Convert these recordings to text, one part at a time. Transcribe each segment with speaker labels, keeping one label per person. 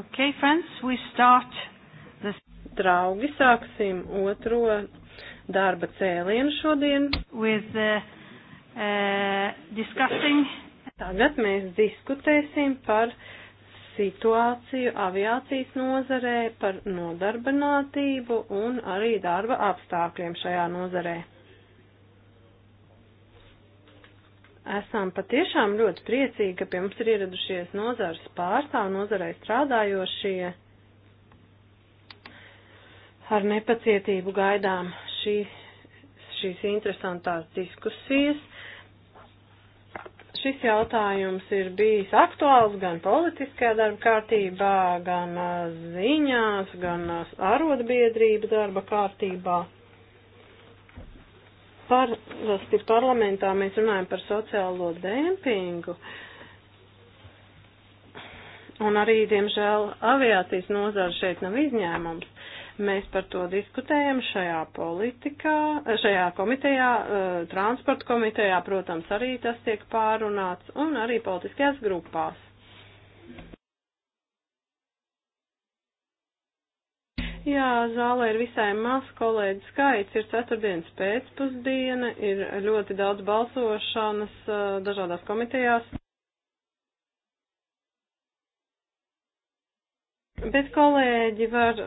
Speaker 1: Okay, friends, we start this. Draugi, sāksim otro darba cēlienu šodien. With, uh, uh, discussing. Tagad mēs diskutēsim par situāciju aviācijas nozarē, par nodarbinātību un arī darba apstākļiem šajā nozarē. Esam patiešām ļoti priecīgi, ka pie mums ir ieradušies nozars pārstāv, nozarei strādājošie. Ar nepacietību gaidām šī, šīs interesantās diskusijas. Šis jautājums ir bijis aktuāls gan politiskajā darba kārtībā, gan ziņās, gan arotbiedrība darba kārtībā parasti parlamentā mēs runājam par sociālo dempingu. Un arī, diemžēl, aviācijas nozara šeit nav izņēmums. Mēs par to diskutējam šajā politikā, šajā komitejā, eh, transporta komitejā, protams, arī tas tiek pārunāts un arī politiskajās grupās. Jā, zālē ir visai maz kolēģi skaits, ir ceturtdienas pēcpusdiena, ir ļoti daudz balsošanas dažādās komitejās. Bet kolēģi var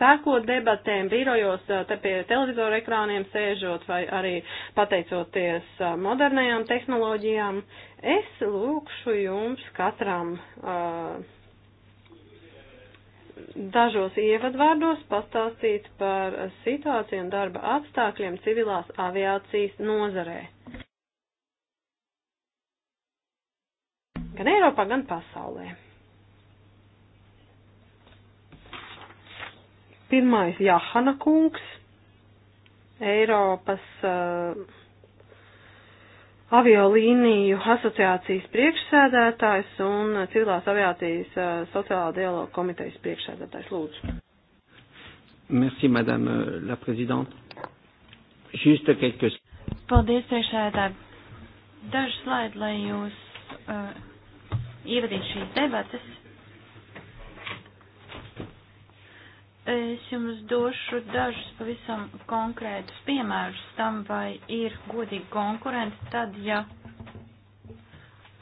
Speaker 1: sākot debatēm birojos, te pie televizora ekrāniem sēžot vai arī pateicoties modernajām tehnoloģijām, es lūkšu jums katram uh, dažos ievadvārdos pastāstīt par situāciju un darba apstākļiem civilās aviācijas nozarē. Gan Eiropā, gan pasaulē. Pirmais Jahana kungs, Eiropas uh, aviolīniju asociācijas priekšsēdētājs un civilās aviācijas eh, sociālā dialoga komitejas priekšsēdētājs. Lūdzu. Merci, madame euh, la présidente. Juste quelques. Paldies, priekšsēdētāji.
Speaker 2: Dažus slaidus, lai jūs uh, ievadītu šīs debatas. Es jums došu dažus pavisam konkrētus piemērus tam, vai ir godīgi konkurence, tad, ja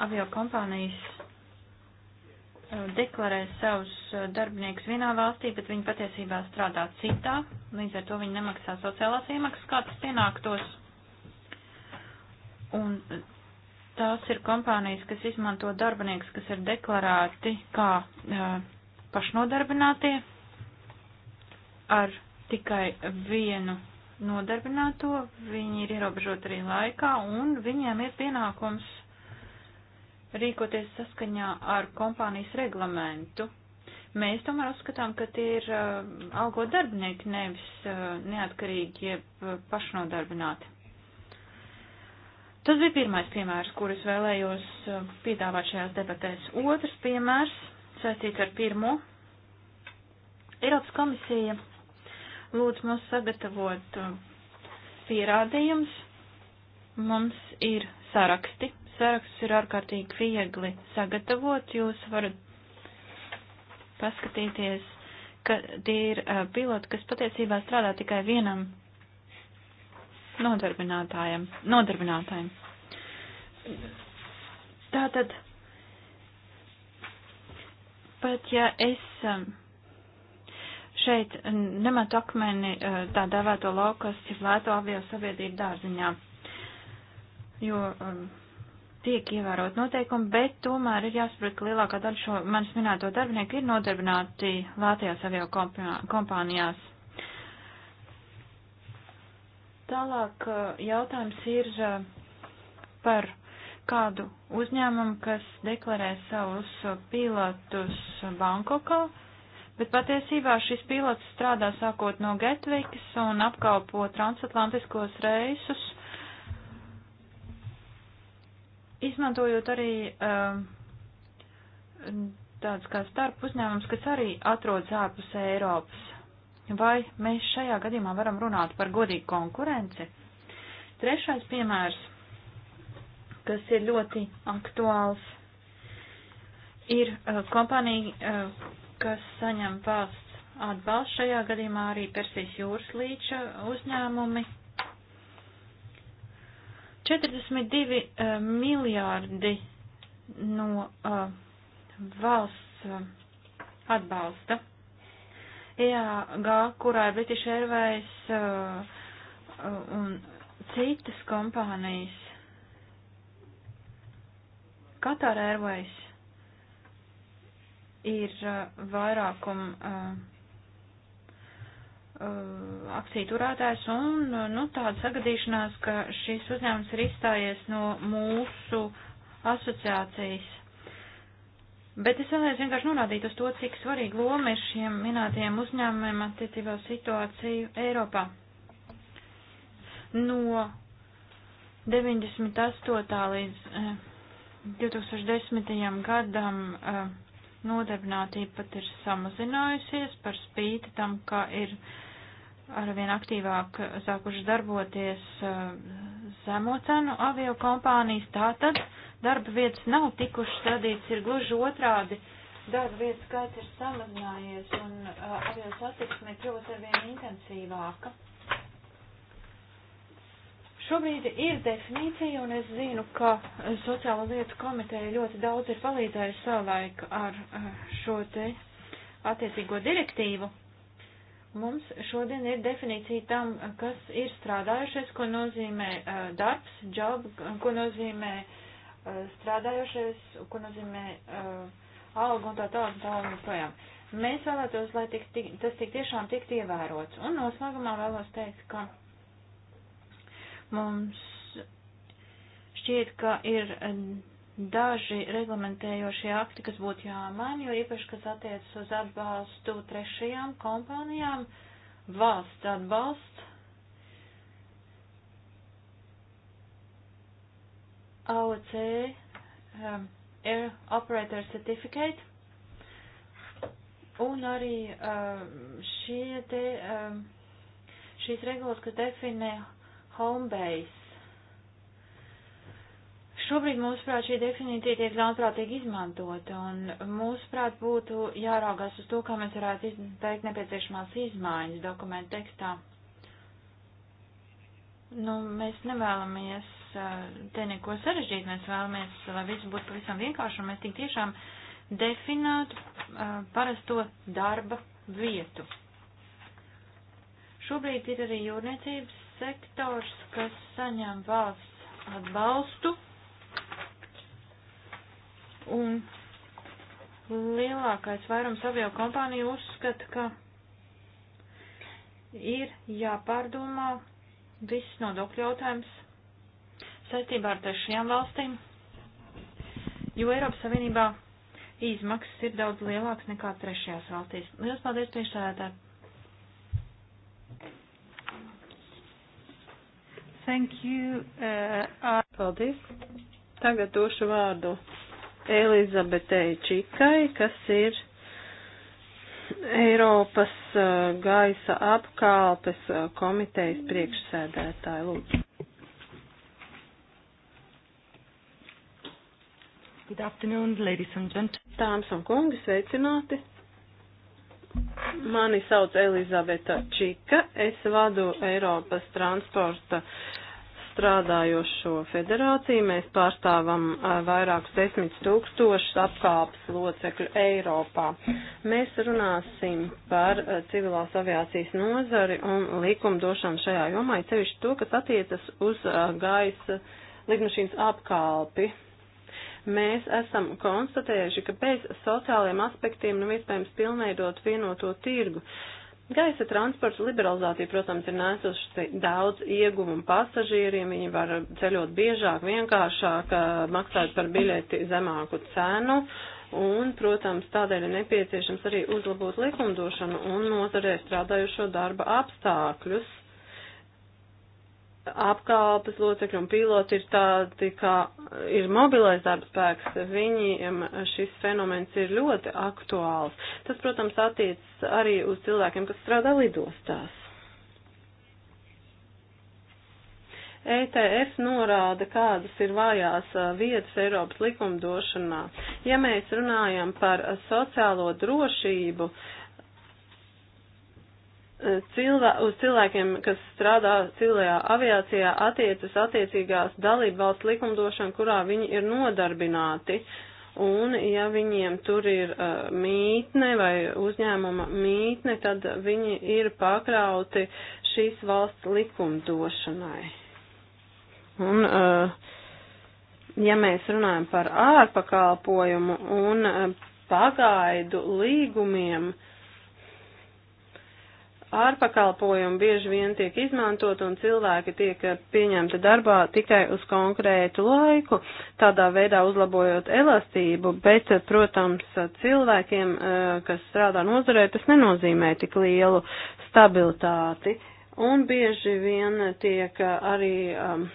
Speaker 2: avio kompānijas eh, deklarē savus eh, darbiniekus vienā valstī, bet viņi patiesībā strādā citā, līdz ar to viņi nemaksā sociālās iemaksas, kā tas pienāktos. Un eh, tās ir kompānijas, kas izmanto darbiniekus, kas ir deklarēti kā uh, pašnodarbinātie, ar tikai vienu nodarbināto, viņi ir ierobežoti arī laikā un viņiem ir pienākums rīkoties saskaņā ar kompānijas reglamentu. Mēs tomēr uzskatām, ka tie ir uh, algo darbinieki, nevis uh, neatkarīgi jeb uh, pašnodarbināti. Tas bija pirmais piemērs, kurus vēlējos uh, piedāvāt šajās debatēs. Otrs piemērs saistīts ar pirmo. Eiropas komisija lūdz mums sagatavot uh, pierādījums. Mums ir saraksti. Saraksts ir ārkārtīgi viegli sagatavot. Jūs varat paskatīties, ka tie ir uh, piloti, kas patiesībā strādā tikai vienam nodarbinātājiem. nodarbinātājiem. Tātad, pat ja es um, šeit nemet akmeni eh, tā dēvēto laukas, jeb lēto avio sabiedrību dārziņā, jo eh, tiek ievērot noteikumi, bet tomēr ir jāsaprot, ka lielākā daļa šo manis minēto darbinieku ir nodarbināti lētajās avio kompānijās. Tālāk eh, jautājums ir par kādu uzņēmumu, kas deklarē savus pilotus Bankokā Bet patiesībā šis pilots strādā sākot no Getvikas un apkalpo transatlantiskos reisus, izmantojot arī um, tāds kā starp uzņēmums, kas arī atrodas ārpus Eiropas. Vai mēs šajā gadījumā varam runāt par godīgu konkurenci? Trešais piemērs, kas ir ļoti aktuāls, ir uh, kompānija, uh, kas saņem valsts atbalstu. Šajā gadījumā arī Persijas jūras līča uzņēmumi. 42 uh, miljārdi no uh, valsts uh, atbalsta. EAG, kurā ir British Airways uh, un citas kompānijas, Qatar Airways ir uh, vairākuma uh, uh, akciju turētājs un nu, tāda sagadīšanās, ka šis uzņēmums ir izstājies no mūsu asociācijas. Bet es vēlējos vienkārši norādīt uz to, cik svarīga loma ir šiem minētajiem uzņēmumiem attiecībā uz situāciju Eiropā. No 98. līdz 2010. Eh, gadam eh, nodarbinātība pat ir samazinājusies par spīti tam, ka ir arvien aktīvāk sākuši darboties eh, zemo cenu avio kompānijas. Tātad darba vietas nav tikušas radītas, ir gluži otrādi. Darba vietas skaits ir samazinājies un eh, avio satiksme kļūst arvien intensīvāka. Šobrīd ir definīcija, un es zinu, ka sociālo lietu komiteja ļoti daudz ir palīdzējusi savulaik ar eh, šo te attiecīgo direktīvu. Mums šodien ir definīcija tam, kas ir strādājušais, ko nozīmē uh, darbs, job, ko nozīmē uh, strādājušais, ko nozīmē uh, alga un tā tālāk un tā tālāk projām. Mēs vēlētos, lai tik, tik, tas tik tiešām tiktu ievērots. Un noslēgumā vēlos teikt, ka Mums šķiet, ka ir daži reglamentējošie akti, kas būtu jāmaina, jo īpaši, kas attiecas uz atbalstu trešajām kompānijām, valsts atbalsts. AOC um, Air Operator Certificate un arī um, šie te, um, šīs regulas, kas definē homebase. Šobrīd, mūsuprāt, šī definīcija tiek ļaunprātīgi izmantota, un mūsuprāt, būtu jāraugās uz to, kā mēs varētu veikt nepieciešamās izmaiņas dokumentu tekstā. Nu, mēs nevēlamies eh, te neko sarežģīt, mēs vēlamies, lai viss būtu pavisam vienkārši, un mēs tik tiešām definētu eh, parasto darba vietu. Šobrīd ir arī jūrniecības sektors, kas saņem valsts atbalstu. Un lielākais vairums avio kompāniju uzskata, ka ir jāpārdomā viss nodokļu jautājums saistībā ar trešajām valstīm, jo Eiropas Savienībā izmaksas ir daudz lielākas
Speaker 1: nekā trešajās valstīs. Lielas paldies priekšsēdētāji! Thank you. Uh, uh, Paldies. Tagad došu vārdu Elizabetei Čikai, kas ir Eiropas uh, gaisa apkalpes uh, komitejas priekšsēdētāja. Lūdzu. Good afternoon, ladies and gentlemen. Tāms un kungi, sveicināti. Mani sauc Elizabeta Čika, es vadu Eiropas transporta strādājošo federāciju. Mēs pārstāvam eh, vairākus desmit tūkstošus apkāpes locekļu Eiropā. Mēs runāsim par eh, civilās aviācijas nozari un likumdošanu šajā jomā, cevišķi to, kas attiecas uz eh, gaisa lidmašīnas apkalpi mēs esam konstatējuši, ka bez sociāliem aspektiem nav nu iespējams pilnveidot vienoto tirgu. Gaisa transporta liberalizācija, protams, ir nesusi daudz ieguvumu pasažieriem. Viņi var ceļot biežāk, vienkāršāk, maksāt par biļeti zemāku cenu. Un, protams, tādēļ ir nepieciešams arī uzlabot likumdošanu un nozarē strādājušo darba apstākļus apkalpes locekļi un piloti ir tādi, kā ir mobilais darbspēks, viņiem šis fenomens ir ļoti aktuāls. Tas, protams, attiecas arī uz cilvēkiem, kas strādā lidostās. ETF norāda, kādas ir vājās vietas Eiropas likumdošanā. Ja mēs runājam par sociālo drošību, uh, Cilvē, uz cilvēkiem, kas strādā civilajā aviācijā, attiecas attiecīgās dalību valsts likumdošana, kurā viņi ir nodarbināti. Un, ja viņiem tur ir uh, mītne vai uzņēmuma mītne, tad viņi ir pakrauti šīs valsts likumdošanai. Un, uh, ja mēs runājam par ārpakalpojumu un uh, pagaidu līgumiem, uh, ārpakalpojumi bieži vien tiek izmantot un cilvēki tiek pieņemti darbā tikai uz konkrētu laiku, tādā veidā uzlabojot elastību, bet, protams, cilvēkiem, eh, kas strādā nozarē, tas nenozīmē tik lielu stabilitāti. Un bieži vien tiek arī um,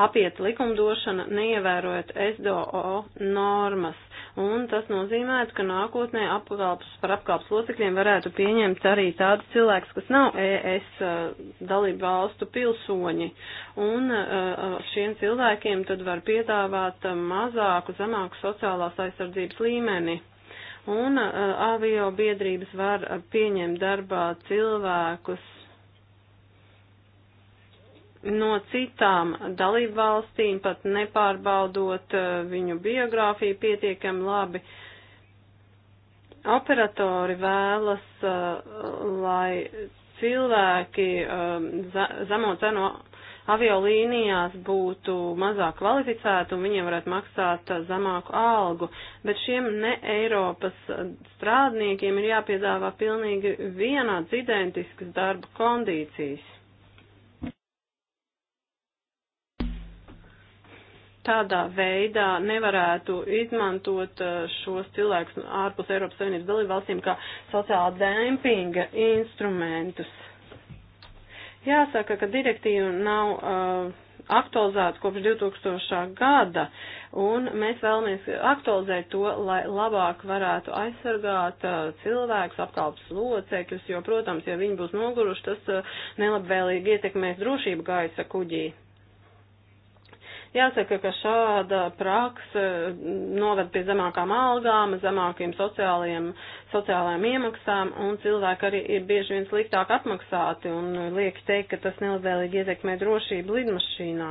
Speaker 1: apiet likumdošana, neievērojot SDO normas un tas nozīmē, ka nākotnē apkalps, par apkalps locekļiem varētu pieņemt arī tādus cilvēkus, kas nav ES uh, dalību valstu pilsoņi, un uh, uh, šiem cilvēkiem tad var piedāvāt mazāku, zemāku sociālās aizsardzības līmeni. Un avio biedrības var pieņemt darbā cilvēkus no citām dalību valstīm, pat nepārbaudot eh, viņu biogrāfiju pietiekami labi. Operatori vēlas, eh, lai cilvēki eh, zemo cenu aviolīnijās būtu mazāk kvalificēti un viņiem varētu maksāt zemāku algu, bet šiem ne Eiropas strādniekiem ir jāpiedāvā pilnīgi vienāds identiskas darba kondīcijas. tādā veidā nevarētu izmantot uh, šos cilvēkus ārpus Eiropas Savienības dalību valstīm kā sociāla dēmpinga instrumentus. Jāsaka, ka direktīva nav uh, aktualizēta kopš 2000. gada, un mēs vēlamies aktualizēt to, lai labāk varētu aizsargāt uh, cilvēkus, apkalpes locekļus, jo, protams, ja viņi būs noguruši, tas uh, nelabvēlīgi ietekmēs drošību gaisa kuģī. Jāsaka, ka šāda praksa noved pie zemākām algām, zemākiem sociālajiem, sociālajām iemaksām, un cilvēki arī ir bieži vien sliktāk atmaksāti, un lieki teikt, ka tas nelabvēlīgi ietekmē drošību lidmašīnā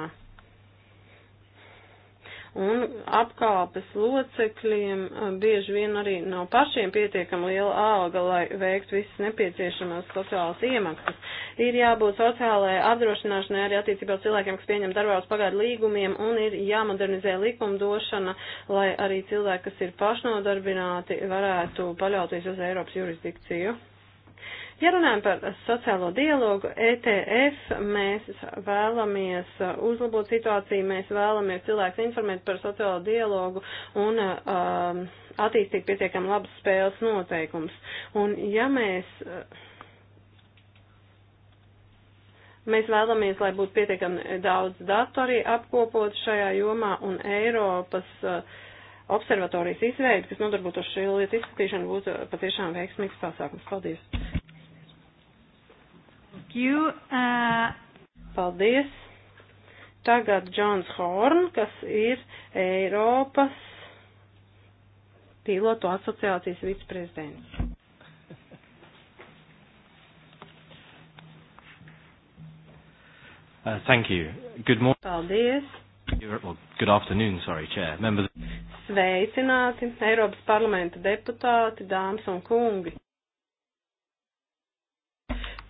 Speaker 1: un apkalpes locekļiem bieži vien arī nav pašiem pietiekami liela alga, lai veikt visas nepieciešamās sociālas iemaksas. Ir jābūt sociālajai apdrošināšanai arī attiecībā uz cilvēkiem, kas pieņem darbā uz pagaidu līgumiem, un ir jāmodernizē likumdošana, lai arī cilvēki, kas ir pašnodarbināti, varētu paļauties uz Eiropas jurisdikciju. Ja runājam par sociālo dialogu, ETF, mēs vēlamies uh, uzlabot situāciju, mēs vēlamies cilvēks informēt par sociālo dialogu un uh, um, attīstīt pietiekam labas spēles noteikums. Un ja mēs. Uh, mēs vēlamies, lai būtu pietiekami daudz datu arī apkopot šajā jomā un Eiropas uh, observatorijas izveidi, kas nodarbotos šī lieta izskatīšana, būtu patiešām veiksmīgs pasākums. Paldies! you. Uh... Paldies. Tagad Džons Horn, kas ir Eiropas pilotu asociācijas viceprezidents.
Speaker 3: Uh, thank you. Good morning.
Speaker 1: Paldies.
Speaker 3: Well, good afternoon, sorry, Chair. Members.
Speaker 1: Sveicināti, Eiropas parlamenta deputāti, dāmas un kungi.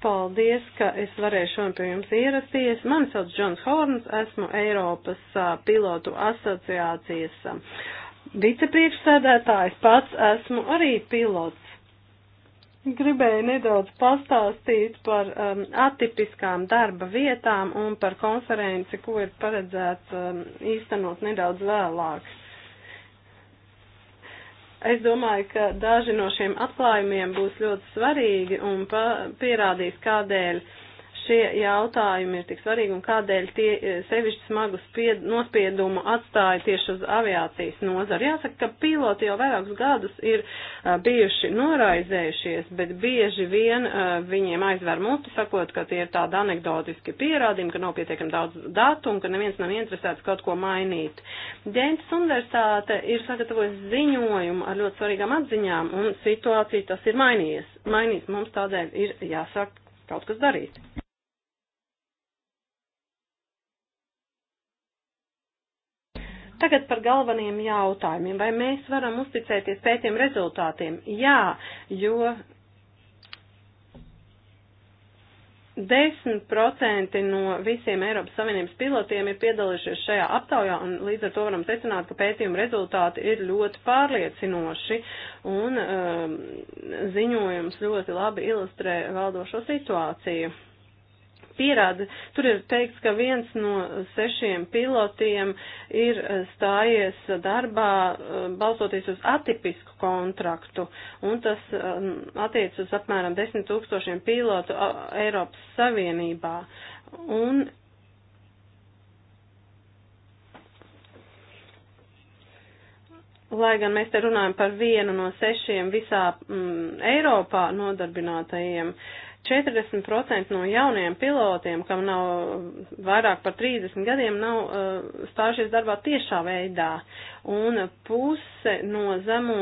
Speaker 1: Paldies, ka es varēju šodien pie jums ierasties. Mani sauc Džons Horns, esmu Eiropas pilotu asociācijas vicepriekšsēdētājs, pats esmu arī pilots. Gribēju nedaudz pastāstīt par um, atipiskām darba vietām un par konferenci, ko ir paredzēts um, īstenot nedaudz vēlāk. Es domāju, ka daži no šiem atklājumiem būs ļoti svarīgi un pierādīs, kādēļ uh, šie jautājumi ir tik svarīgi un kādēļ tie eh, sevišķi smagu spied, nospiedumu atstāja tieši uz aviācijas nozari. Jāsaka, ka piloti jau vairākus gadus ir uh, bijuši noraizējušies, bet bieži vien uh, viņiem aizver muti, sakot, ka tie ir tādi anegdotiski pierādījumi, ka nav pietiekami daudz datu un ka neviens nav interesēts kaut ko mainīt. Ģentas universitāte ir sagatavojusi ziņojumu ar ļoti svarīgām atziņām un situācija tas ir mainījies. Mainīs mums tādēļ ir jāsaka kaut kas darīt. Tagad par galveniem jautājumiem. Vai mēs varam uzticēties pētiem rezultātiem? Jā, jo 10% no visiem Eiropas Savienības pilotiem ir piedalījušies šajā aptaujā, un līdz ar to varam secināt, ka pētījuma rezultāti ir ļoti pārliecinoši, un um, ziņojums ļoti labi ilustrē valdošo situāciju pierāda. Tur ir teikts, ka viens no sešiem pilotiem ir eh, stājies darbā eh, balstoties uz atipisku kontraktu, un tas eh, attiec uz apmēram 10 tūkstošiem pilotu Eiropas Savienībā. Un lai gan mēs te runājam par vienu no sešiem visā mm, Eiropā nodarbinātajiem, uh, 40% no jauniem pilotiem, kam nav vairāk par 30 gadiem, nav eh, stājušies darbā tiešā veidā, un puse no zemo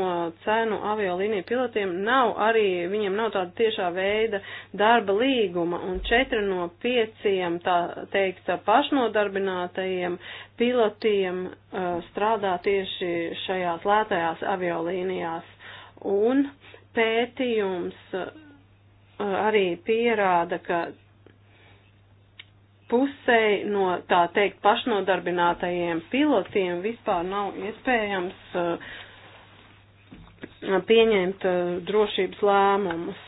Speaker 1: cenu aviolīniju pilotiem nav arī, viņiem nav tāda tiešā veida darba līguma, un 4 no 5, tā teikt, pašnodarbinātajiem pilotiem eh, strādā tieši šajās lētajās aviolīnijās. Un pētījums arī pierāda, ka pusei no tā teikt pašnodarbinātajiem pilotiem vispār nav iespējams uh, pieņemt uh, drošības lēmumus.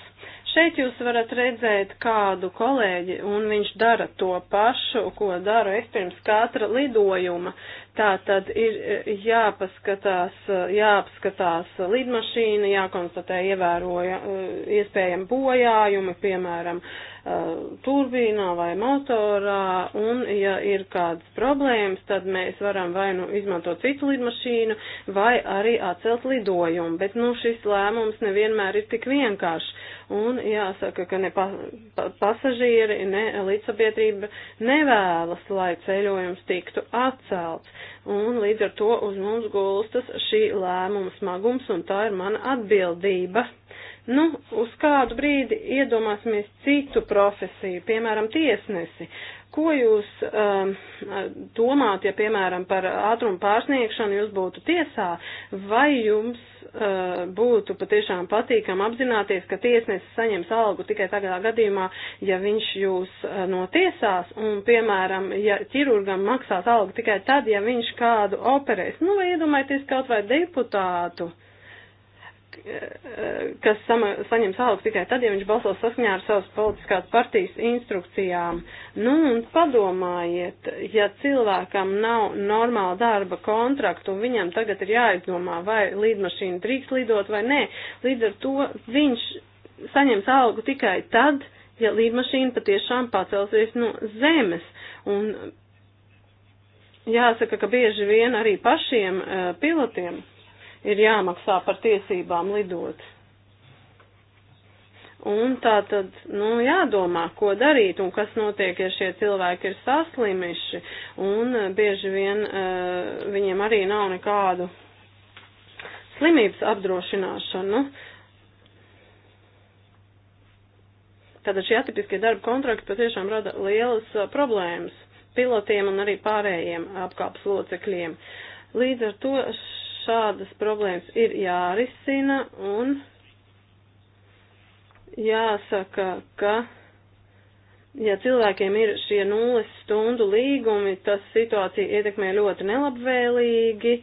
Speaker 1: Šeit jūs varat redzēt kādu kolēģi, un viņš dara to pašu, ko daru es pirms katra lidojuma. Tā tad ir e, jāpaskatās, e, jāapskatās lidmašīna, jākonstatē ievēroja e, iespējami bojājumi, piemēram, turbīnā vai motorā, un ja ir kādas problēmas, tad mēs varam vai nu izmantot citu lidmašīnu, vai arī atcelt lidojumu. Bet, nu, šis lēmums nevienmēr ir tik vienkāršs un jāsaka, ka ne pa, pa, pasažieri, ne līdzsabiedrība nevēlas, lai ceļojums tiktu atcelts, un līdz ar to uz mums gulstas šī lēmuma smagums, un tā ir mana atbildība. Nu, uz kādu brīdi iedomāsimies citu profesiju, piemēram, tiesnesi. Ko jūs um, domājat, ja, piemēram, par ātrumu pārsniegšanu jūs būtu tiesā, vai jums uh, būtu patiešām patīkam apzināties, ka tiesnesis saņems algu tikai tagadā gadījumā, ja viņš jūs uh, notiesās, un, piemēram, ja ķirurgam maksās algu tikai tad, ja viņš kādu operēs, nu, vai iedomājieties kaut vai deputātu. Uh, kas sama, saņems algu tikai tad, ja viņš balsos saskaņā ar savas politiskās partijas instrukcijām. Nu, un padomājiet, ja cilvēkam nav normāla darba kontrakta un viņam tagad ir jāizdomā, vai līdmašīna drīkst lidot vai nē, līdz ar to viņš saņems algu tikai tad, ja līdmašīna patiešām pacelsies no zemes. Un jāsaka, ka bieži vien arī pašiem uh, pilotiem ir jāmaksā par tiesībām lidot. Un tā tad, nu, jādomā, ko darīt un kas notiek, ja šie cilvēki ir saslimuši, un eh, bieži vien uh, viņiem arī nav nekādu slimības apdrošināšanu. Tātad šie atipiskie darba kontrakti patiešām rada lielas eh, problēmas pilotiem un arī pārējiem apkāpes locekļiem. Līdz ar to šādas problēmas ir jārisina un jāsaka, ka ja cilvēkiem ir šie nulles stundu līgumi, tas situācija ietekmē ļoti nelabvēlīgi,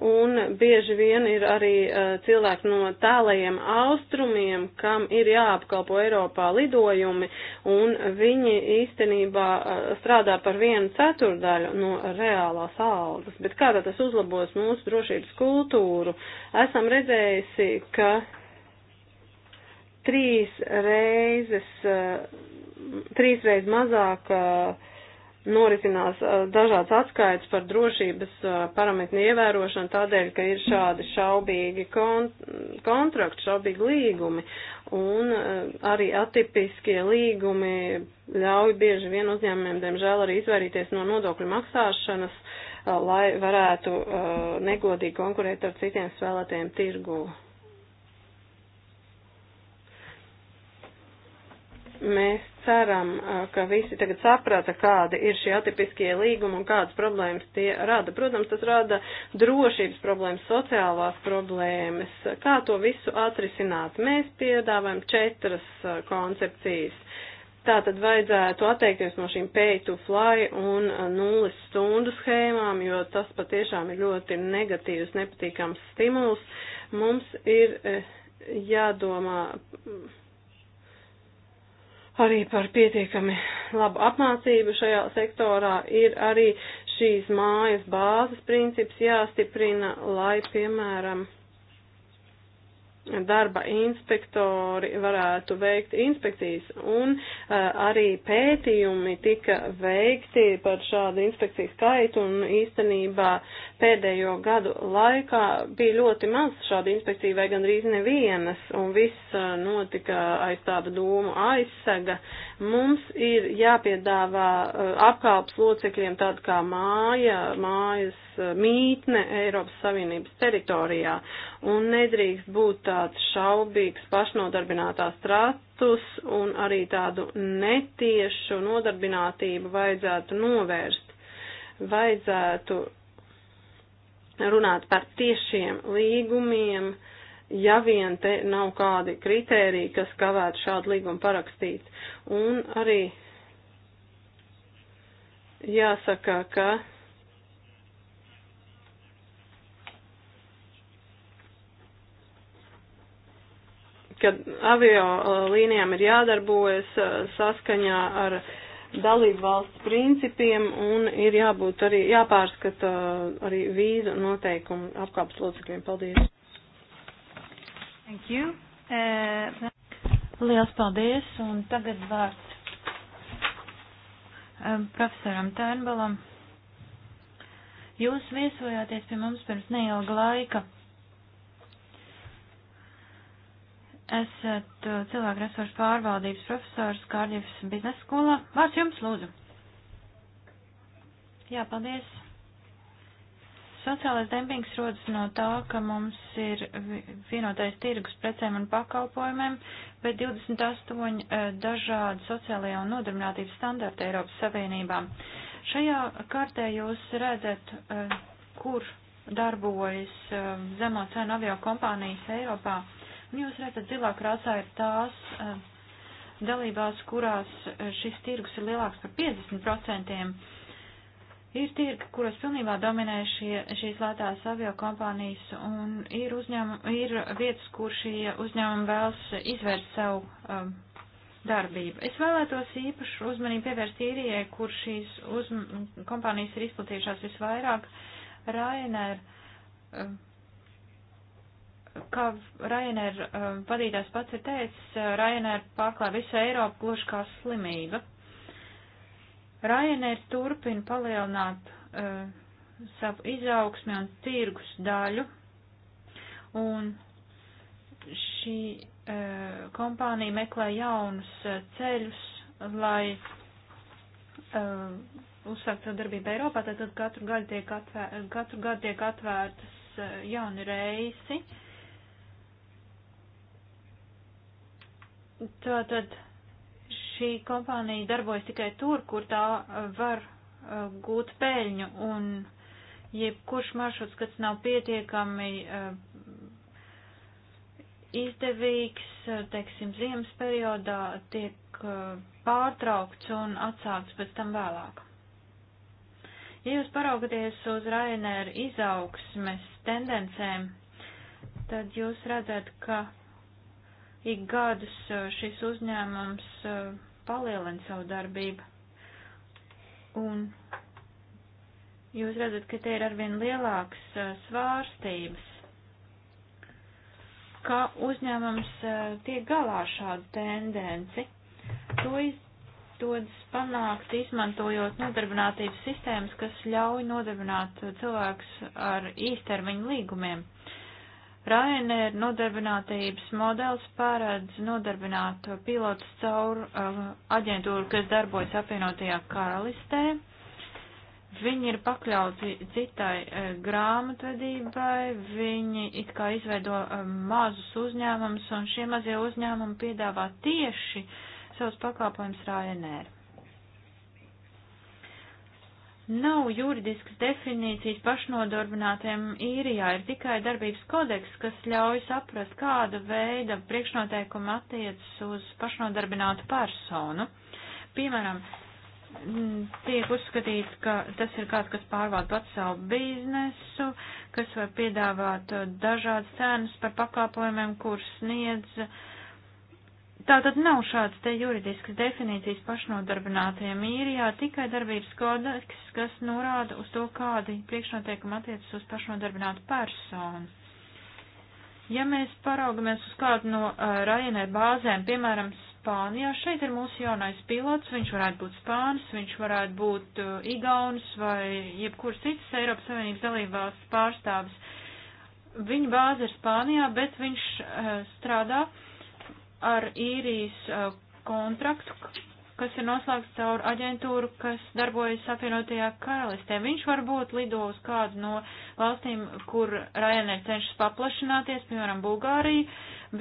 Speaker 1: un bieži vien ir arī uh, cilvēki no tālajiem austrumiem, kam ir jāapkalpo Eiropā lidojumi, un viņi īstenībā uh, strādā par vienu ceturdaļu no reālās algas. Bet kā tad tas uzlabos mūsu drošības kultūru? Esam redzējusi, ka trīs reizes, uh, trīs reizes mazāk uh, norisinās dažādas atskaites par drošības parametru ievērošanu tādēļ, ka ir šādi šaubīgi kont kontrakti, šaubīgi līgumi un arī atipiskie līgumi ļauj bieži vien uzņēmumiem, diemžēl, arī izvairīties no nodokļu maksāšanas, lai varētu negodīgi konkurēt ar citiem spēlētiem tirgū. Mēs ceram, ka visi tagad saprata, kādi ir šie atipiskie līgumi un kādas problēmas tie rada. Protams, tas rada drošības problēmas, sociālās problēmas. Kā to visu atrisināt? Mēs piedāvājam četras koncepcijas. Tā tad vajadzētu atteikties no šīm pay to fly un nulles stundu schēmām, jo tas patiešām ir ļoti negatīvs, nepatīkams stimuls. Mums ir e, jādomā arī par pietiekami labu apmācību šajā sektorā, ir arī šīs mājas bāzes princips jāstiprina, lai, piemēram, darba inspektori varētu veikt inspekcijas, un uh, arī pētījumi tika veikti par šādu inspekciju skaitu, un īstenībā pēdējo gadu laikā bija ļoti maz šādu inspekciju, vai gandrīz nevienas, un viss uh, notika aiz tāda domu aizsaga. Mums ir jāpiedāvā uh, apkalps locekļiem tāda kā māja, mājas Eh, mītne Eiropas Savienības teritorijā un nedrīkst būt tāds šaubīgs pašnodarbinātā stratus un arī tādu netiešu nodarbinātību vajadzētu novērst. Vajadzētu runāt par tiešiem līgumiem, ja vien te nav kādi kritēriji, kas kavētu šādu līgumu parakstīt. Un arī jāsaka, ka ka avio uh, līnijām ir jādarbojas uh, saskaņā ar dalību valsts principiem un ir jābūt arī jāpārskata uh, arī vīzu noteikumu apkāpes locekļiem. Paldies! Thank
Speaker 2: you. Uh, Liels paldies, un tagad vārds um, profesoram Tērnbalam. Jūs viesojāties pie mums pirms neilga laika. Esat uh, cilvēku resursu pārvaldības profesors Kārļevas biznesa skolā. Vārds jums, lūdzu. Jā, paldies. Sociālais dempings rodas no tā, ka mums ir vienotais tirgus precēm un pakalpojumiem, bet 28 uh, dažādi sociālajā un nodarbinātības standarta Eiropas Savienībā. Šajā kartē jūs redzat, uh, kur darbojas zemā cena avio kompānijas Eiropā. Jūs redzat, zilā krāsā ir tās eh, dalībās, kurās eh, šis tirgus ir lielāks par 50%. Ir tirgi, kuros pilnībā dominē šie, šīs lētās avio kompānijas, un ir, uzņēma, ir vietas, kur šie uzņēmumi vēlas izvērst savu um, darbību. Es vēlētos īpašu uzmanību pievērst īrijai, kur šīs uz, kompānijas ir izplatījušās visvairāk. Ryanair um, kā Ryanair uh, vadītājs pats ir teicis, uh, Ryanair pārklāja visu Eiropu gluži kā slimība. Ryanair turpina palielināt uh, savu izaugsmi un tirgus daļu, un šī uh, kompānija meklē jaunus uh, ceļus, lai uh, uzsākt savu darbību Eiropā, tad katru gadu tiek, atvēr, katru gadu tiek atvērtas uh, jauni reisi. Uh, Tātad šī kompānija darbojas tikai tur, kur tā uh, var uh, gūt peļņu, un jebkurš maršruts, kas nav pietiekami uh, izdevīgs, teiksim, ziemas periodā, tiek pārtraukts un atsākts pēc tam vēlāk. Ja jūs paraugaties uz Rainēra izaugsmes tendencēm, tad jūs redzat, ka ik gadus šis uzņēmums palielina savu darbību. Un jūs redzat, ka te ir arvien lielāks svārstības, ka uzņēmums tiek galā ar šādu tendenci. To izdodas panākt, izmantojot nodarbinātības sistēmas, kas ļauj nodarbināt cilvēkus ar īstermiņu līgumiem. Ryanair nodarbinātības modelis pārēdz nodarbināt pilotus caur uh, aģentūru, kas darbojas apvienotajā karalistē. Viņi ir pakļauti citai uh, grāmatvedībai, viņi it kā izveido uh, mazus uzņēmumus, un šie mazie uzņēmumi piedāvā tieši savus pakāpojumus Ryanair. Nav juridiskas definīcijas pašnodarbinātiem īrijā, ir tikai darbības kodeks, kas ļauj saprast, kāda veida priekšnoteikuma attiecas uz pašnodarbinātu personu. Piemēram, tiek uzskatīts, ka tas ir kāds, kas pārvalda pats savu biznesu, kas var piedāvāt uh, dažādas cenas par pakāpojumiem, kur sniedz uh, Tātad nav šāds te juridisks definīcijas pašnodarbinātajiem īrijā, tikai darbības kodeks, kas norāda uz to, kādi priekšnoteikumi attiecas uz pašnodarbinātu personu. Ja mēs paraugamies uz kādu no uh, Ryanair bāzēm, piemēram, Spānijā, šeit ir mūsu jaunais pilots, viņš varētu būt Spānis, viņš varētu būt uh, Igaunis vai jebkuras citas Eiropas Savienības dalībās pārstāvis. Viņa bāze ir Spānijā, bet viņš uh, strādā uh, ar īrijas kontraktu, kas ir noslēgts caur aģentūru, kas darbojas apvienotajā karalistē. Viņš varbūt lido uz kādu no valstīm, kur Ryanair cenšas paplašināties, piemēram, Bulgāriju.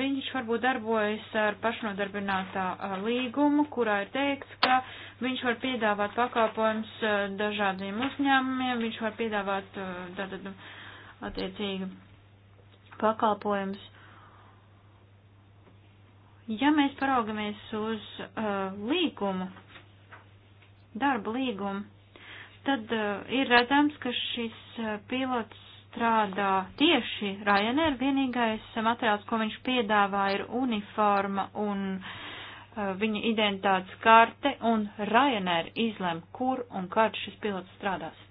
Speaker 2: Viņš varbūt darbojas ar pašnodarbinātā līgumu, kurā ir teikts, ka viņš var piedāvāt pakāpojums dažādiem uzņēmumiem, viņš var piedāvāt tātad attiecīgi pakāpojums Ja mēs paraugamies uz uh, līgumu, darba līgumu, tad uh, ir redzams, ka šis uh, pilots strādā tieši Ryanair. Vienīgais materiāls, ko viņš piedāvā, ir uniforma un uh, viņa identitātes karte, un Ryanair izlem, kur un kad šis pilots strādās.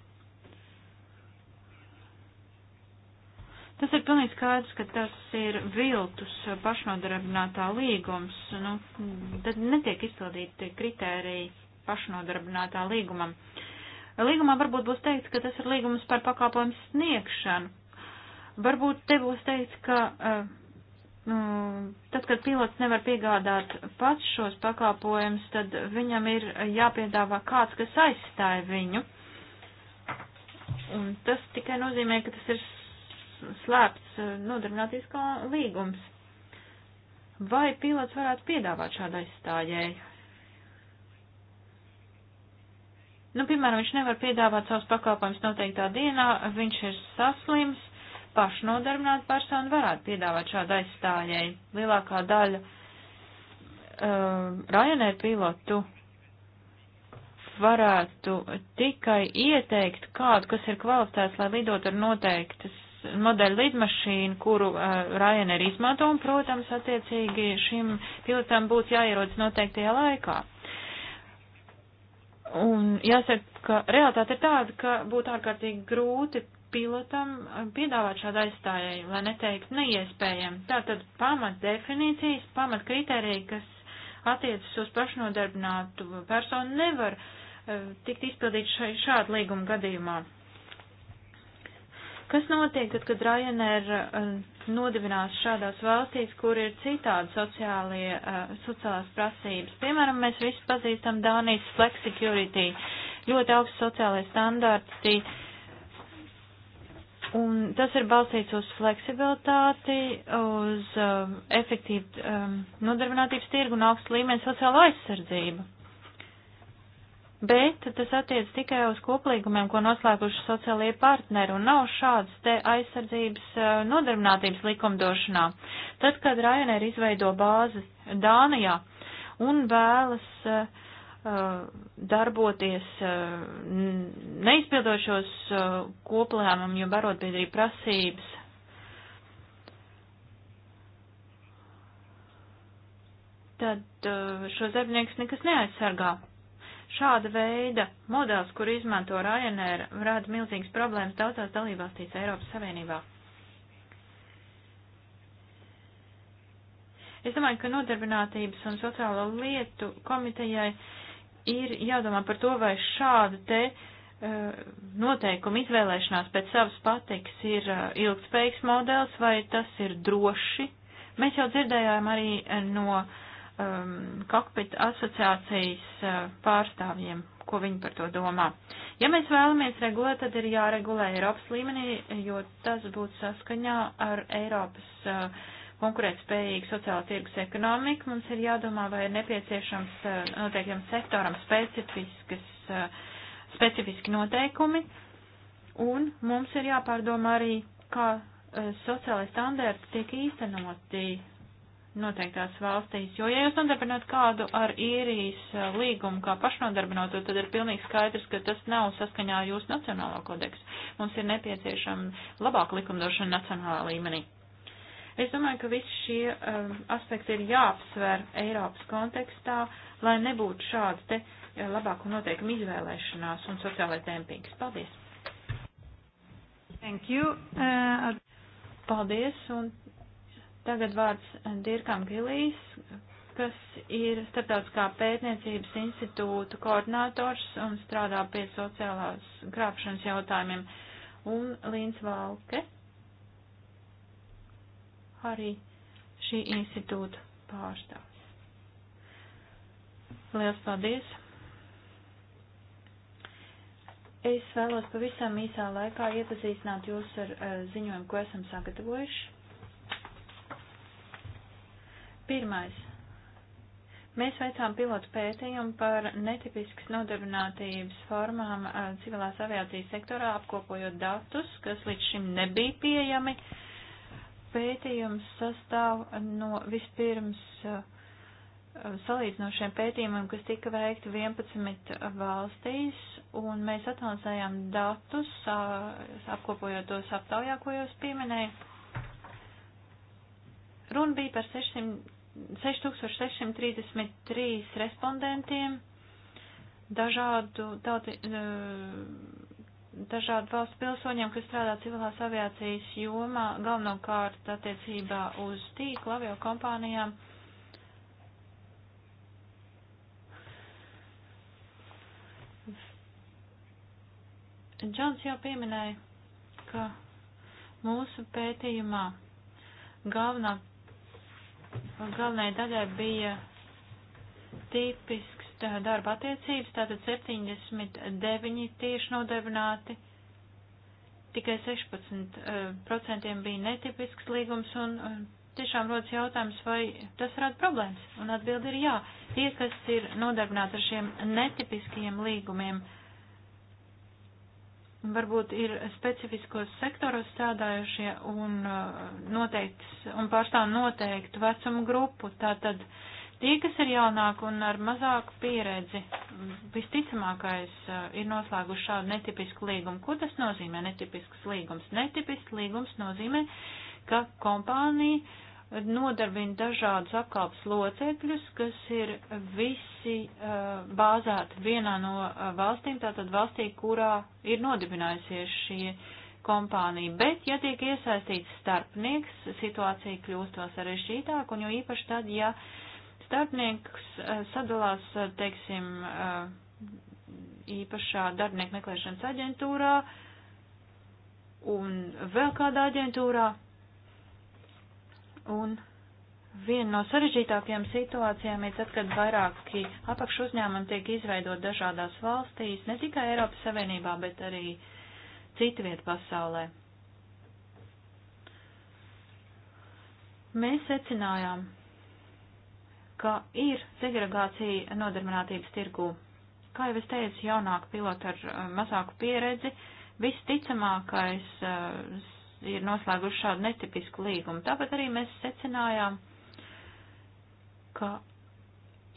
Speaker 2: Tas ir pilnīgi skaidrs, ka tas ir viltus pašnodarbinātā līgums. Nu, tad netiek izpildīti kritēriji pašnodarbinātā līgumam. Līgumā varbūt būs teikts, ka tas ir līgums par pakalpojumu sniegšanu. Varbūt te būs teikts, ka uh, tad, kad pilots nevar piegādāt pats šos pakalpojumus, tad viņam ir jāpiedāvā kāds, kas aizstāja viņu. Un tas tikai nozīmē, ka tas ir slēpts eh, nodarbinātīs līgums. Vai pilots varētu piedāvāt šādu aizstājēju? Nu, piemēram, viņš nevar piedāvāt savus pakalpojumus noteiktā dienā, viņš ir saslims, pašnodarbināta persona varētu piedāvāt šādu aizstājēju. Lielākā daļa uh, Ryanair pilotu varētu tikai ieteikt kādu, kas ir kvalificēts, lai lidot ar noteiktas modeļu lidmašīnu, kuru uh, Ryanair izmanto, un, protams, attiecīgi šim pilotam būtu jāierodas noteiktajā laikā. Un jāsaka, ka realitāte ir tāda, ka būtu ārkārtīgi grūti pilotam piedāvāt šādu aizstājēju, lai neteikt neiespējami. Tātad pamat definīcijas, pamat kriterija, kas attiecas uz pašnodarbinātu personu, nevar uh, tikt izpildīt šai, šādu līgumu gadījumā. Kas notiek tad, kad Ryanair eh, nodibinās šādās valstīs, kur ir citādi sociālie, eh, sociālās prasības? Piemēram, mēs visi pazīstam Dānijas flex security, ļoti augsts sociālais standārti, un tas ir balstīts uz fleksibilitāti, uz um, eh, efektīvu um, nodarbinātības tirgu un augstu līmeni sociālo aizsardzību bet tas attiec tikai uz koplīgumiem, ko noslēguši sociālie partneri, un nav šādas te aizsardzības nodarbinātības likumdošanā. Tad, kad Ryanair izveido bāzes Dānijā un vēlas uh, darboties, uh, neizpildošos uh, koplēmumu, jo barotbiedrība prasības. Tad šo zemnieks nekas neaizsargā. Šāda veida modelis, kur izmanto Ryanair, rada milzīgas problēmas daudzās dalībvalstīs Eiropas Savienībā. Es domāju, ka nodarbinātības un sociālo lietu komitejai ir jādomā par to, vai šāda te uh, noteikuma izvēlēšanās pēc savas patiks ir uh, ilgspējīgs modelis vai tas ir droši. Mēs jau dzirdējām arī eh, no uh, um, kokpita asociācijas uh, pārstāvjiem, ko viņi par to domā. Ja mēs vēlamies regulēt, tad ir jāregulē Eiropas līmenī, jo tas būtu saskaņā ar Eiropas uh, konkurētspējīgu sociālo tirgus ekonomiku. Mums ir jādomā, vai ir nepieciešams uh, noteiktam sektoram specifiskas, uh, specifiski noteikumi, un mums ir jāpārdomā arī, kā uh, sociālai standarti tiek īstenoti noteiktās valstīs. Jo, ja jūs nodarbināt kādu ar īrijas eh, līgumu kā pašnodarbinoto, tad ir pilnīgi skaidrs, ka tas nav saskaņā ar jūsu nacionālo kodeksu. Mums ir nepieciešama labāka likumdošana nacionālā līmenī. Es domāju, ka visi šie um, aspekti ir jāapsver Eiropas kontekstā, lai nebūtu šāds te eh, labāku noteikumu izvēlēšanās un sociālais dempings. Paldies! Thank you. Uh, paldies, un Tagad vārds Dirkam Gilīs, kas ir starptautiskā pētniecības institūta koordinators un strādā pie sociālās krāpšanas jautājumiem. Un Līns Valke, arī šī institūta pārstāvs. Liels paldies! Es vēlos pavisam īsā laikā iepazīstināt jūs ar uh, ziņojumu, ko esam sagatavojuši. Pirmais. Mēs veicām pilotu pētījumu par netipiskas nodarbinātības formām eh, civilās aviācijas sektorā, apkopojot datus, kas līdz šim nebija pieejami. Pētījums sastāv no vispirms eh, salīdzinošiem pētījumiem, kas tika veikti 11 valstīs, un mēs atlasējām datus, apkopojot tos aptaujā, ko jūs pieminējat. Runa bija par 600 6633 respondentiem dažādu, tauti, eh, dažādu valstu pilsoņiem, kas strādā civilās aviācijas jomā, galvenokārt attiecībā uz tīkla avio kompānijām. Džons jau pieminēja, ka mūsu pētījumā galvenā galvenai daļai bija tipisks darba attiecības, tātad 79 tieši nodarbināti, tikai 16% eh, bija netipisks līgums un eh, tiešām rodas jautājums, vai tas rada problēmas. Un atbildi ir jā. Tie, kas ir nodarbināti ar šiem netipiskajiem līgumiem, uh, varbūt ir specifiskos sektoros strādājušie un uh, noteikts un pārstāv noteiktu vecumu grupu. Tātad tie, kas ir jaunāki un ar mazāku pieredzi, visticamākais uh, ir noslēguši šādu netipisku līgumu. Ko tas nozīmē netipisks līgums? Netipisks līgums nozīmē, ka kompānija nodarbina dažādus apkalpes locekļus, kas ir visi uh, bāzēti vienā no uh, valstīm, tātad valstī, kurā ir nodibinājusies šie kompānija. Bet, ja tiek iesaistīts starpnieks, situācija kļūst vēl sarežģītāk, un jo īpaši tad, ja starpnieks uh, sadalās, uh, teiksim, uh, īpašā darbinieku meklēšanas aģentūrā un vēl kādā aģentūrā, Un viena no sarežģītākajām situācijām ir tad, kad vairāki apakšu uzņēmumi tiek izveidot dažādās valstīs, ne tikai Eiropas Savienībā, bet arī citu vietu pasaulē. Mēs secinājām, ka ir segregācija nodarbinātības tirgū. Kā jau es teicu, jaunāka pilota ar mazāku pieredzi, visticamākais ir noslēguši šādu netipisku līgumu. Tāpat arī mēs secinājām, ka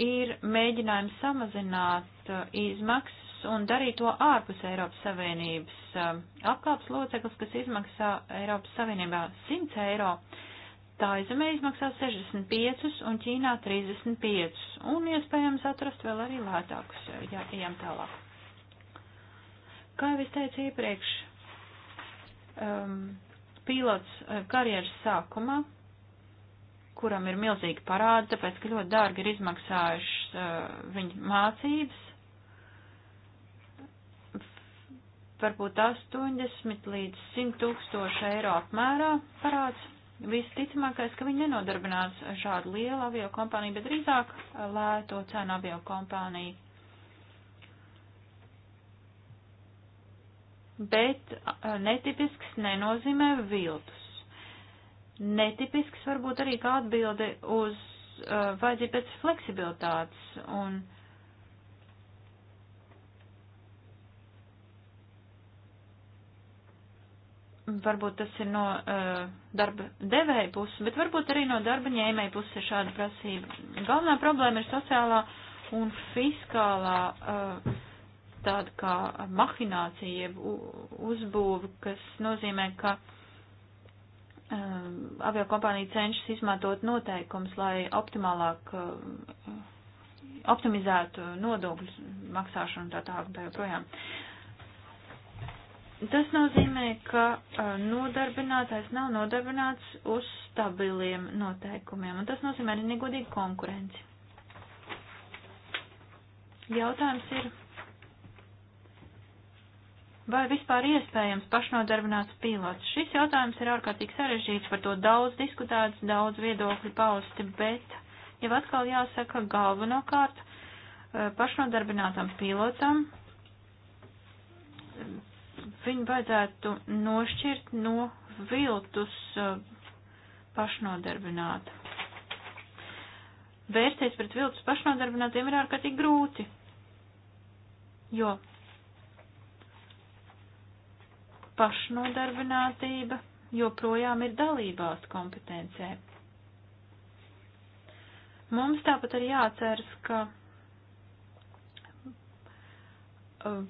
Speaker 2: ir mēģinājums samazināt uh, izmaksas un darīt to ārpus Eiropas Savienības. Um, Apkalps loceklis, kas izmaksā Eiropas Savienībā 100 eiro, tā izemē izmaksā 65 un Ķīnā 35 un iespējams atrast vēl arī lētākus, uh, ja ejam tālāk. Kā jau es teicu iepriekš, um, pilots eh, karjeras sākumā, kuram ir milzīgi parādi, tāpēc, ka ļoti dārgi ir izmaksājušas uh, viņa mācības. Varbūt 80 līdz 100 tūkstoši eiro apmērā parāds. Visticamākais, ka viņi nenodarbinās šādu lielu avio kompāniju, bet drīzāk eh, lēto cenu avio kompāniju. bet netipisks nenozīmē viltus. Netipisks varbūt arī kā atbildi uz uh, vajadzību pēc fleksibilitātes un varbūt tas ir no uh, darba devēja puses, bet varbūt arī no darba ņēmēja puses ir šāda prasība. Galvenā problēma ir sociālā un fiskālā uh, tāda kā mahinācija, uzbūve, kas nozīmē, ka um, aviokompānija cenšas izmantot noteikums, lai optimālāk um, optimizētu nodokļu maksāšanu un tā tālāk, tā joprojām. Tas nozīmē, ka uh, nodarbinātais nav nodarbināts uz stabiliem noteikumiem, un tas nozīmē arī negodīgu konkurenci. Jautājums ir Vai vispār iespējams pašnodarbināts pilots? Šis jautājums ir ārkārtīgi sarežģīts, par to daudz diskutēts, daudz viedokļu pausti, bet jau atkal jāsaka galvenokārt eh, pašnodarbinātam pilotam viņu vajadzētu nošķirt no viltus eh, pašnodarbināta. Vērsties pret viltus pašnodarbinātiem ir ārkārtīgi grūti, jo pašnodarbinātība joprojām ir dalībās kompetencē. Mums tāpat ir jāceras, ka uh,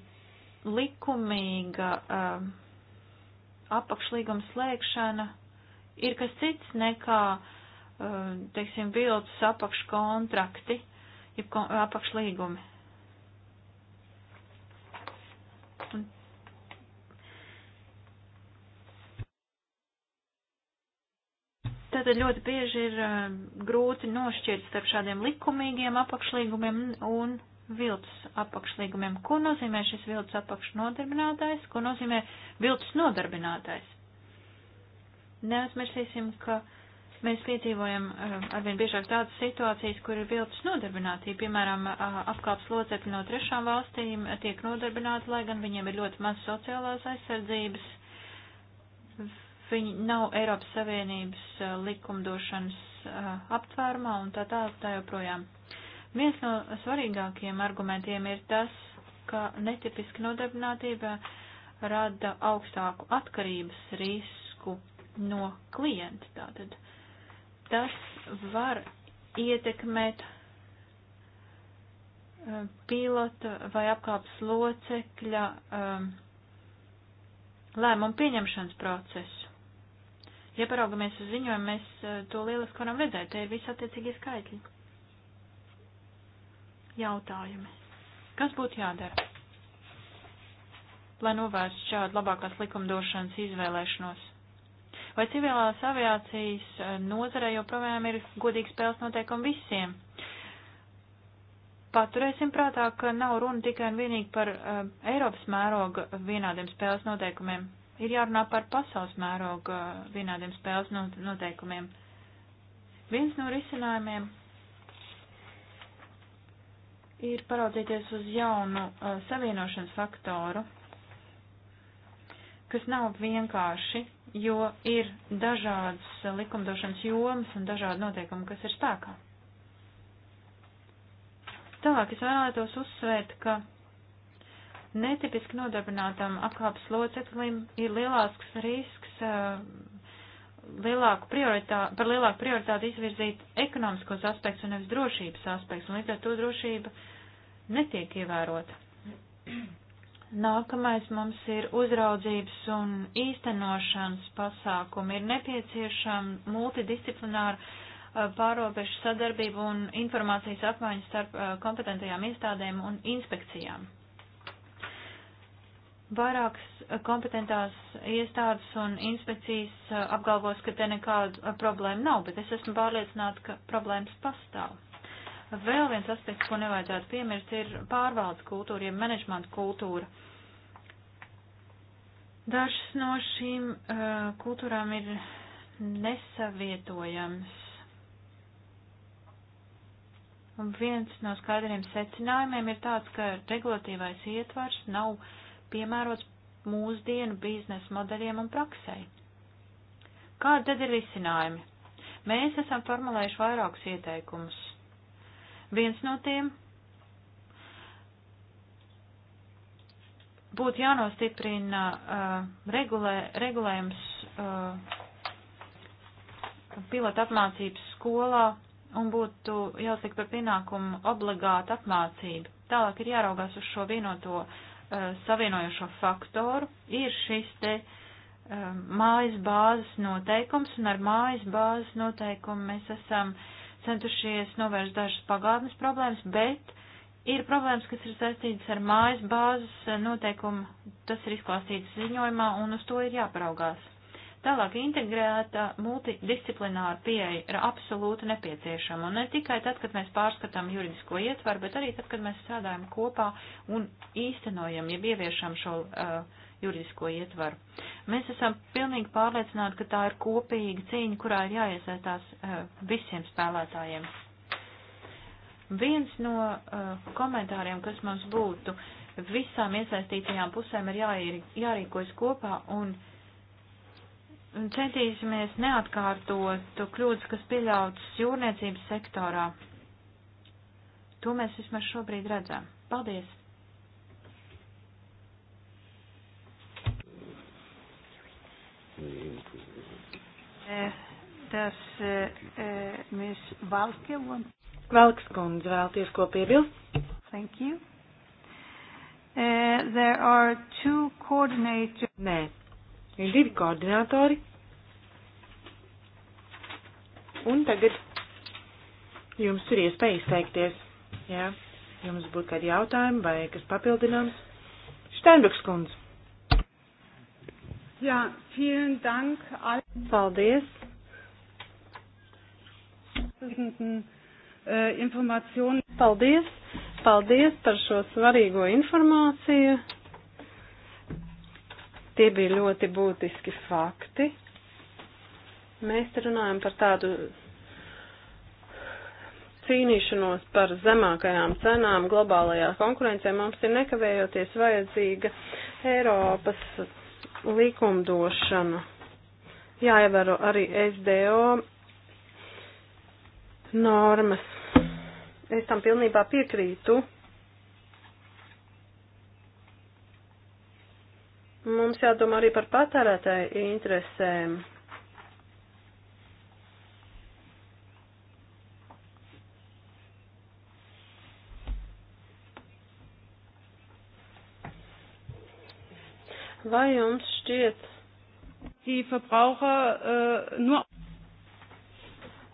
Speaker 2: likumīga uh, apakšlīguma slēgšana ir kas cits nekā, uh, teiksim, viltus apakškontrakti, apakšlīgumi. Tātad ļoti bieži ir eh, grūti nošķirt starp šādiem likumīgiem apakšlīgumiem un viltus apakšlīgumiem. Ko nozīmē šis viltus apakšnodarbinātājs? Ko nozīmē viltus nodarbinātājs? Neaizmirsīsim, ka mēs piedzīvojam eh, arvien biežāk tādas situācijas, kur ir viltus nodarbinātība. Piemēram, eh, apkāps locekļi no trešām valstīm tiek nodarbināti, lai gan viņiem ir ļoti maz sociālās aizsardzības Viņi nav Eiropas Savienības eh, likumdošanas eh, aptvērumā un tā tālāk tā joprojām. Viens no svarīgākajiem argumentiem ir tas, ka netipiska nodarbinātība rada augstāku atkarības risku no klienta. Tātad tas var ietekmēt eh, pilota vai apkāpes locekļa um, lēmumu pieņemšanas procesu. Ja paraugamies uz ziņojumu, mēs eh, to lieliski varam redzēt, te ir visi attiecīgie skaitļi. Jautājumi. Kas būtu jādara? Lai novērstu šādu labākās likumdošanas izvēlēšanos. Vai civilās aviācijas eh, nozarē joprojām ir godīgi spēles noteikumi visiem? Paturēsim prātā, ka nav runa tikai un vienīgi par uh, Eiropas mēroga vienādiem spēles noteikumiem. Ir jārunā par pasaules mēroga vienādiem spēles noteikumiem. Viens no risinājumiem ir paraudzīties uz jaunu uh, savienošanas faktoru, kas nav vienkārši, jo ir dažādas uh, likumdošanas jomas un dažādi noteikumi, kas ir spēkā. Tālāk es vēlētos uzsvērt, ka netipiski nodarbinātam apkalpes loceklim ir lielāks risks eh, lielāku prioritāti, par lielāku prioritāti izvirzīt ekonomiskos aspektus un nevis drošības aspektus, un līdz ar to drošība netiek ievērota. Nākamais mums ir uzraudzības un īstenošanas pasākumi. Ir nepieciešama multidisciplināra eh, pārobežu sadarbība un informācijas apmaiņa starp eh, kompetentajām iestādēm un inspekcijām. Vairākas eh, kompetentās iestādes un inspekcijas eh, apgalvos, ka te nekādu eh, problēmu nav, bet es esmu pārliecināta, ka problēmas pastāv. Vēl viens aspekts, ko nevajadzētu piemirst, ir pārvaldes kultūra, jeb ja menedžmenta kultūra. Dažas no šīm uh, kultūrām ir nesavietojams. Un viens no skaidriem secinājumiem ir tāds, ka regulatīvais ietvars nav uh, piemērots mūsdienu biznesa modeļiem un praksē. Kādi tad ir risinājumi? Mēs esam formulējuši vairākus ieteikumus. Viens no tiem būtu jānostiprina uh, regulē, regulējums uh, pilota apmācības skolā un būtu jāsaka par pienākumu obligāta apmācība. Tālāk ir jāraugās uz šo vienoto Uh, savienojošo faktoru ir šis te um, mājas bāzes noteikums, un ar mājas bāzes noteikumu mēs esam centušies novērst dažas pagātnes problēmas, bet ir problēmas, kas ir saistītas ar mājas bāzes uh, noteikumu, tas ir izklāstīts ziņojumā, un uz to ir jāparaugās. Tālāk integrēta multidisciplināra pieeja ir absolūti nepieciešama, un ne tikai tad, kad mēs pārskatām juridisko ietvaru, bet arī tad, kad mēs strādājam kopā un īstenojam, ja ieviešam šo uh, juridisko ietvaru. Mēs esam pilnīgi pārliecināti, ka tā ir kopīga cīņa, kurā ir jāiesaistās uh, visiem spēlētājiem. Viens no uh, komentāriem, kas mums būtu, visām iesaistītajām pusēm ir jāierīkojas kopā un uh, centīsimies neatkārtot kļūdas, kas pieļautas jūrniecības sektorā. To mēs vismaz šobrīd redzam. Paldies!
Speaker 3: E, tas e, e, mēs Valke un... Valks kundze vēlties ko piebilst? Thank you. Uh, there are two coordinators. Nē, Ir divi koordinātori. Un tagad jums ir iespēja izteikties. Jā, jums būtu kādi jautājumi vai kas papildināms. Steinbruks kundze.
Speaker 1: Jā, vielen dank. Paldies. Äh, Paldies. Paldies par šo svarīgo informāciju. Tie bija ļoti būtiski fakti. Mēs runājam par tādu cīnīšanos par zemākajām cenām globālajā konkurencē. Mums ir nekavējoties vajadzīga Eiropas likumdošana. Jāievēro arī SDO normas. Es tam pilnībā piekrītu. Mums jādomā arī par patērētāju interesēm. Vai jums šķiet? Die Verbraucher äh, nur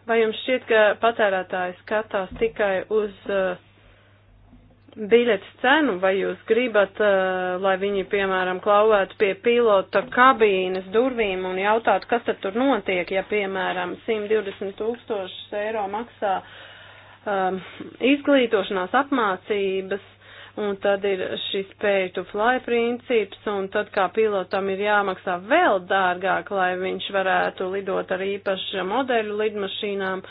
Speaker 1: Vai jums šķiet, ka patērētājs skatās tikai uz uh, biļetes cenu, vai jūs gribat, eh, lai viņi, piemēram, klauvētu pie pilota kabīnes durvīm un jautātu, kas tad tur notiek, ja, piemēram, 120 tūkstošus eiro maksā um, izglītošanās apmācības un tad ir šis pay to fly princips, un tad kā pilotam ir jāmaksā vēl dārgāk, lai viņš varētu lidot ar īpašu modeļu lidmašīnām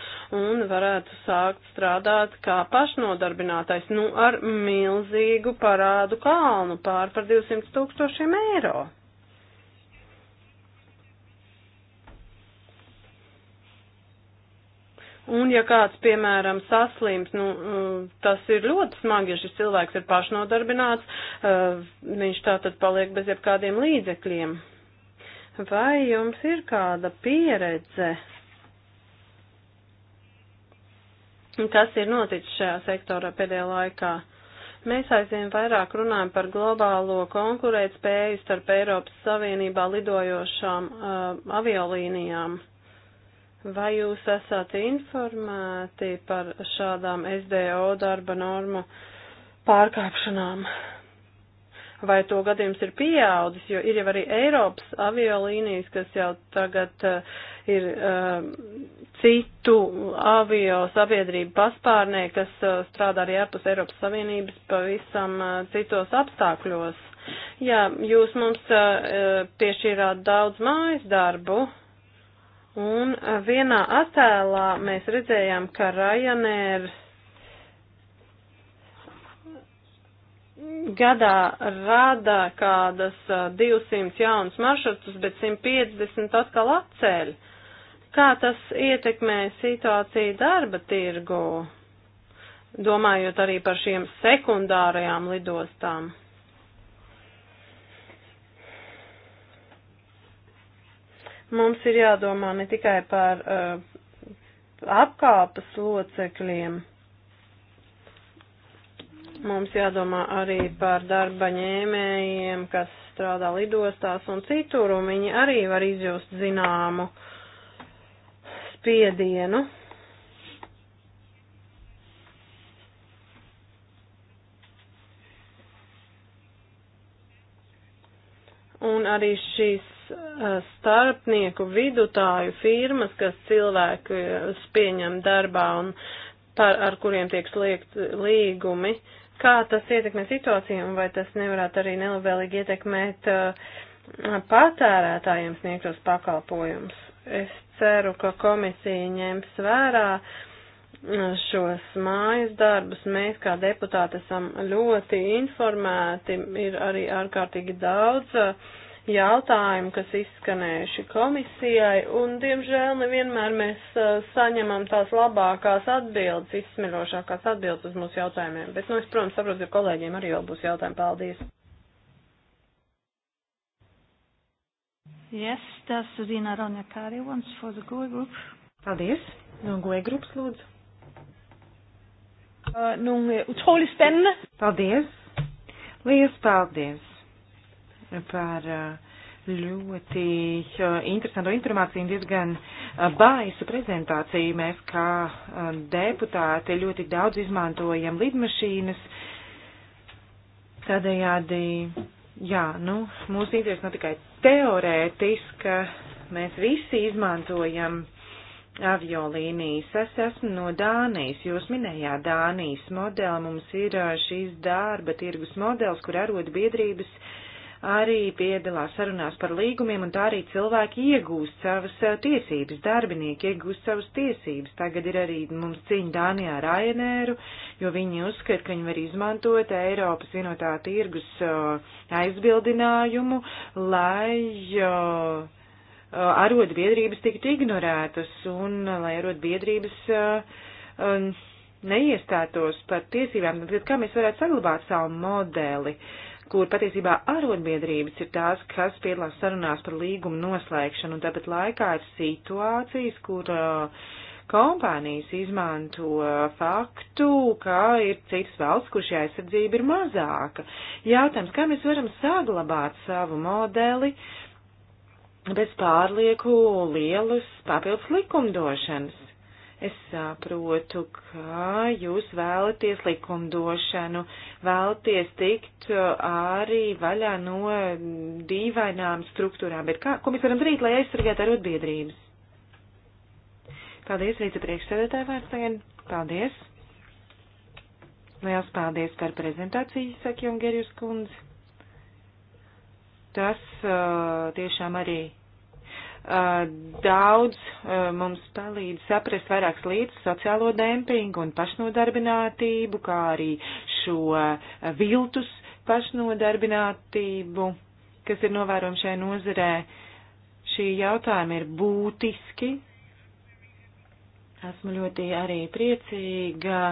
Speaker 1: un varētu sākt strādāt kā pašnodarbinātais, nu ar milzīgu parādu kalnu pār par 200 tūkstošiem eiro. Un ja kāds, piemēram, saslims, nu, uh, tas ir ļoti smagi, ja šis cilvēks ir pašnodarbināts, uh, viņš tā tad paliek bez jebkādiem līdzekļiem. Vai jums ir kāda pieredze kas ir noticis šajā sektorā pēdējā laikā. Mēs aizvien vairāk runājam par globālo konkurētspēju starp Eiropas Savienībā lidojošām uh, aviolīnijām. Vai jūs esat informēti par šādām SDO darba normu pārkāpšanām? Vai to gadījums ir pieaudzis, jo ir jau arī Eiropas aviolīnijas, kas jau tagad uh, ir uh, citu avio sabiedrību paspārnē, kas uh, strādā arī ārpus Eiropas Savienības pavisam uh, citos apstākļos. Jā, jūs mums uh, piešķīrāt daudz mājas darbu, uh, Un eh, vienā attēlā mēs redzējām, ka Ryanair gadā rada kādas 200 eh, jaunas maršrutus, bet 150 atkal atceļ. Kā tas ietekmē situāciju darba tirgu, domājot arī par šiem sekundārajām lidostām? Mums ir jādomā ne tikai par uh, apkāpes locekļiem, mums jādomā arī par darba ņēmējiem, kas strādā lidostās un citur, un viņi arī var izjust zināmu spiedienu. Un arī šīs Eh, starpnieku vidutāju firmas, kas cilvēku pieņem darbā un par, ar kuriem tiek sliegt līgumi. Kā tas ietekmē situāciju un vai tas nevarētu arī nelabvēlīgi ietekmēt eh, patērētājiem sniegtos pakalpojumus? Es ceru, ka komisija ņems vērā eh, šos mājas darbus. Mēs kā deputāti esam ļoti informēti, ir arī ārkārtīgi daudz uh, jautājumi, kas izskanējuši komisijai, un diemžēl nevienmēr mēs saņemam tās labākās atbildes, izsmeļošākās atbildes uz mūsu jautājumiem. Bet, nu, es, protams, saprotu, ka kolēģiem arī vēl būs jautājumi. Paldies! Yes,
Speaker 2: tas Rina Ronjakāri wants for the GUE group.
Speaker 3: Paldies. No GUE grupas lūdzu. Uh, nu, e, utrolig spennende. Paldies. Lielas paldies par eh, ļoti eh, interesantu informāciju un diezgan eh, baisu prezentāciju. Mēs kā deputāti ļoti daudz izmantojam lidmašīnas. Tādējādi, jā, nu, mūsu interesi nav tikai teorētiska, mēs visi izmantojam aviolīnijas. Es esmu no Dānijas. Jūs minējāt Dānijas modeli. Mums ir šīs darba tirgus modelis, kur arotbiedrības biedrības arī piedalās sarunās par līgumiem, un tā arī cilvēki iegūst savas eh, tiesības, darbinieki iegūst savas tiesības. Tagad ir arī mums cīņa Dānijā ar Aienēru, jo viņi uzskata, ka viņi var izmantot Eiropas vienotā tirgus eh, aizbildinājumu, lai eh, arotbiedrības tiktu ignorētas un lai arotbiedrības neiestātos par tiesībām, bet kā mēs varētu saglabāt savu modeli. Uh, kur patiesībā arotbiedrības ir tās, kas piedalās sarunās par līgumu noslēgšanu, un tāpat laikā ir situācijas, kur uh, kompānijas izmanto faktu, ka ir citas valsts, kur šī aizsardzība ir mazāka. Jautājums, kā mēs varam saglabāt savu modeli bez pārlieku lielas papildus likumdošanas? Es saprotu, ka jūs vēlaties likumdošanu, vēlaties tikt arī vaļā no dīvainām struktūrām, bet kā, ko mēs varam darīt, lai aizsargātu arotbiedrības? Paldies, vicepriekšsēdētāja vārdsien. Paldies. Liels paldies par prezentāciju, saka Jungerjus kundze. Tas uh, tiešām arī Eh, daudz eh, mums palīdz saprast vairākas lietas - sociālo dempingu un pašnodarbinātību, kā arī šo eh, viltus pašnodarbinātību, kas ir novērojama šajā nozarē. Šī jautājuma ir būtiski. Esmu ļoti arī priecīga.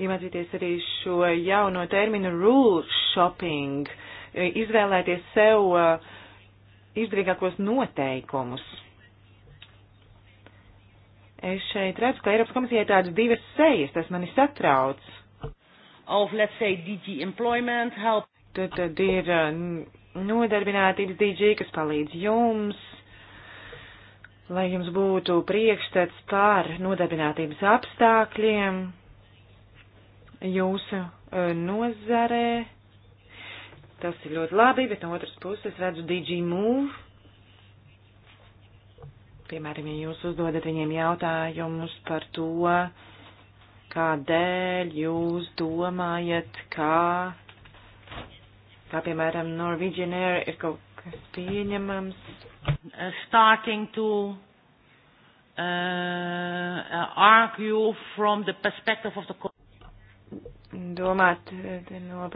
Speaker 3: Iemācīties arī šo jauno terminu rule shopping, izvēlēties sev eh, izdevīgākos noteikumus. Es šeit redzu, ka Eiropas komisijai tādas divas sejas, tas mani satrauc. Of, let's say, DG employment help. Tad, tad ir eh, nodarbinātības DG, kas palīdz jums, lai jums būtu priekšstats par nodarbinātības apstākļiem jūsu eh, nozarē. Tas ir ļoti labi, bet no otras puses redzu DigiMove. Piemēram, ja jūs uzdodat viņiem jautājumus par to, kādēļ jūs domājat, kā, kā piemēram, Norwegian Air ir kaut kas pieņemams. Uh, starting to uh, argue from the perspective of the domāt eh, no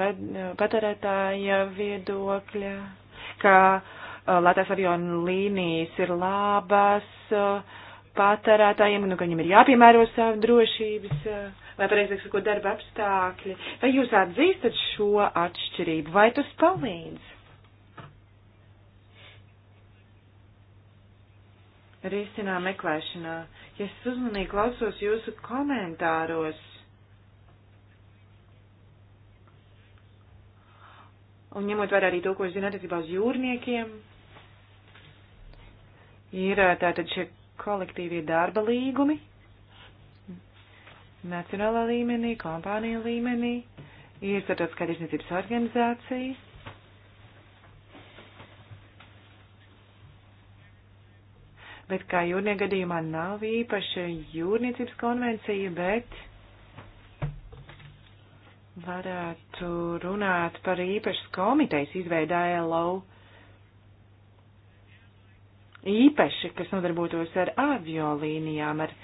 Speaker 3: patērētāja viedokļa, ka eh, Latvijas avionu līnijas ir labas eh, patērētājiem, nu, ka viņiem ir jāpiemēro savu drošības, vai pareizāk sakot, darba apstākļi. Vai jūs atzīstat šo atšķirību, vai tas palīdz? Risinā meklēšanā. Ja es uzmanīgi klausos jūsu komentāros, Un ņemot vērā arī to, ko es zinu attiecībā uz jūrniekiem, ir tātad šie kolektīvie darba līgumi nacionālā līmenī, kompānija līmenī, ir starptautiskā tirsniecības organizācija. Bet kā jūrnieku gadījumā nav īpaša jūrniecības konvencija, bet varētu runāt par īpašas komitejas izveidā ELO. Īpaši, kas nodarbotos ar aviolīnijām, ar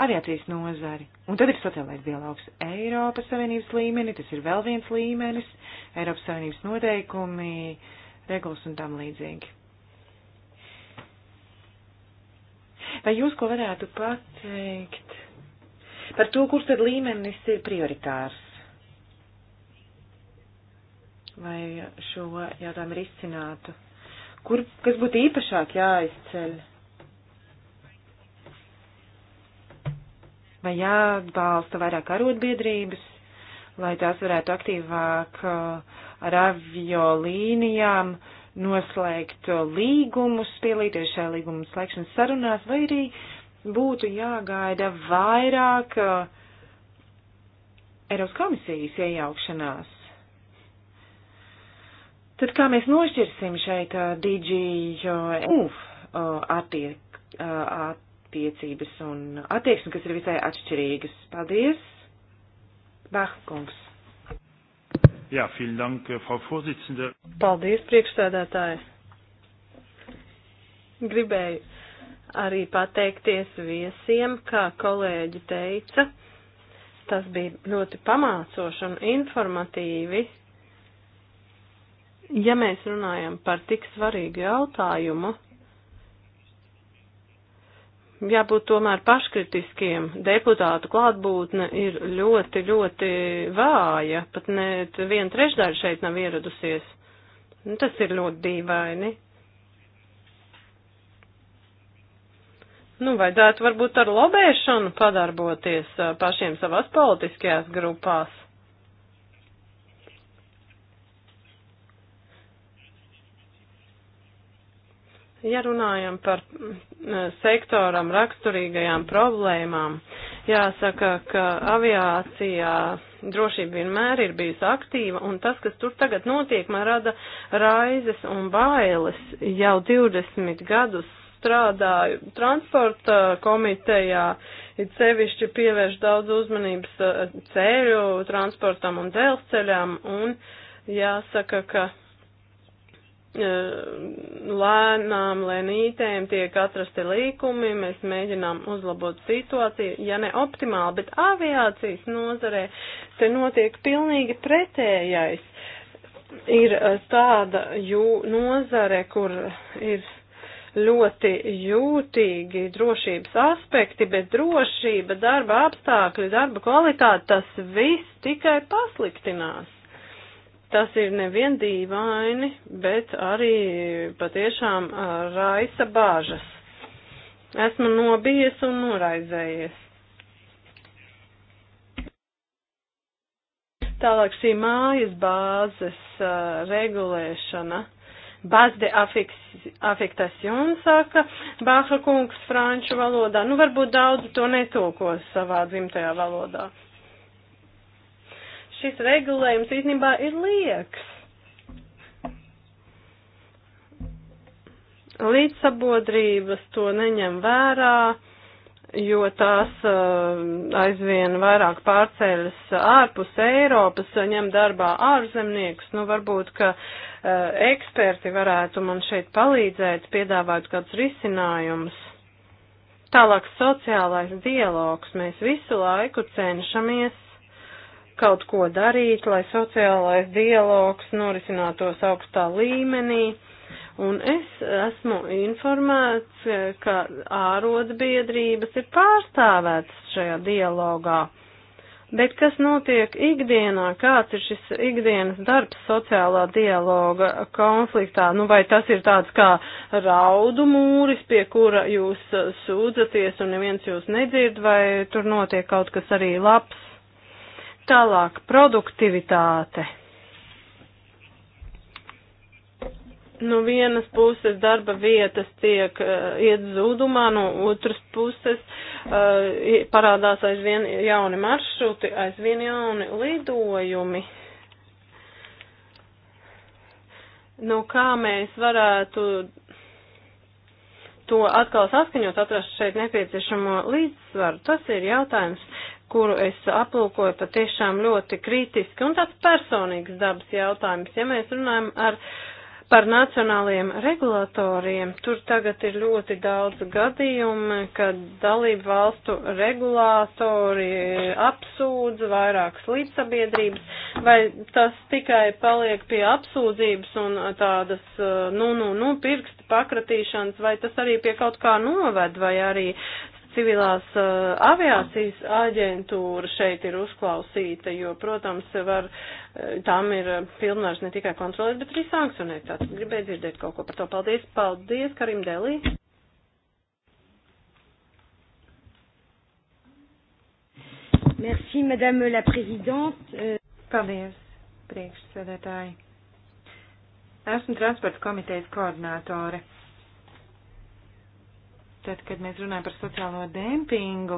Speaker 3: aviācijas nozari. Un tad ir sociālais dialogs Eiropas Savienības līmenī, tas ir vēl viens līmenis, Eiropas Savienības noteikumi, regulas un tam līdzīgi. Vai jūs ko varētu pateikt par to, kurš tad līmenis ir prioritārs? lai šo jautājumu risinātu. Kur, kas būtu īpašāk jāizceļ? Vai jāatbalsta vairāk arotbiedrības, lai tās varētu aktīvāk uh, ar avio līnijām noslēgt uh, līgumus, pielīties šajā līguma slēgšanas sarunās, vai arī būtu jāgaida vairāk uh, Eiropas komisijas iejaukšanās? Tad kā mēs nošķirsim šeit uh, DigiMove uh, attiek, uh, attiecības un attieksmi, kas ir visai atšķirīgas? Paldies,
Speaker 1: Bahkungs.
Speaker 4: Jā, ja, vielen dank, Frau Vorsitzende.
Speaker 1: Paldies, priekšstādātāji. Gribēju arī pateikties viesiem, kā kolēģi teica. Tas bija ļoti pamācoši un informatīvi Ja mēs runājam par tik svarīgu jautājumu, jābūt tomēr paškritiskiem. Deputātu klātbūtne ir ļoti, ļoti vāja, pat ne viena trešdaļa šeit nav ieradusies. Nu, tas ir ļoti dīvaini. Nu, vajadzētu varbūt ar lobēšanu padarboties pašiem savās politiskajās grupās. Ja runājam par mm, eh, sektoram raksturīgajām problēmām, jāsaka, ka aviācijā drošība vienmēr ir bijusi aktīva, un tas, kas tur tagad notiek, man rada raizes un bailes. Jau 20 gadus strādāju transporta komitejā, it sevišķi pievērš daudz uzmanības eh, ceļu transportam un dzelzceļam, un jāsaka, ka Eh, lēnām, lēnītēm tiek atrasti līkumi, mēs mēģinām uzlabot situāciju, ja ne optimāli, bet aviācijas nozarē te notiek pilnīgi pretējais. Ir eh, tāda jū, nozare, kur ir ļoti jūtīgi drošības aspekti, bet drošība, darba apstākļi, darba kvalitāte, tas viss tikai pasliktinās. Tas ir nevien dīvaini, bet arī patiešām raisa bāžas. Esmu nobijies un noraizējies. Tālāk šī mājas bāzes uh, regulēšana. Baz de afektasjon saka Bāha kungs franču valodā. Nu, varbūt daudz to netūkos savā dzimtajā valodā šis regulējums īstenībā ir lieks. Līdzsabodrības to neņem vērā, jo tās eh, aizvien vairāk pārceļas ārpus Eiropas, ņem darbā ārzemniekus. Nu, varbūt, ka eh, eksperti varētu man šeit palīdzēt, piedāvāt kādus risinājumus. Tālāk sociālais dialogs. Mēs visu laiku cenšamies kaut ko darīt, lai sociālais dialogs norisinātos augstā līmenī. Un es esmu informēts, ka ārodbiedrības ir pārstāvētas šajā dialogā. Bet kas notiek ikdienā, kāds ir šis ikdienas darbs sociālā dialoga konfliktā? Nu, vai tas ir tāds kā raudu mūris, pie kura jūs sūdzaties un neviens jūs nedzird, vai tur notiek kaut kas arī labs? Tālāk produktivitāte. no vienas puses darba vietas tiek uh, iet zudumā, no otras puses uh, parādās aizvien jauni maršruti, aizvien jauni lidojumi. Nu, kā mēs varētu to atkal saskaņot, atrast šeit nepieciešamo līdzsvaru? Tas ir jautājums, kuru es aplūkoju patiešām ļoti kritiski, un tāds personīgs dabas jautājums. Ja mēs runājam ar, par nacionālajiem regulatoriem, tur tagad ir ļoti daudz gadījumi, kad dalību valstu regulātori apsūdz vairākas līdzsabiedrības, vai tas tikai paliek pie apsūdzības un tādas, nu, nu, nu, pirksta pakratīšanas, vai tas arī pie kaut kā noved, vai arī civilās uh, aviācijas aģentūra šeit ir uzklausīta, jo, protams, var, eh, tām ir pilnvars ne tikai kontrolēt, bet arī sankcionēt. Tātad gribēju dzirdēt kaut ko par to. Paldies, paldies, Karim Delī. Merci,
Speaker 3: madame la présidente. Paldies, priekšsēdētāji. Esmu transporta komitejas koordinātore. Tad, kad mēs runājam par sociālo dempingu,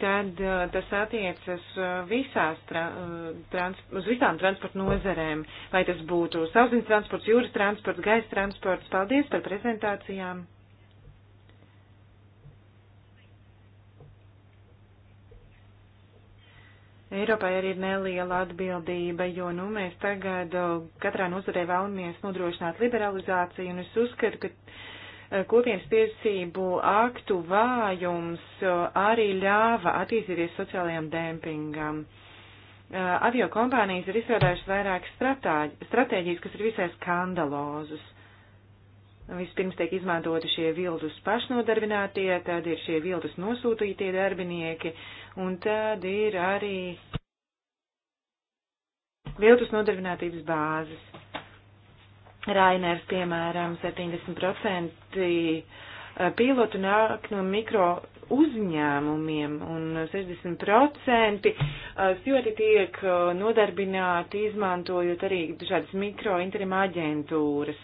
Speaker 3: tad uh, tas attiecas uh, visās tra, uh, trans, uz visām transporta nozerēm, vai tas būtu sauszemes transports, jūras transports, gaisa transports. Paldies par prezentācijām! Eiropai arī ir neliela atbildība, jo nu, mēs tagad uh, katrā nozarē vēlamies nodrošināt liberalizāciju, un es uzskatu, ka Eh, kopienas tiesību aktu vājums eh, arī ļāva attīstīties sociālajam dempingam. Eh, avio kompānijas ir izstrādājušas vairākas stratēģijas, kas ir visai skandalozas. Vispirms tiek izmantoti šie viltus pašnodarbinātie, tad ir šie viltus nosūtītie darbinieki, un tad ir arī viltus nodarbinātības bāzes. Rainers, piemēram, 70% eh, pilotu nāk no mikro uzņēmumiem un 60% eh, stjoti tiek eh, nodarbināti izmantojot arī dažādas mikro interima aģentūras.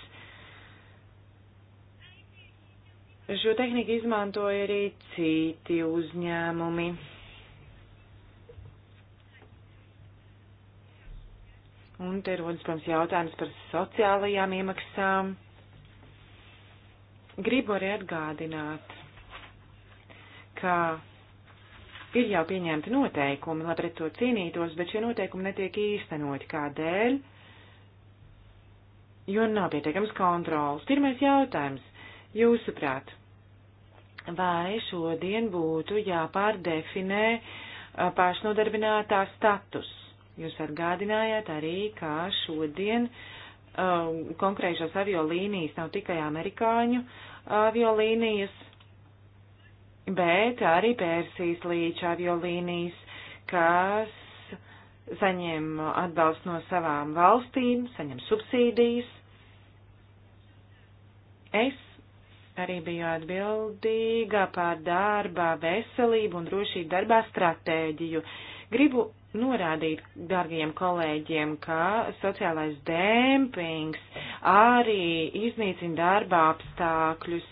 Speaker 3: Šo tehniku izmantoja arī citi uzņēmumi. Un te rodas, protams, jautājums par sociālajām iemaksām. Gribu arī atgādināt, ka ir jau pieņemti noteikumi, lai pret to cīnītos, bet šie noteikumi netiek īstenoti. Kādēļ? Jo nav pietiekams kontrols. Pirmais jautājums. Jūsuprāt, vai šodien būtu jāpārdefinē pašnodarbinātā status? Jūs atgādinājāt arī, kā šodien um, konkrēšās aviolīnijas nav tikai amerikāņu aviolīnijas, bet arī Persijas līča aviolīnijas, kas saņem atbalstu no savām valstīm, saņem subsīdijas. Es arī biju atbildīga par darbā veselību un drošību darbā stratēģiju. Gribu norādīt dargajiem kolēģiem, ka sociālais dēmpings arī iznīcina darba apstākļus,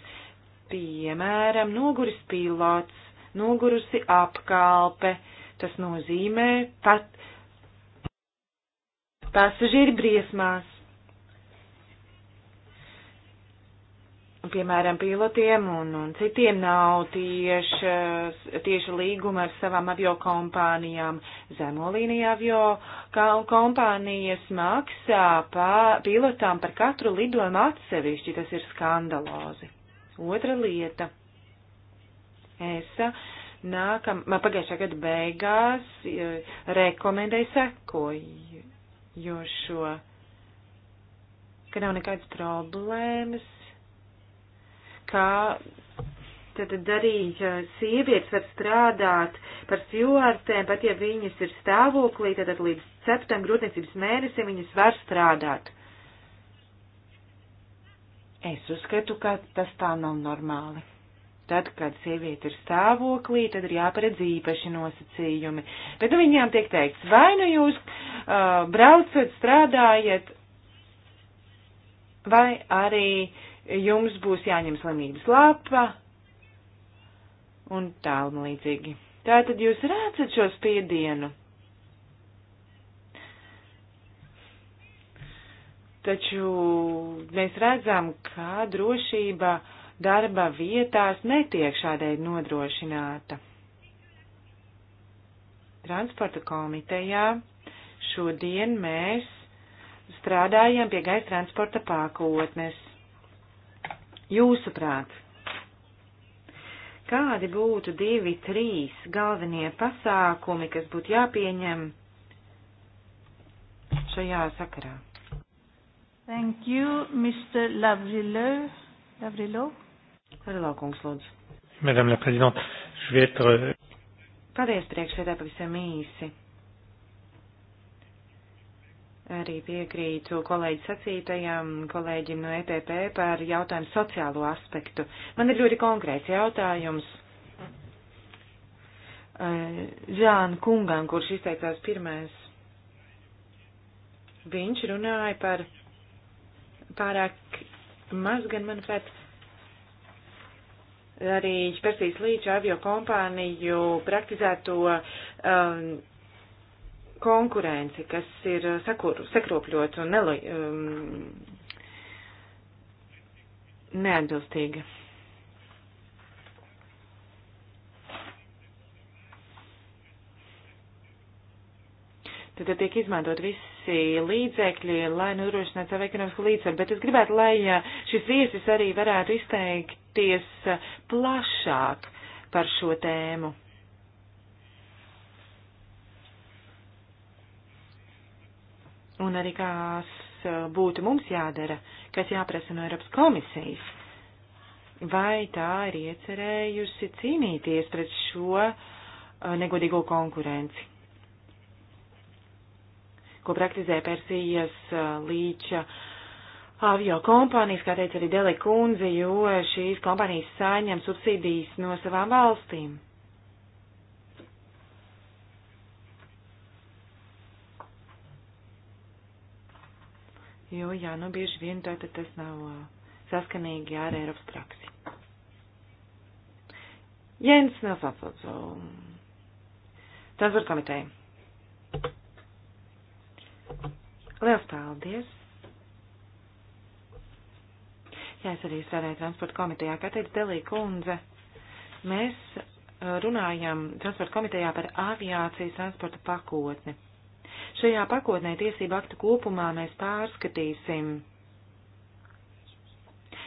Speaker 3: piemēram, noguris pilots, nogurusi apkalpe, tas nozīmē pat pasažieri briesmās. piemēram, pilotiem un, un citiem nav tieši, tieši līguma ar savām avio kompānijām. Zemolīnija avio kompānijas maksā pa, pilotām par katru lidojumu atsevišķi, tas ir skandalozi. Otra lieta. ESA nākam, pagājušā gada beigās e, rekomendēja sekoju šo, ka nav nekādas problēmas kā tad arī sievietes var strādāt par stjuartēm, pat ja viņas ir stāvoklī, tad līdz septembra grūtniecības mēnesim viņas var strādāt. Es uzskatu, ka tas tā nav normāli. Tad, kad sieviete ir stāvoklī, tad ir jāparedz īpaši nosacījumi. Bet nu, viņām tiek teikts, vai nu jūs uh, braucat, strādājat, vai arī uh, jums būs jāņem slimības lapa un tālum līdzīgi. Tātad jūs redzat šo spiedienu. Taču mēs redzam, kā drošība darba vietās netiek šādai nodrošināta. Transporta komitejā šodien mēs strādājam pie gaisa transporta pakotnes. Jūsuprāt, kādi būtu divi, trīs galvenie pasākumi, kas būtu jāpieņem šajā sakarā? Thank you, Mr. Lavrilo. Lavrilo. Lavrilo, kungs, lūdzu.
Speaker 4: Madame la Présidente, je vais être...
Speaker 3: Paldies, priekšsēdā, pavisam īsi. Arī piekrītu kolēģi sacītajam, kolēģim no EPP par jautājumu sociālo aspektu. Man ir ļoti konkrēts jautājums. Eh, Žāna kungam, kurš izteicās pirmais, viņš runāja par pārāk maz, gan, manuprāt, arī Persijas līča avio kompāniju praktizēto um, konkurenci, kas ir uh, sakur, sakropļot un nelo, um, neatbilstīga. Tad tiek izmantot visi līdzekļi, lai nodrošinātu savu ekonomisku līdzsvaru, bet es gribētu, lai uh, šis viesis arī varētu izteikties uh, plašāk par šo tēmu. un arī kas uh, būtu mums jādara, kas jāprasa no Eiropas komisijas. Vai tā ir iecerējusi cīnīties pret šo uh, negodīgo konkurenci, ko praktizē Persijas uh, līča avio kompānijas, kā teica arī Dele Kunze, jo šīs kompānijas saņem subsīdijas no savām valstīm. jo, jā, nu bieži vien tātad tas nav saskanīgi ar Eiropas praksi. Jens Nelsapfodzo, transporta komiteja. Liels paldies! Jā, es arī strādāju transporta komitejā, kā teica Delī kundze. Mēs runājam transporta komitejā par aviācijas transporta pakotni. Šajā pakotnē tiesību aktu kopumā mēs pārskatīsim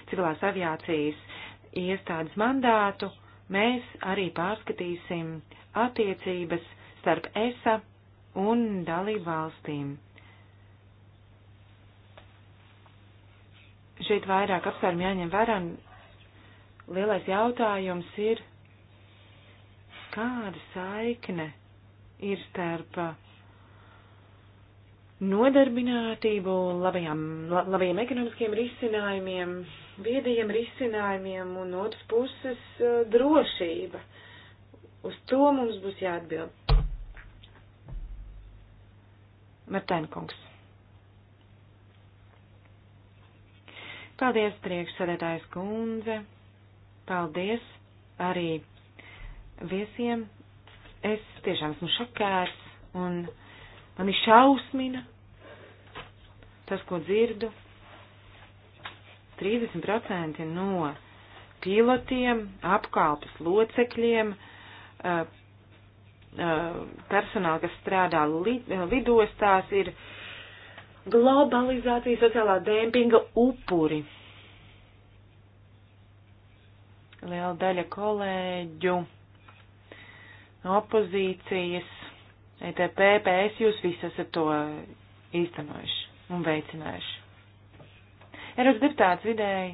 Speaker 3: civilās aviācijas iestādes mandātu, mēs arī pārskatīsim attiecības starp ESA un dalību valstīm. Šeit vairāk apsvērumi jāņem vērā. Lielais jautājums ir, kāda saikne ir starp nodarbinātību, labajām, labajiem ekonomiskiem risinājumiem, viedajiem risinājumiem un otrs puses eh, drošība. Uz to mums būs jāatbild. Martēnkungs. Paldies, priekšsēdētājs kundze. Paldies arī viesiem. Es tiešām esmu šokēts un mani šausmina tas, ko dzirdu, 30% no pilotiem, apkalpes locekļiem, eh, eh, personāla, kas strādā eh, lidostās, ir globalizācija sociālā dēmpinga upuri. Liela daļa kolēģu opozīcijas, ETP, PS, jūs visi esat to īstenojuši un veicinājuši. Eiropas deputāts vidēji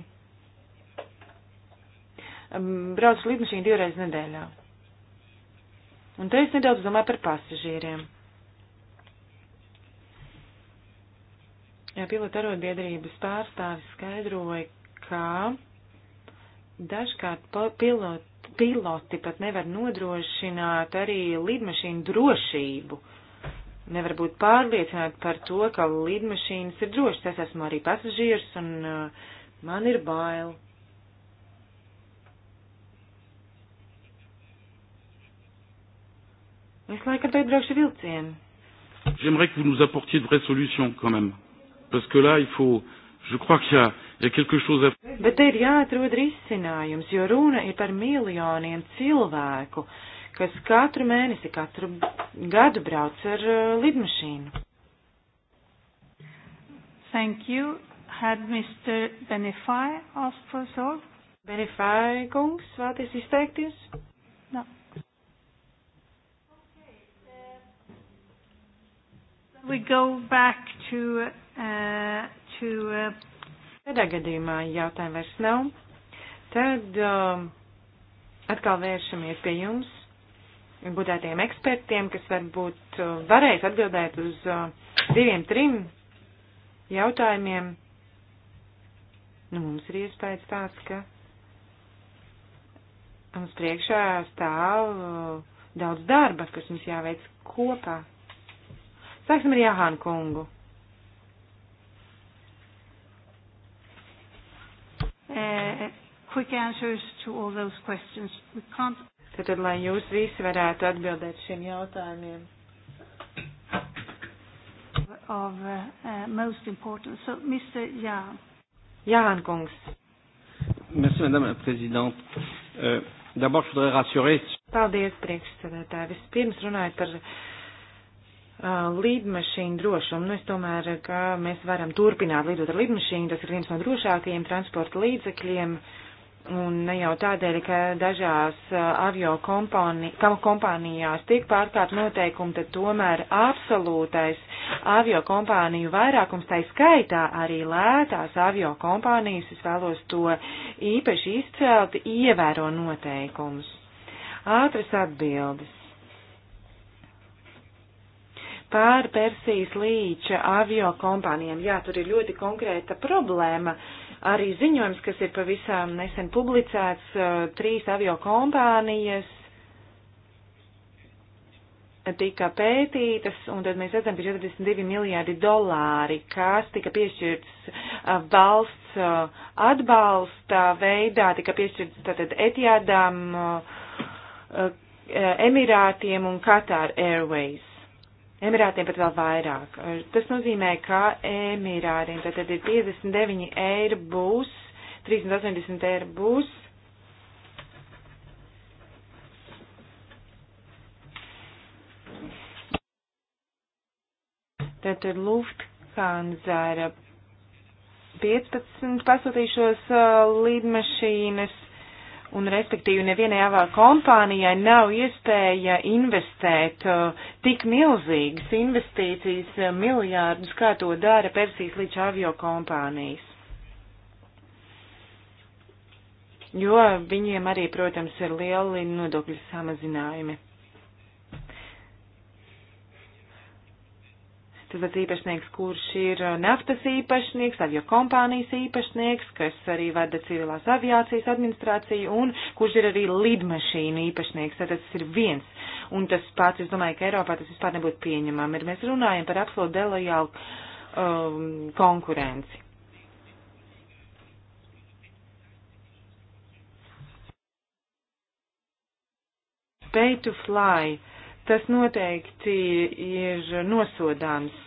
Speaker 3: um, brauc lidmašīnu divreiz nedēļā. Un te es nedaudz domāju par pasažieriem. Jā, pilota arotbiedrības pārstāvis skaidroja, ka dažkārt pilot, piloti pat nevar nodrošināt arī lidmašīnu drošību. Uh, nevar būt pārliecināti par to, ka lidmašīnas ir drošas. Es esmu arī pasažieris un uh, man ir bail. Es laikam tagad braukšu vilcienu. J'aimerais que vous nous apportiez de vraies solutions quand même. Parce que là, il faut, je crois qu'il y a, il y a quelque chose à... Bet te ir jāatrod risinājums, jo runa ir par miljoniem cilvēku. Uh, kas katru mēnesi, katru gadu brauc ar uh, lidmašīnu. Thank you. Had Mr. Benefai asked for so? Benefai kungs, vēlaties izteikties? No. Uh, We go back to, uh, to, uh, Tādā gadījumā jautājumu vairs nav. Tad um, atkal vēršamies pie jums budētiem ekspertiem, kas varbūt uh, varēs atbildēt uz uh, diviem, trim jautājumiem. Nu, mums ir iespējas tāds, ka mums priekšā stāv uh, daudz darba, kas mums jāveic kopā. Sāksim ar Jāhānu kungu. Uh, quick answers to all those
Speaker 2: questions. We can't
Speaker 3: Tad, lai jūs visi varētu atbildēt šiem jautājumiem.
Speaker 2: Of, uh, uh most important. So, Mr.
Speaker 3: Jā. Jāhan kungs.
Speaker 1: Merci, madame la présidente. Euh, D'abord, je voudrais rassurer.
Speaker 3: Paldies, priekšsēdētāji. Vispirms runājot par uh, līdmašīnu drošumu. Nu, es domāju, ka mēs varam turpināt lidot ar līdmašīnu. Tas ir viens no drošākajiem transporta līdzekļiem. Uh, Un ne jau tādēļ, ka dažās avio kompāni, kompānijās tik pārkāpt noteikumi, tad tomēr absolūtais avio kompāniju vairākums, tai skaitā arī lētās avio kompānijas, es vēlos to īpaši izcelt, ievēro noteikumus. Ātras atbildes. Pār Persijas līča avio kompānijām, jā, tur ir ļoti konkrēta problēma. Uh, arī ziņojums, kas ir pavisam nesen publicēts, trīs avio kompānijas tika pētītas, un tad mēs redzam, ka 42 miljārdi dolāri, kas tika piešķirts valsts atbalsta veidā, tika piešķirts tātad Etijādām, Emirātiem un Qatar Airways. Emirātiem pat vēl vairāk. Tas nozīmē, ka Emirātiem tad ir 59 eiro būs, 380 eiro būs. Tad ir Lufthansa 15 pasūtīšos uh, līdmašīnas Un, respektīvi, nevienai avā kompānijai nav iespēja investēt uh, tik milzīgas investīcijas, uh, miljārdus, kā to dara Persijas līdz avio kompānijas. Jo viņiem arī, protams, ir lieli nodokļu samazinājumi. Tas pats īpašnieks, kurš ir uh, naftas īpašnieks, avio kompānijas īpašnieks, kas arī vada civilās aviācijas administrāciju un kurš ir arī lidmašīnu īpašnieks. Tad tas ir viens. Un tas pats, es domāju, ka Eiropā tas vispār nebūtu pieņemami. Mēs runājam par absolūti delojālu um, konkurenci. Pay to fly. Uh, tas noteikti ir nosodāms.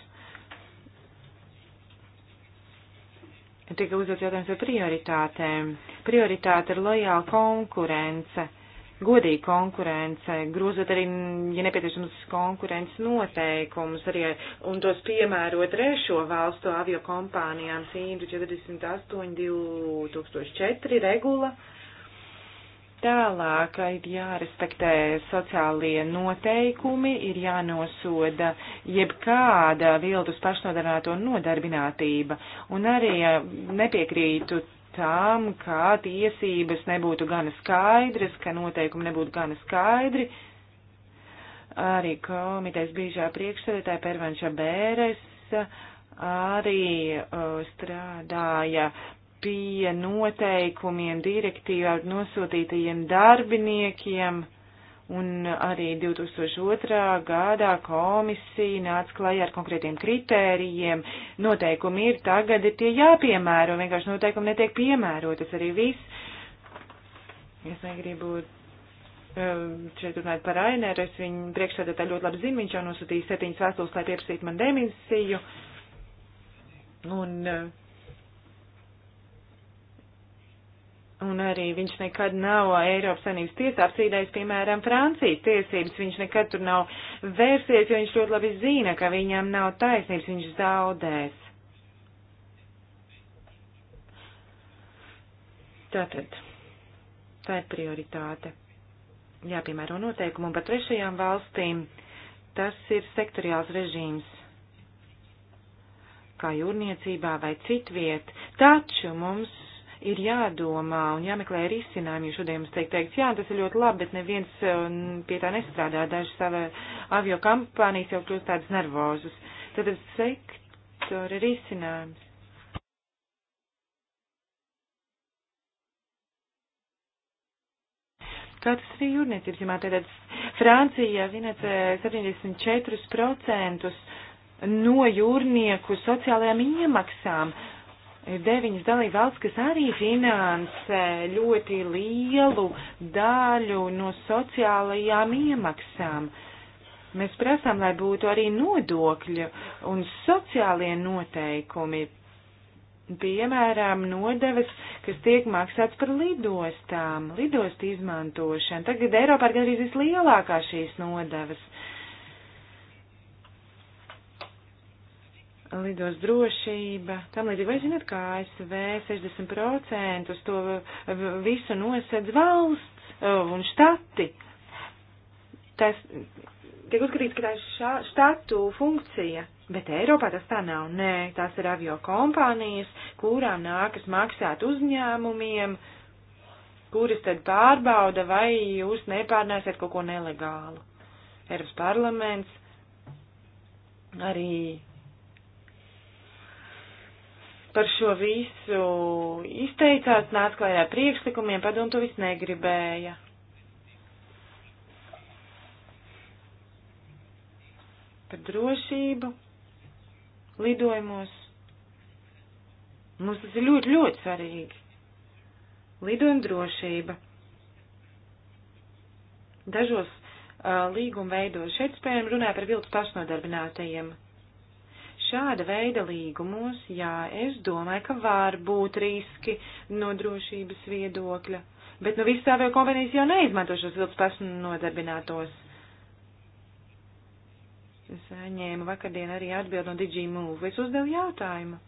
Speaker 3: Tika uzdots jautājums par prioritātēm. Prioritāte ir lojāla konkurence, godīga konkurence, grozot arī, ja nepieciešams, konkurences noteikumus arī un tos piemēro trešo valstu avio kompānijām 148 2004 regula Tālāk ir jārespektē sociālie noteikumi, ir jānosoda jebkāda viltus pašnodarbināto nodarbinātība, un arī nepiekrītu tam, kā tiesības nebūtu gana skaidras, ka noteikumi nebūtu gana skaidri. Arī komitejas bīžā priekšsēdētāja Pervanša Bēres uh, arī uh, strādāja pie noteikumiem, direktīvā ar nosūtītajiem darbiniekiem, un arī 2002. gadā komisija nāca klajā ar konkrētiem kritērijiem. Noteikumi ir tagad, ir tie jāpiemēro, vienkārši noteikumi netiek piemērot, tas arī viss. Es negribu um, šeit runāt par Aineru, es viņu priekšsēdētāju ļoti labi zinu, viņš jau nosūtīja septiņas vēstules, lai pieprasītu man demisiju. Un uh, Un arī viņš nekad nav Eiropas Savienības tiesā apsīdējis, piemēram, Francijas tiesības. Viņš nekad tur nav vērsies, jo viņš ļoti labi zina, ka viņam nav taisnības, viņš zaudēs. Tātad, tā ir prioritāte. Jāpiemēro noteikumu un par trešajām valstīm. Tas ir sektoriāls režīms, kā jūrniecībā vai citviet. Taču mums ir jādomā un jāmeklē risinājumi. Šodien mums teikt, teikt, jā, tas ir ļoti labi, bet neviens um, pie tā nestrādā. Daži sava avio kampānijas jau kļūst tādas nervozus. Tad tas sektora risinājums. Kā tas arī jūrniecības jomā, tātad Francijā vienāca eh, 74% no jūrnieku sociālajām iemaksām. Uh, ir deviņas dalība valsts, kas arī finansē ļoti lielu daļu no sociālajām iemaksām. Mēs prasām, lai būtu arī nodokļu un sociālie noteikumi, piemēram, nodevas, kas tiek maksāts par lidostām, lidostu izmantošanu. Tagad Eiropā ir gandrīz vislielākā šīs nodevas. Uh, lidos drošība, tam līdzīgi. Vai zināt, kā ASV 60% to visu nosedz valsts eh, un štati? Tas tiek uzskatīts, ka tā ir šā, štatu funkcija, bet Eiropā tas tā nav. Nē, tās ir avio kompānijas, kurām nākas maksāt uzņēmumiem, kuras tad pārbauda, vai jūs nepārnēsiet kaut ko nelegālu. Eiropas parlaments arī par šo visu izteicās, nāca klājā priekšlikumiem, padom to viss negribēja. Par drošību lidojumos. Mums tas ir ļoti, ļoti svarīgi. Lidojuma drošība. Dažos uh, līguma veidos šeit, piemēram, runāja par viltus pašnodarbinātajiem šāda veida līgumos, jā, es domāju, ka var būt riski no drošības viedokļa, bet nu visas avio kompānijas jau neizmanto šos vilks pašu nodarbinātos. Es saņēmu vakardien arī atbildi no DigiMove. Es uzdevu jautājumu.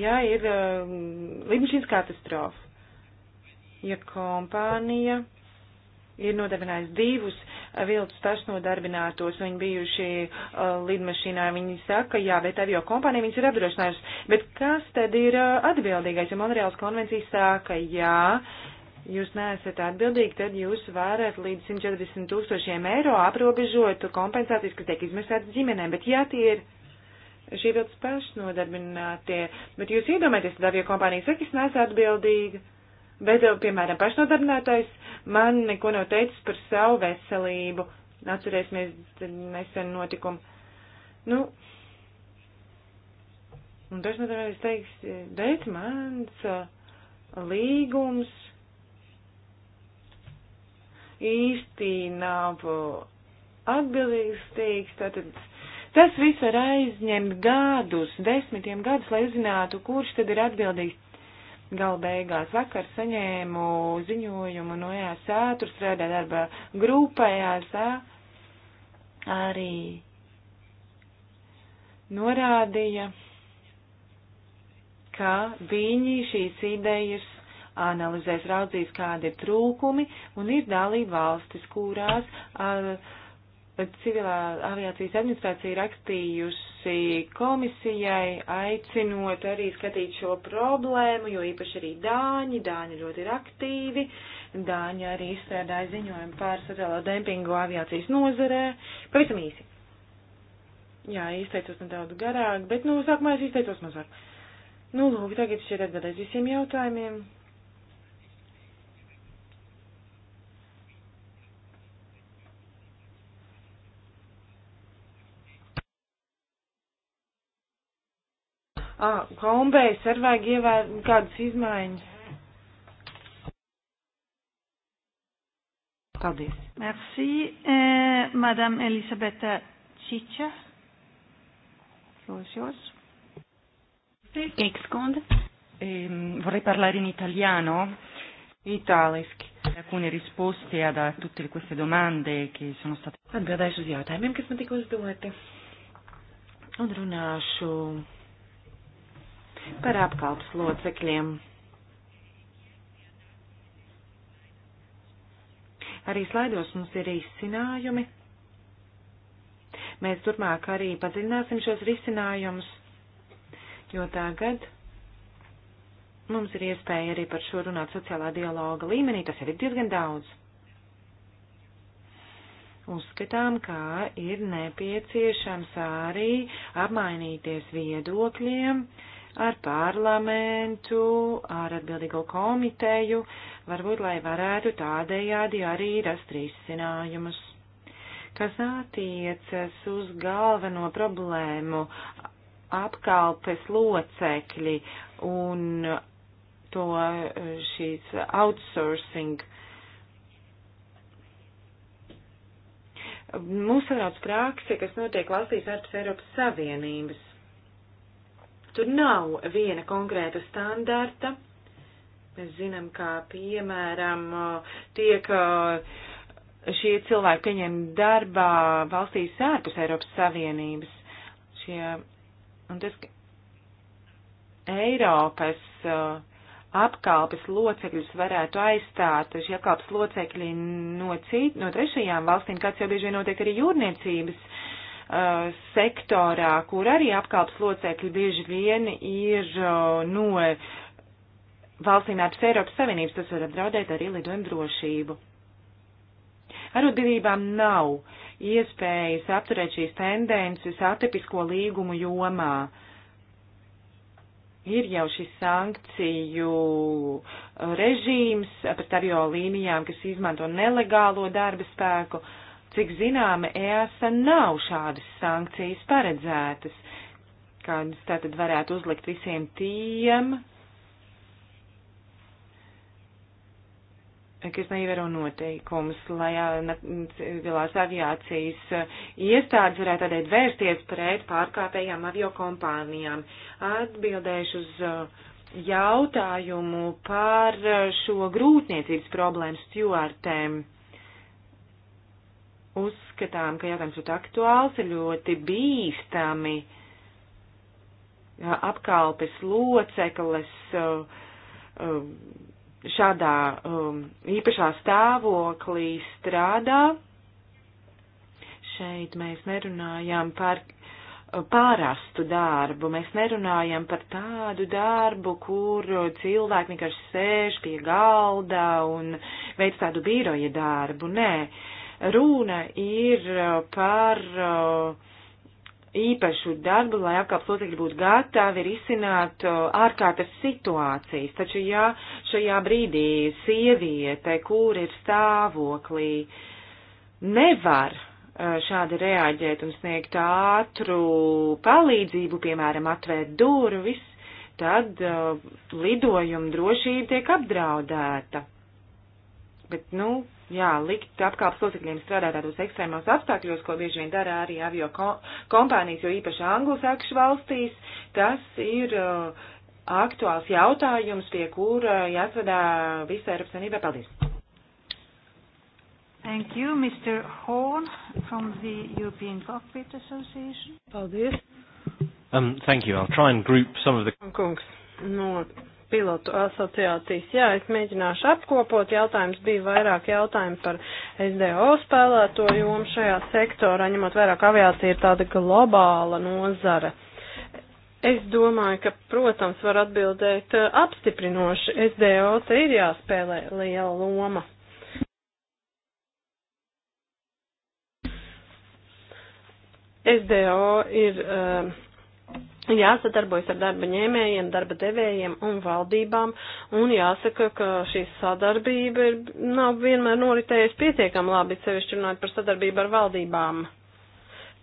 Speaker 3: Jā, ir uh, lidmašīnas katastrofa. Ja kompānija ir nodarbinājis divus eh, viltus pašnodarbinātos, viņi bijuši uh, lidmašīnā, viņi saka, jā, bet avio kompānija viņas ir apdrošinājusi. Bet kas tad ir uh, atbildīgais? Ja Monreāls konvencija saka, jā, jūs neesat atbildīgi, tad jūs varat līdz 140 tūkstošiem eiro aprobežot kompensācijas, kas tiek izmaksātas ģimenēm, bet jā, tie ir šī viltus pašnodarbinātie. Bet jūs iedomājaties, tad avio kompānija saka, es neesmu atbildīga. Bet, piemēram, pašnodarbinātais man neko nav teicis par savu veselību. Atcerēsimies nesen notikumu. Nu, un dažnai reiz teiks, dēļ mans uh, līgums īsti nav uh, atbildīgs, teiks, tātad Tas viss var aizņemt gadus, desmitiem gadus, lai uzzinātu, kurš tad ir atbildīgs. Gala beigās vakar saņēmu ziņojumu no ESA, tur strādā darba grupa ESA, arī norādīja, ka viņi šīs idejas analizēs, raudzīs, kādi ir trūkumi, un ir dalība valstis, kurās. Uh, civilā aviācijas administrācija rakstījusi komisijai, aicinot arī skatīt šo problēmu, jo īpaši arī Dāņi, Dāņi ļoti ir aktīvi, Dāņi arī izstrādāja ziņojumu par sociālo dempingu aviācijas nozarē. Pavisam īsi. Jā, izteicos nedaudz garāk, bet, nu, sākumā es izteicos mazāk. Nu, lūk, tagad šķiet atbildēs visiem jautājumiem. Ah, kombējas ar vajag ievērt kādas izmaiņas. Paldies. Merci, eh, Madame Elisabeta Čiča. Lūdzu. Kikskunde. Eh, vorrei parlare in italiano. Itāliski. Alcune risposte a tutte queste domande che sono state. Atbildēšu uz jautājumiem, kas man tika uzdoti. Un runāšu par apkalpas locekļiem. Arī slaidos mums ir izcinājumi. Mēs turpmāk arī padziļināsim šos risinājumus, jo tagad mums ir iespēja arī par šo runāt sociālā dialoga līmenī, tas ir diezgan daudz. Uzskatām, ka ir nepieciešams arī apmainīties viedokļiem, uh, ar parlamentu, ar atbildīgo komiteju, varbūt, lai varētu tādējādi arī rast risinājumus. Kas attiecas uz galveno problēmu apkalpes locekļi un to šīs outsourcing. Mūsu sauc prakse, kas notiek valstīs ārpus Eiropas Savienības Tur nav viena konkrēta standarta. Mēs zinām, kā piemēram tiek eh, šie cilvēki pieņem darbā valstīs ārpus Eiropas Savienības. Šie, un tas, ka Eiropas eh, apkalpes locekļus varētu aizstāt šie apkalpes locekļi no, cit, no trešajām valstīm, kāds jau bieži vien notiek arī jūrniecības uh, sektorā, kur arī apkalpas locekļi bieži vien ir uh, no valstīm ārpus Eiropas Savienības, tas var apdraudēt arī lidojumu drošību. Arotbiedrībām nav iespējas apturēt šīs tendences atipisko līgumu jomā. Ir jau šis sankciju uh, režīms uh, pret avio līnijām, kas izmanto nelegālo darba spēku. Uh, Cik zināma, EASA nav šādas sankcijas paredzētas, kādas tātad varētu uzlikt visiem tiem, kas neievēro noteikumus, lai civilās aviācijas e, iestādes varētu tādēļ vērsties pret pārkāpējām aviokompānijām. Atbildēšu uz e, jautājumu par e, šo grūtniecības problēmu stjuartēm uzskatām, ka jautājums ļoti aktuāls, ir ļoti bīstami apkalpes locekles uh, um, šādā um, īpašā stāvoklī strādā. Šeit mēs nerunājam par uh, pārastu darbu, mēs nerunājam par tādu darbu, kur cilvēki vienkārši sēž pie galda un veic tādu biroja darbu. Nē, uh, Runa ir uh, par uh, īpašu darbu, lai apkalps locekļi būtu gatavi risināt uh, ārkārtas situācijas. Taču, ja šajā brīdī sieviete, kur ir stāvoklī, nevar šādi reaģēt un sniegt ātru palīdzību, piemēram, atvērt durvis, tad uh, lidojuma drošība tiek apdraudēta. Bet, nu, jā, likt apkalpes locekļiem strādāt tādos ekstrēmos apstākļos, ko bieži vien dara arī avio kompānijas, jo īpaši anglosakšu valstīs, tas ir uh, aktuāls jautājums, pie kura jāsvedā visa Eiropas Savienība. Paldies!
Speaker 1: Thank you, Mr. Horn from the European Cockpit Association. Paldies!
Speaker 4: Um, thank you. I'll try and group some of the...
Speaker 1: Kungs, no pilotu asociācijas. Jā, es mēģināšu apkopot. Jautājums bija vairāk jautājumu par SDO spēlēto jomu šajā sektorā, ņemot vairāk aviācija ir tāda globāla nozara. Es domāju, ka, protams, var atbildēt eh, apstiprinoši. SDO te ir jāspēlē liela loma. SDO ir uh, jāsadarbojas ar darba ņēmējiem, darba devējiem un valdībām, un jāsaka, ka šī sadarbība ir, nav vienmēr noritējusi pietiekam labi, sevišķi runājot par sadarbību ar valdībām.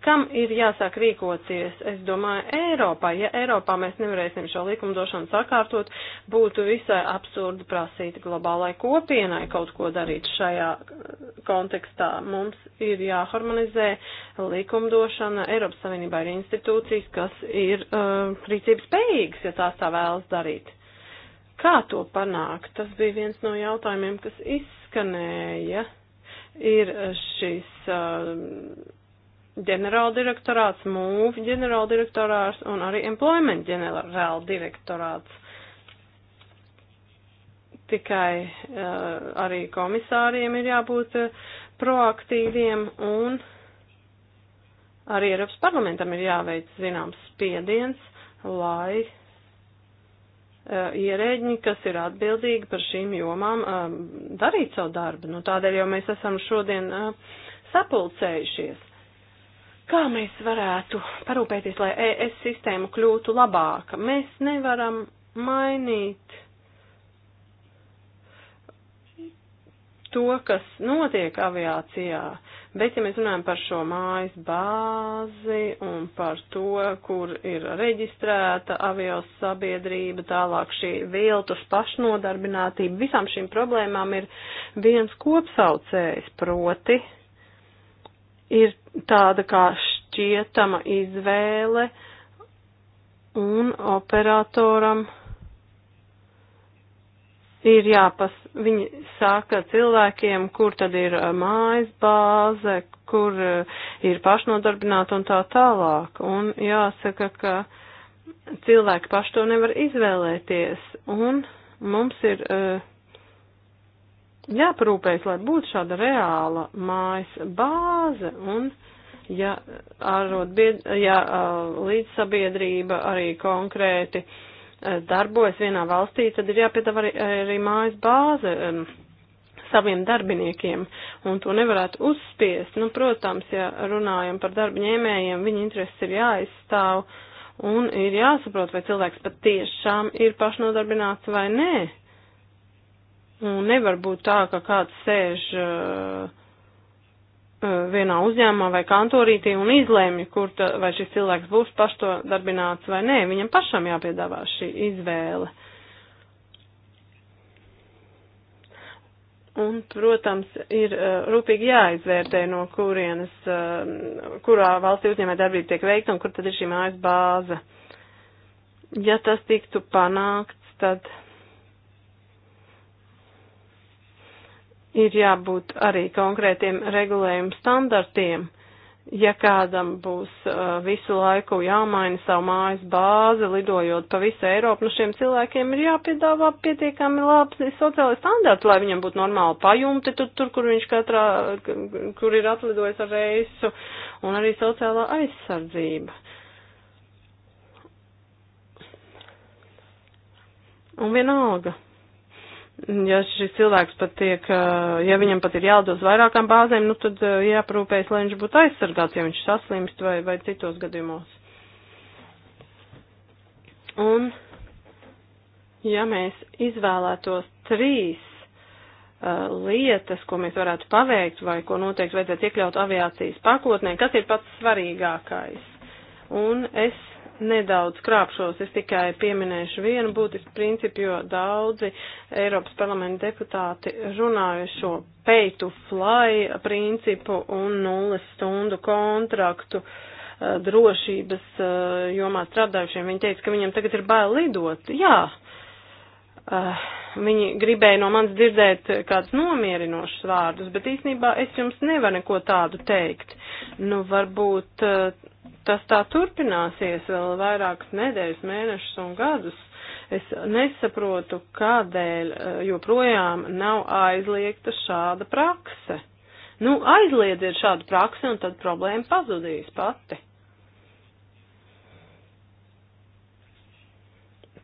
Speaker 1: Kam ir jāsāk rīkoties? Es domāju, Eiropā. Ja Eiropā mēs nevarēsim šo likumdošanu sakārtot, būtu visai absurdi prasīt globālai kopienai kaut ko darīt šajā eh, kontekstā. Mums ir jāharmonizē likumdošana. Eiropas Savienībā ir institūcijas, kas ir uh, rīcības spējīgas, ja tās tā vēlas darīt. Kā to panākt? Tas bija viens no jautājumiem, kas izskanēja. Ir šis. Uh, ģenerāldirektorāts, MUV ģenerāldirektorāts un arī Employment ģenerāldirektorāts. Tikai uh, arī komisāriem ir jābūt uh, proaktīviem un arī Eiropas parlamentam ir jāveic zināms spiediens, lai uh, ierēģi, kas ir atbildīgi par šīm jomām, uh, darītu savu darbu. Nu, tādēļ jau mēs esam šodien uh, sapulcējušies. Kā mēs varētu parūpēties, lai ES sistēma kļūtu labāka? Mēs nevaram mainīt to, kas notiek aviācijā. Bet, ja mēs runājam par šo mājas bāzi un par to, kur ir reģistrēta avios sabiedrība, tālāk šī viltus pašnodarbinātība, visām šīm problēmām ir viens kopsaucējs proti ir tāda kā šķietama izvēle un operatoram ir jāpas, viņi saka cilvēkiem, kur tad ir eh, mājas bāze, kur eh, ir pašnodarbināta un tā tālāk. Un jāsaka, ka cilvēki paši to nevar izvēlēties. Un mums ir uh, jāparūpējas, lai būtu šāda reāla mājas bāze un ja, bied, ja līdzsabiedrība arī konkrēti darbojas vienā valstī, tad ir jāpiedāvā arī, arī mājas bāze saviem darbiniekiem, un to nevarētu uzspiest. Nu, protams, ja runājam par darba ņēmējiem, viņa intereses ir jāizstāv, un ir jāsaprot, vai cilvēks pat tiešām ir pašnodarbināts vai nē. Un nu, nevar būt tā, ka kāds sēž uh, uh, vienā uzņēmumā vai kantorītī un izlēmj, kur ta, vai šis cilvēks būs pašto darbināts vai nē. Viņam pašam jāpiedāvā šī izvēle. Un, protams, ir uh, rūpīgi jāizvērtē, no kurienes, uh, kurā valstī uzņēmē darbība tiek veikta un kur tad ir šī mājas bāze. Ja tas tiktu panākts, tad ir jābūt arī konkrētiem regulējumu standartiem. Ja kādam būs uh, visu laiku jāmaina savu mājas bāzi, lidojot pa visu Eiropu, nu šiem cilvēkiem ir jāpiedāvā pietiekami labi sociālai standarti, lai viņam būtu normāli pajumti tur, tur, kur viņš katrā, kur ir atlidojis ar reisu, un arī sociālā aizsardzība. Un vienalga ja šis cilvēks pat tiek, eh, ja viņam pat ir jādodas vairākām bāzēm, nu tad eh, jāprūpējas, lai viņš būtu aizsargāts, ja viņš saslimst vai, vai citos gadījumos. Un, ja mēs izvēlētos trīs uh, lietas, ko mēs varētu paveikt vai ko noteikti vajadzētu iekļaut aviācijas pakotnē, kas ir pats svarīgākais? Un es nedaudz krāpšos, es tikai pieminēšu vienu būtisku principu, jo daudzi Eiropas parlamenta deputāti runāja šo pay to fly principu un nulles stundu kontraktu eh, drošības eh, jomā strādājušiem. Viņi teica, ka viņiem tagad ir bail lidot. Jā, uh, Uh, viņi gribēja no manis dzirdēt kādus nomierinošus vārdus, bet īsnībā es jums nevaru neko tādu teikt. Nu, varbūt uh, tas tā turpināsies vēl vairākas nedēļas, mēnešus un gadus. Es nesaprotu, kādēļ uh, joprojām nav aizliegta šāda prakse. Nu, aizliedziet šādu praksi un tad problēma pazudīs pati.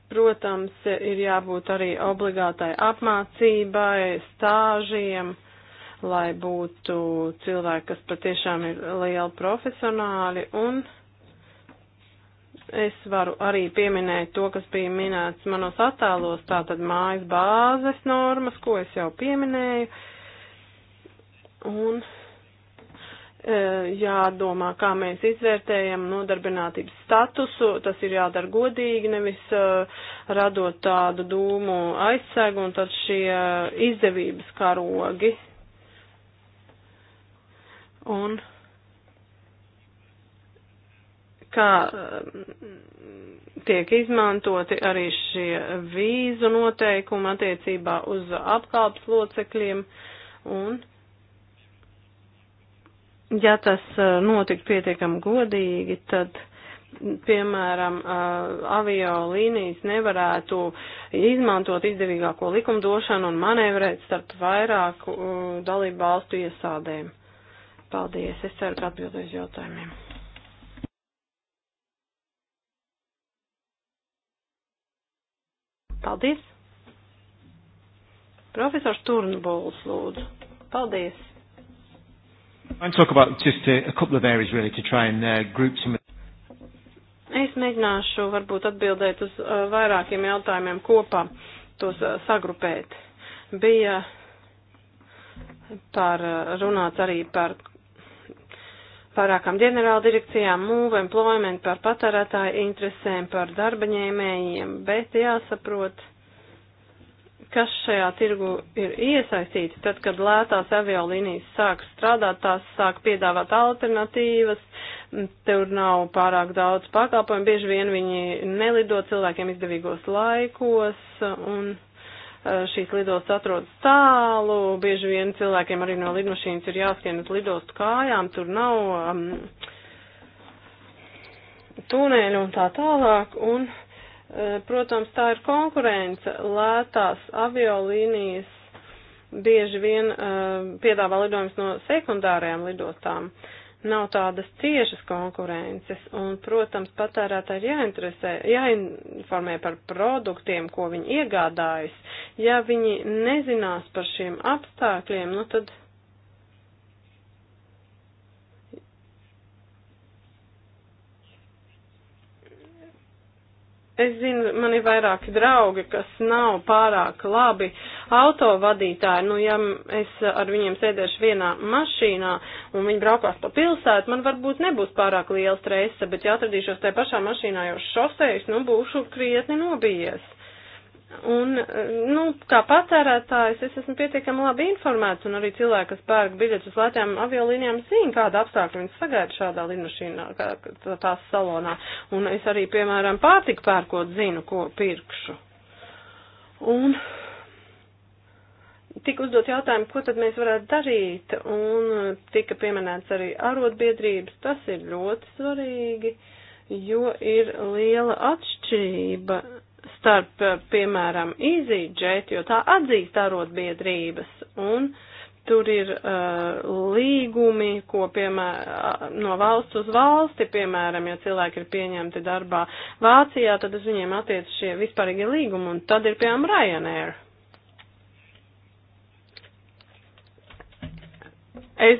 Speaker 1: Protams, ir jābūt arī obligātai apmācībai, stāžiem, lai būtu cilvēki, kas patiešām ir lieli profesionāļi. Un es varu arī pieminēt to, kas bija minēts manos attēlos, tātad mājas bāzes normas, ko es jau pieminēju. Un Eh, jādomā, kā mēs izvērtējam nodarbinātības statusu, tas ir jādara godīgi, nevis eh, radot tādu dūmu aizsegu un tad šie izdevības karogi. Un kā eh, tiek izmantoti arī šie vīzu noteikumi attiecībā uz apkalpas locekļiem un ja tas eh, notiktu pietiekami godīgi, tad, piemēram, eh, avio līnijas nevarētu izmantot izdevīgāko likumdošanu un manevrēt starp vairāku eh, dalību valstu iesādēm. Paldies, es ceru, ka atbildēju uz jautājumiem. Paldies! Profesors Turnbuls lūdzu. Paldies! Uh, es mēģināšu varbūt atbildēt uz uh, vairākiem jautājumiem kopā, tos uh, sagrupēt. Bija par, uh, runāts arī par pārākām ģenerāla direkcijām, mūve, employment, par patērētāju interesēm, par darbaņēmējiem, bet jāsaprot, kas šajā tirgu ir iesaistīti, tad, kad lētās aviolīnijas sāk strādāt, tās sāk piedāvāt alternatīvas, tur nav pārāk daudz pakalpojumu, bieži vien viņi nelido cilvēkiem izdevīgos laikos, un e, šīs lidostas atrodas tālu, bieži vien cilvēkiem arī no lidmašīnas ir jāskrien uz lidostu kājām, tur nav um, tuneļu un tā tālāk, un E, protams, tā ir konkurence. Lētās aviolīnijas bieži vien uh, piedāvā lidojumus no sekundārajām lidostām. Nav tādas ciešas konkurences, un, protams, patērētāji jāinteresē, jāinformē par produktiem, ko viņi iegādājas. Ja viņi nezinās par šiem apstākļiem, nu tad Es zinu, man ir vairāki draugi, kas nav pārāk labi autovadītāji. Nu, ja es ar viņiem sēdēšu vienā mašīnā un viņi braukās pa pilsētu, man varbūt nebūs pārāk liela stresa, bet ja atradīšos tajā pašā mašīnā jau šoseis, nu, būšu krietni nobijies. Un, nu, kā patērētājs, es esmu pietiekami labi informēts, un arī cilvēki, kas pērk biļetes uz lētām aviolīnijām, zina, kāda apstākļa viņas sagaida šādā lidmašīnā, kā tās salonā. Un es arī, piemēram, pārtiku pērkot zinu, ko pirkšu. Un tika uzdot jautājumu, ko tad mēs varētu darīt, un tika pieminēts arī arotbiedrības, tas ir ļoti svarīgi, jo ir liela atšķirība starp, eh, piemēram, EasyJet, jo tā atzīst arotbiedrības, un tur ir uh, līgumi, ko, piemēram, eh, no valsts uz valsti, piemēram, ja cilvēki ir pieņemti darbā Vācijā, tad uz viņiem attiec šie vispārīgie līgumi, un tad ir, piemēram, Ryanair.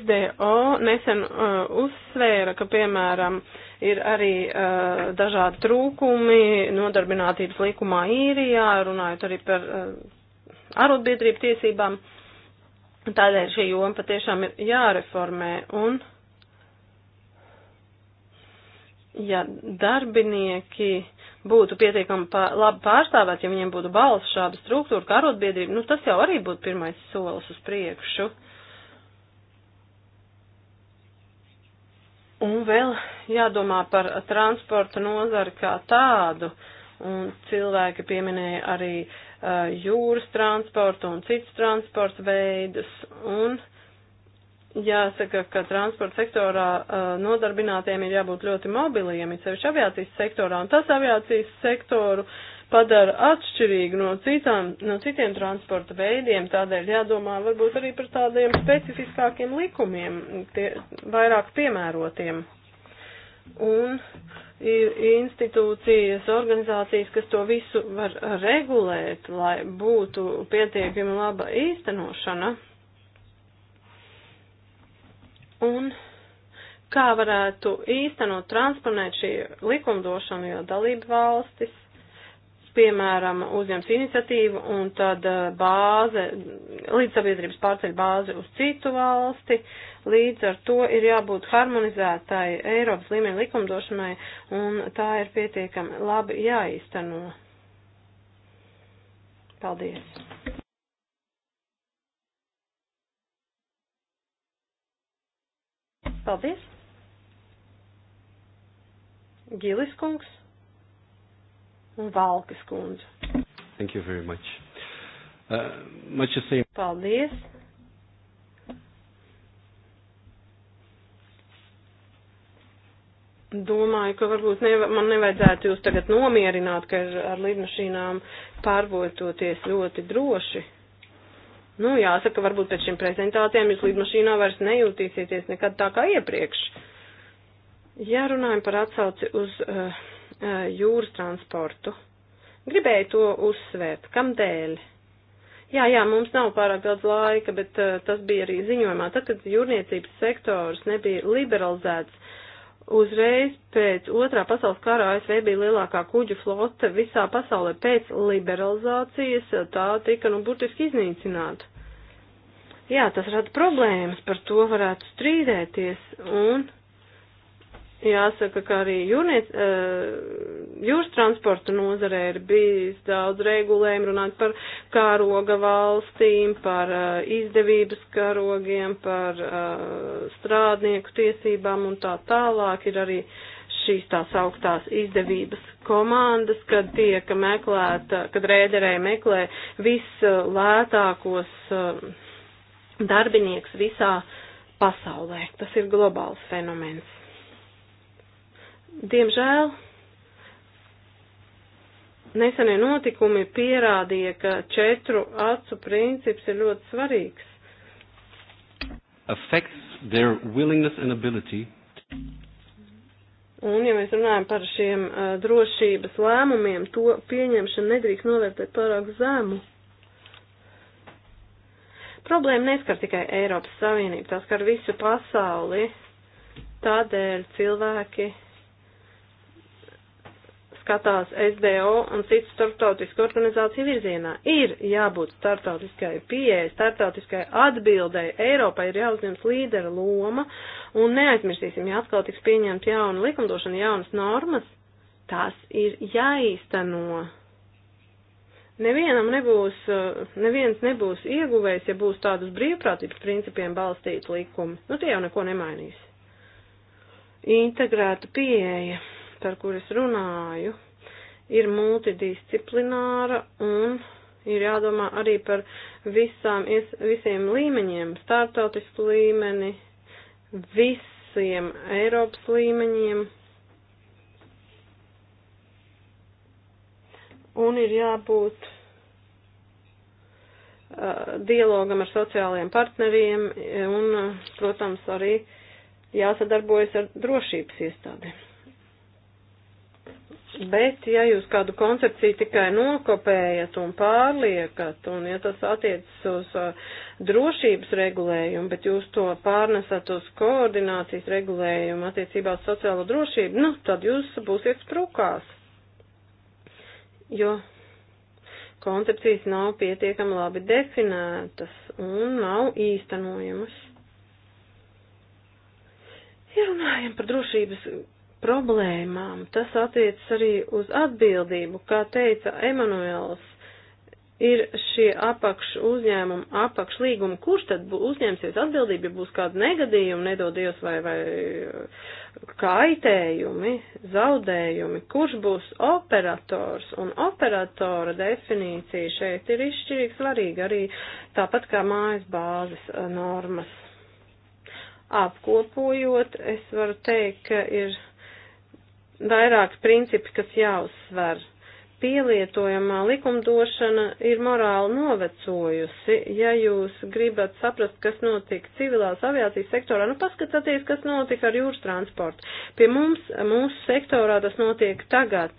Speaker 1: SDO nesen uh, uzsvēra, ka, piemēram, uh, ir arī uh, dažādi trūkumi nodarbinātības likumā īrijā, runājot arī par uh, arotbiedrību tiesībām. Tādēļ šī joma patiešām ir jāreformē un, ja darbinieki būtu pietiekami pā, labi pārstāvēti, ja viņiem būtu balss šāda struktūra, kā arotbiedrība, nu tas jau arī būtu pirmais solis uz priekšu. Uh, Un vēl jādomā par transporta nozari kā tādu. Un cilvēki pieminēja arī uh, jūras transportu un citus transporta veidus. Un jāsaka, ka transporta sektorā uh, nodarbinātiem ir jābūt ļoti mobiliem, it sevišķi aviācijas sektorā. Un tas aviācijas sektoru uh, padara atšķirīgu no, citām, no citiem transporta veidiem, tādēļ jādomā varbūt arī par tādiem specifiskākiem likumiem, tie vairāk piemērotiem. Un ir institūcijas, organizācijas, kas to visu var regulēt, lai būtu pietiekami laba īstenošana. Un kā varētu īstenot, transponēt šī likumdošana, jo dalība valstis piemēram, uzņems iniciatīvu un tad eh, bāze, līdz sabiedrības pārceļ bāzi uz citu valsti, līdz ar to ir jābūt harmonizētai Eiropas līmeņa likumdošanai un tā ir pietiekami labi jāīsteno. Paldies! Paldies! Gilis kungs un Valkas kundzu. Thank you very much. Uh, much the same. Paldies. Domāju, ka varbūt neva, man nevajadzētu jūs tagad nomierināt, ka ar lidmašīnām pārvietoties ļoti droši. Nu, jāsaka, varbūt pēc šīm prezentācijām jūs lidmašīnā vairs nejūtīsieties nekad tā kā iepriekš. Ja runājam par atsauci uz uh, jūras transportu. Gribēju to uzsvērt. Kamdēļ? Jā, jā, mums nav pārāk daudz laika, bet uh, tas bija arī ziņojumā. Tad, kad jūrniecības sektors nebija liberalizēts, uzreiz pēc otrā pasaules kara ASV bija lielākā kuģu flote visā pasaulē. Pēc liberalizācijas tā tika, nu, burtiski iznīcināta. Jā, tas rada problēmas, par to varētu strīdēties, un Jāsaka, ka arī jūrniec, eh, jūras transporta nozarē ir bijis daudz regulējumu runāt par kāroga valstīm, par eh, izdevības karogiem, par eh, strādnieku tiesībām un tā tālāk. Ir arī šīs tās augstās izdevības komandas, kad tiek meklēta, kad rēderēji meklē vislētākos darbinieks visā pasaulē. Tas ir globāls fenomens. Diemžēl nesenie notikumi pierādīja, ka četru acu princips ir ļoti svarīgs. Affects their willingness and ability. Un, ja mēs runājam par šiem uh, drošības lēmumiem, to pieņemšanu nedrīkst novērtēt pārāk zemu. Problēma neskar tikai Eiropas Savienību, tās skar visu pasauli. Tādēļ cilvēki skatās SDO un citu starptautisku organizāciju virzienā. Ir jābūt starptautiskai pieejai, starptautiskai atbildēji. Eiropai ir jāuzņems līdera loma un neaizmirsīsim, ja atkal tiks pieņemt jauna likumdošana, jaunas normas, tās ir jāīsteno. Nevienam nebūs, neviens nebūs ieguvējis, ja būs tādus brīvprātības principiem balstīti likumi. Nu, tie jau neko nemainīs. Integrēta pieeja par kur es runāju, ir multidisciplināra un ir jādomā arī par visām, visiem līmeņiem, startautisku līmeni, visiem Eiropas līmeņiem. Un ir jābūt uh, dialogam ar sociālajiem partneriem un, uh, protams, arī jāsadarbojas ar drošības iestādēm. Bet, ja jūs kādu koncepciju tikai nokopējat un pārliekat, un ja tas attiecas uz uh, drošības regulējumu, bet jūs to pārnesat uz koordinācijas regulējumu attiecībā uz sociālo drošību, nu, tad jūs būsiet sprukās. Jo koncepcijas nav pietiekami labi definētas un nav īstenojamas. Ja runājam par drošības problēmām. Tas attiecas arī uz atbildību, kā teica Emanuels. Ir šie apakš uzņēmumi, apakš līgumi, kurš tad uzņemsies atbildību, ja būs kāda negadījuma, nedodies vai, vai kaitējumi, zaudējumi, kurš būs operators un operatora definīcija šeit ir izšķirīgi svarīga arī tāpat kā mājas bāzes eh, normas apkopojot, es varu teikt, ka ir vairāki principi, kas jāuzsver. Pielietojamā likumdošana ir morāli novecojusi. Ja jūs gribat saprast, kas notika civilās aviācijas sektorā, nu paskatieties, kas notika ar jūras transportu. Pie mums, mūsu sektorā tas notiek tagad.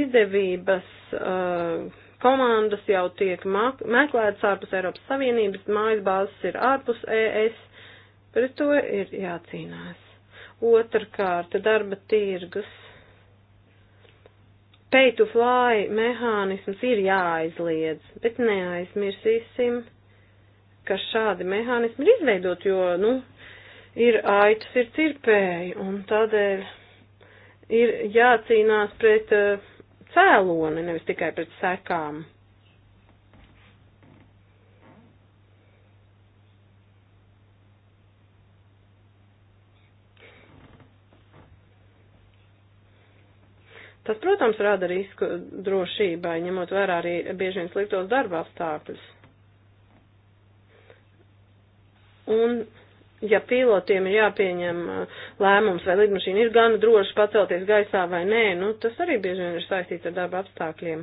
Speaker 1: Izdevības. Uh, komandas jau tiek meklētas ārpus Eiropas Savienības, mājas bāzes ir ārpus ES, pret to ir jācīnās. Otrkārt, darba tirgus pay to fly mehānisms ir jāaizliedz, bet neaizmirsīsim, ka šādi mehānismi ir izveidot, jo, nu, ir aitas, ir cirpēji, un tādēļ ir jācīnās pret uh, cēloni, nevis tikai pret sekām. Tas, protams, rada risku drošībai, ņemot vērā arī bieži vien sliktos darba apstākļus. Un, ja pilotiem ir jāpieņem uh, lēmums, vai lidmašīna ir gan droši pacelties gaisā vai nē, nu, tas arī bieži vien ir saistīts ar darba apstākļiem.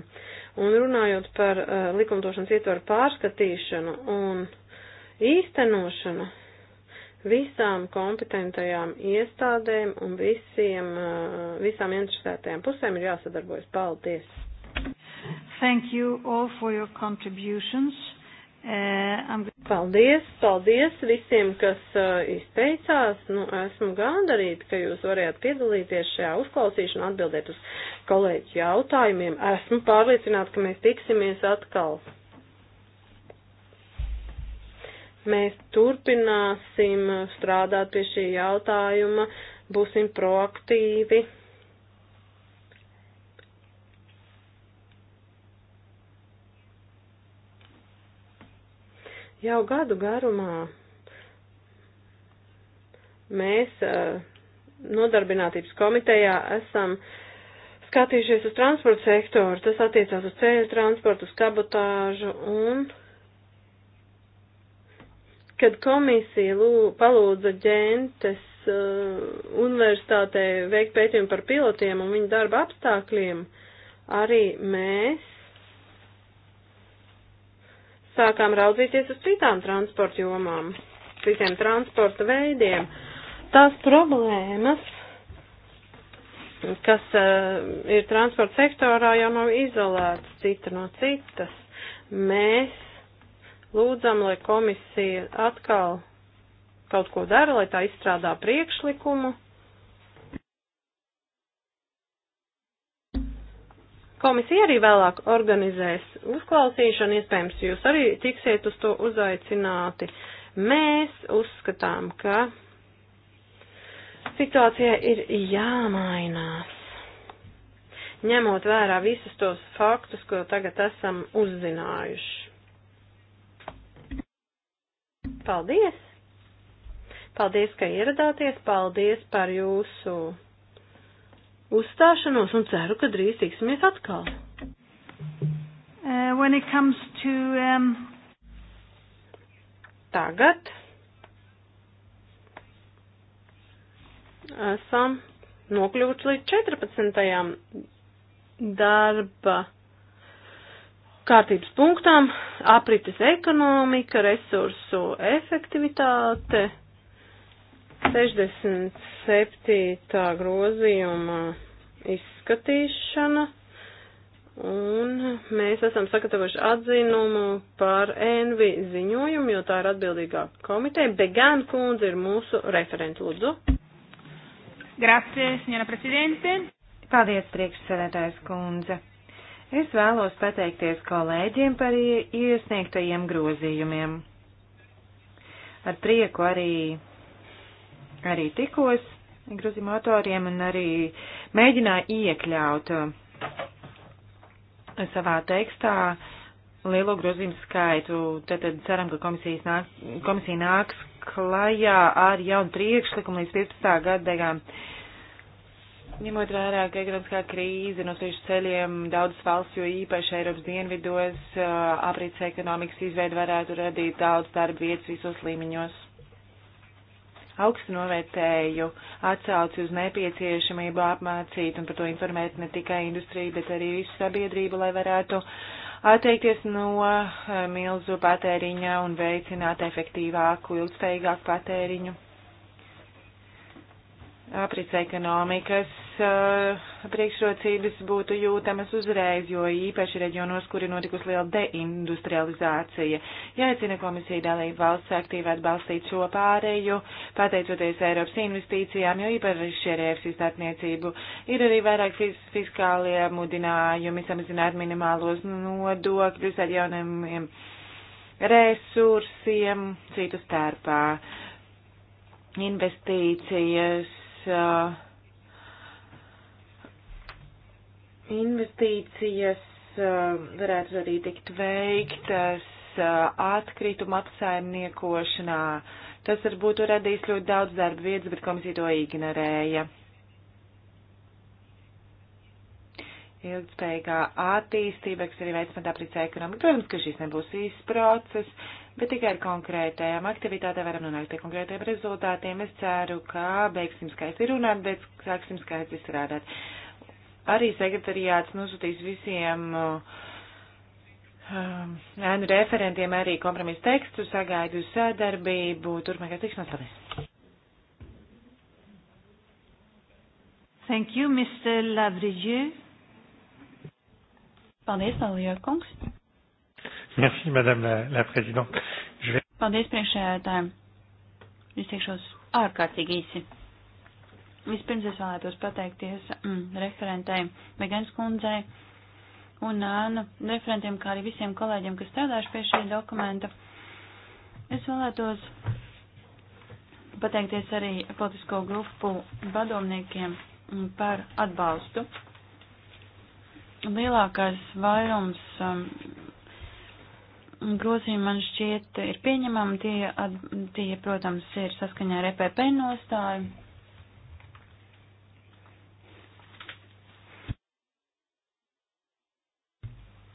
Speaker 1: Un runājot par uh, likumdošanas ietvaru pārskatīšanu un īstenošanu, visām kompetentajām iestādēm un visiem, eh, visām interesētajām pusēm ir jāsadarbojas. Paldies! Thank you all for your contributions. Uh, paldies, paldies visiem, kas uh, izteicās. Nu, esmu gandarīta, ka jūs varējāt piedalīties šajā uzklausīšanā, atbildēt uz kolēģu jautājumiem. Esmu pārliecināta, ka mēs tiksimies atkal. Mēs turpināsim strādāt pie šī jautājuma, būsim proaktīvi. Jau gadu garumā mēs nodarbinātības komitejā esam skatījušies uz transporta sektoru, tas attiecās uz ceļu transportu, uz kabotāžu un Kad komisija lū, palūdza ģentes uh, universitātē veikt pētījumu par pilotiem un viņu darba apstākļiem, arī mēs sākām raudzīties uz citām transporta jomām, citiem transporta veidiem. Tās problēmas, kas uh, ir transporta sektorā, jau nav izolētas cita no citas. Mēs Lūdzam, lai komisija atkal kaut ko dara, lai tā izstrādā priekšlikumu. Komisija arī vēlāk organizēs uzklausīšanu, iespējams, jūs arī tiksiet uz to uzaicināti. Mēs uzskatām, ka situācija ir jāmainās. Ņemot vērā visus tos faktus, ko tagad esam uzzinājuši. Paldies! Paldies, ka ieradāties, paldies par jūsu uzstāšanos un ceru, ka drīz tiksimies atkal. Uh, when it comes to um... tagad esam nokļuvuši līdz 14. darba kārtības punktām - aprites ekonomika, resursu efektivitāte, 67. grozījuma izskatīšana, un mēs esam sagatavojuši atzinumu par ENVI ziņojumu, jo tā ir atbildīgā komiteja. Begāna kundze ir mūsu referenta lūdzu.
Speaker 3: Grazie, signora Presidente. Paldies, priekšsēdētājs kundze. Es vēlos pateikties kolēģiem par iesniegtajiem grozījumiem. Ar prieku arī, arī tikos grozījuma autoriem un arī mēģināju iekļaut uh, savā tekstā lielo grozījumu skaitu. Tad ceram, ka komisijas nāk, komisija nāks klajā ar jaunu priekšlikumu līdz 15. gada beigām. Uh, Ņemot vērā, ka ekonomiskā krīze no sešu ceļiem daudzas valsts, jo īpaši Eiropas dienvidos, aprīts ekonomikas izveida varētu radīt daudz darba vietas visos līmeņos. Augstu novērtēju atsauci uz nepieciešamību apmācīt un par to informēt ne tikai industriju, bet arī visu sabiedrību, lai varētu atteikties no milzu patēriņa un veicināt efektīvāku, ilgspējīgāku patēriņu aprits ekonomikas priekšrocības būtu jūtamas uzreiz, jo īpaši reģionos, kuri notikusi liela deindustrializācija. Jāicina komisija dalību valsts aktīvi atbalstīt šo pārēju, pateicoties Eiropas investīcijām, jo īpaši ar EFS izstātniecību ir arī vairāk fiskālie mudinājumi samazināt minimālos nodokļus ar jauniem resursiem, citu starpā investīcijas investīcijas varētu arī tikt veiktas atkrituma apsaimniekošanā. Tas varbūt radīs ļoti daudz darba vietas, bet komisija to ignorēja. ilgspējīgā attīstība, kas arī veicinātā aprīcē ekonomika. Protams, ka šis nebūs īsts process, bet tikai ar konkrētajām aktivitātēm varam nonākt pie konkrētiem rezultātiem. Es ceru, ka beigsim skaisti runāt, bet sāksim skaisti strādāt. Arī sekretariāts nosūtīs visiem um, ēnu referentiem arī kompromisu tekstu, sagaidu sadarbību, turpmākās tikšanās paldies. Thank you, Mr.
Speaker 2: Lavrigier. Paldies, Lavrigier kungs.
Speaker 4: Merci, madame la, la prezidente. Vais...
Speaker 2: Paldies priekšējātājiem. Es teikšos ārkārtīgi īsi. Vispirms es vēlētos pateikties mm, referentei Megans kundzei un Ānu referentiem, kā arī visiem kolēģiem, kas strādājuši pie šī dokumenta. Es vēlētos pateikties arī politisko grupu padomniekiem mm, par atbalstu. Lielākais vairums um, grozījumi man šķiet ir pieņemami, tie, tie, protams, ir saskaņā ar EPP nostāju.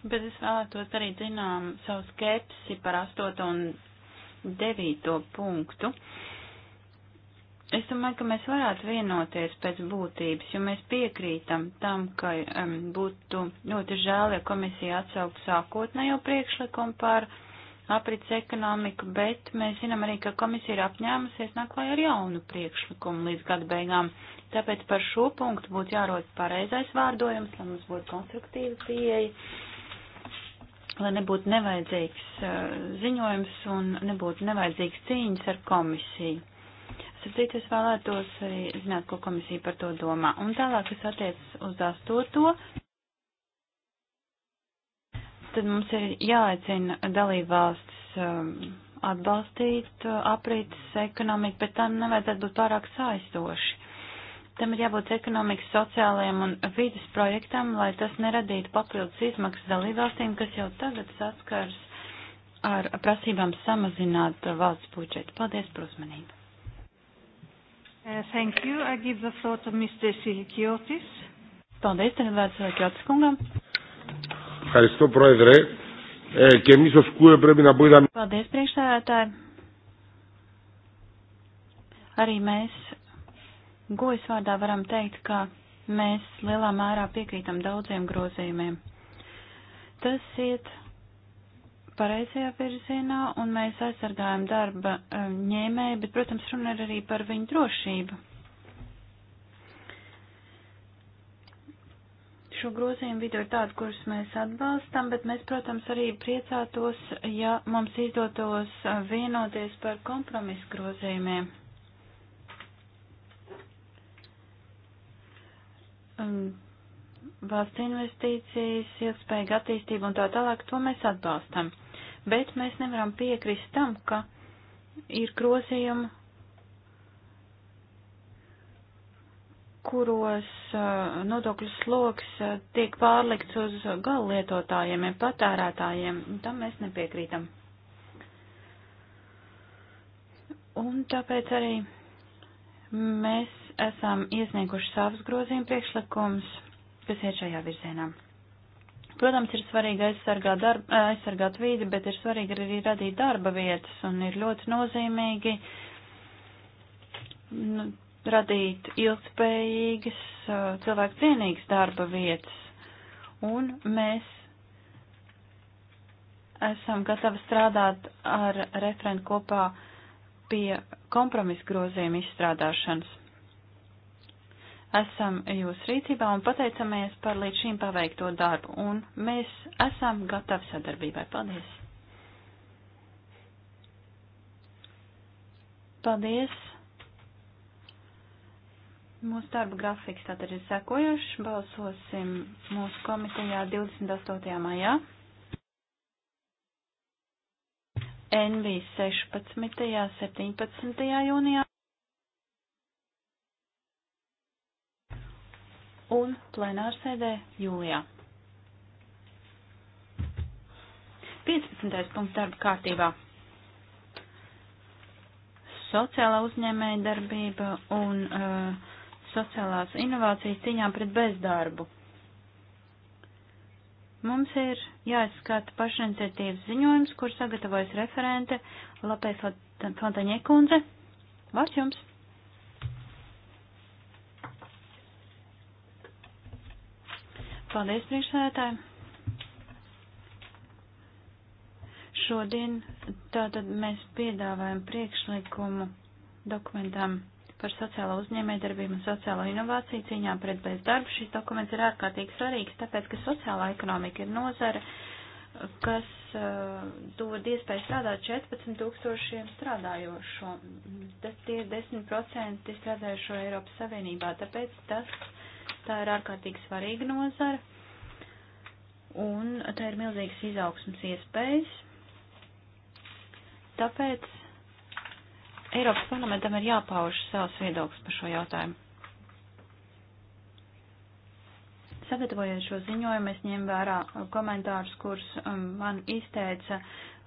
Speaker 2: Bet es vēlētos arī zinām savu skepsi par 8 un 9 punktu. Uh, Es domāju, ka mēs varētu vienoties pēc būtības, jo mēs piekrītam tam, ka um, būtu ļoti žēl, ja komisija atsaukt sākotnējo priekšlikumu par aprits ekonomiku, bet mēs zinām arī, ka komisija ir apņēmusies naklai ar jaunu priekšlikumu līdz gada beigām. Tāpēc par šo punktu būtu jārod pareizais vārdojums, lai mums būtu konstruktīva pieeja, lai nebūtu nevajadzīgs uh, ziņojums un nebūtu nevajadzīgs cīņas ar komisiju rīt es vēlētos arī zināt, ko komisija par to domā. Un tālāk, kas attiecas uz astoto, tad mums ir jāaicina dalībvalstis um, atbalstīt uh, aprītas ekonomiku, bet tam nevajadzētu būt pārāk saistoši. Tam ir jābūt ekonomikas, sociālajiem un vidas projektam, lai tas neradītu papildus izmaksas dalībvalstīm, kas jau tagad saskars ar prasībām samazināt valsts budžetu. Paldies par uzmanību!
Speaker 1: Uh, thank you. I give the floor to Mr. Silikiotis. Paldies, tev vērts Silikiotis kungam. Ευχαριστώ, Πρόεδρε. Ε, και εμείς
Speaker 4: ως ΚΟΕ πρέπει να πω είδαμε...
Speaker 2: Paldies, priekšsēdētāji. Arī mēs gojas vārdā varam teikt, ka mēs lielā mērā piekrītam daudziem grozījumiem. Tas iet pareizajā virzienā un mēs aizsargājam darba eh, ņēmēju, bet, protams, runa ir arī par viņu drošību. Šo grozījumu video ir tādu, kurus mēs atbalstam, bet mēs, protams, arī priecātos, ja mums izdotos eh, vienoties par kompromisu grozījumiem. Um, valsts investīcijas, ilgspējīga attīstība un tā tālāk, to mēs atbalstam bet mēs nevaram piekrist tam, ka ir grozījumi, kuros uh, nodokļu sloks uh, tiek pārlikts uz gallietotājiem, ja patērētājiem. Tam mēs nepiekrītam. Un tāpēc arī mēs esam iesnieguši savus grozījumu priekšlikumus, kas iet šajā virzienā. Protams, ir svarīgi aizsargāt, darb, aizsargāt vīdi, bet ir svarīgi arī radīt darba vietas un ir ļoti nozīmīgi nu, radīt ilgspējīgas, cilvēku cienīgas darba vietas. Un mēs esam gatavi strādāt ar referentu kopā pie kompromisa grozījuma izstrādāšanas esam jūs rīcībā un pateicamies par līdz šim paveikto darbu, un mēs esam gatavi sadarbībai. Paldies! Paldies! Mūsu darba grafiks tātad ir sekojuši. Balsosim mūsu komitejā 28. maijā. NV 16. 17. jūnijā. un plenārsēdē jūlijā. 15. punkts darba kārtībā. Sociālā uzņēmēja darbība un uh, sociālās inovācijas cīņā pret bezdarbu. Mums ir jāizskata pašiniciatīvas ziņojums, kur sagatavojas referente Lapēs Fontaņekundze. Vārds jums! Paldies, priekšsēdētāji. Šodien tātad mēs piedāvājam priekšlikumu dokumentam par sociālo uzņēmējdarbību un sociālo inovāciju cīņā pret bezdarbu. Šis dokuments ir ārkārtīgi svarīgs, tāpēc, ka sociālā ekonomika ir nozara, kas uh, dod iespēju strādāt 14 tūkstošiem strādājošo. Tas tie ir 10% strādājošo Eiropas Savienībā, tāpēc tas tā ir ārkārtīgi svarīga nozara, un tā ir milzīgas izaugsmas iespējas. Tāpēc Eiropas parlamentam ir jāpauž savs viedoklis par šo jautājumu. Sagatavojot šo ziņojumu, es ņēmu vērā komentārus, kurus um, man izteica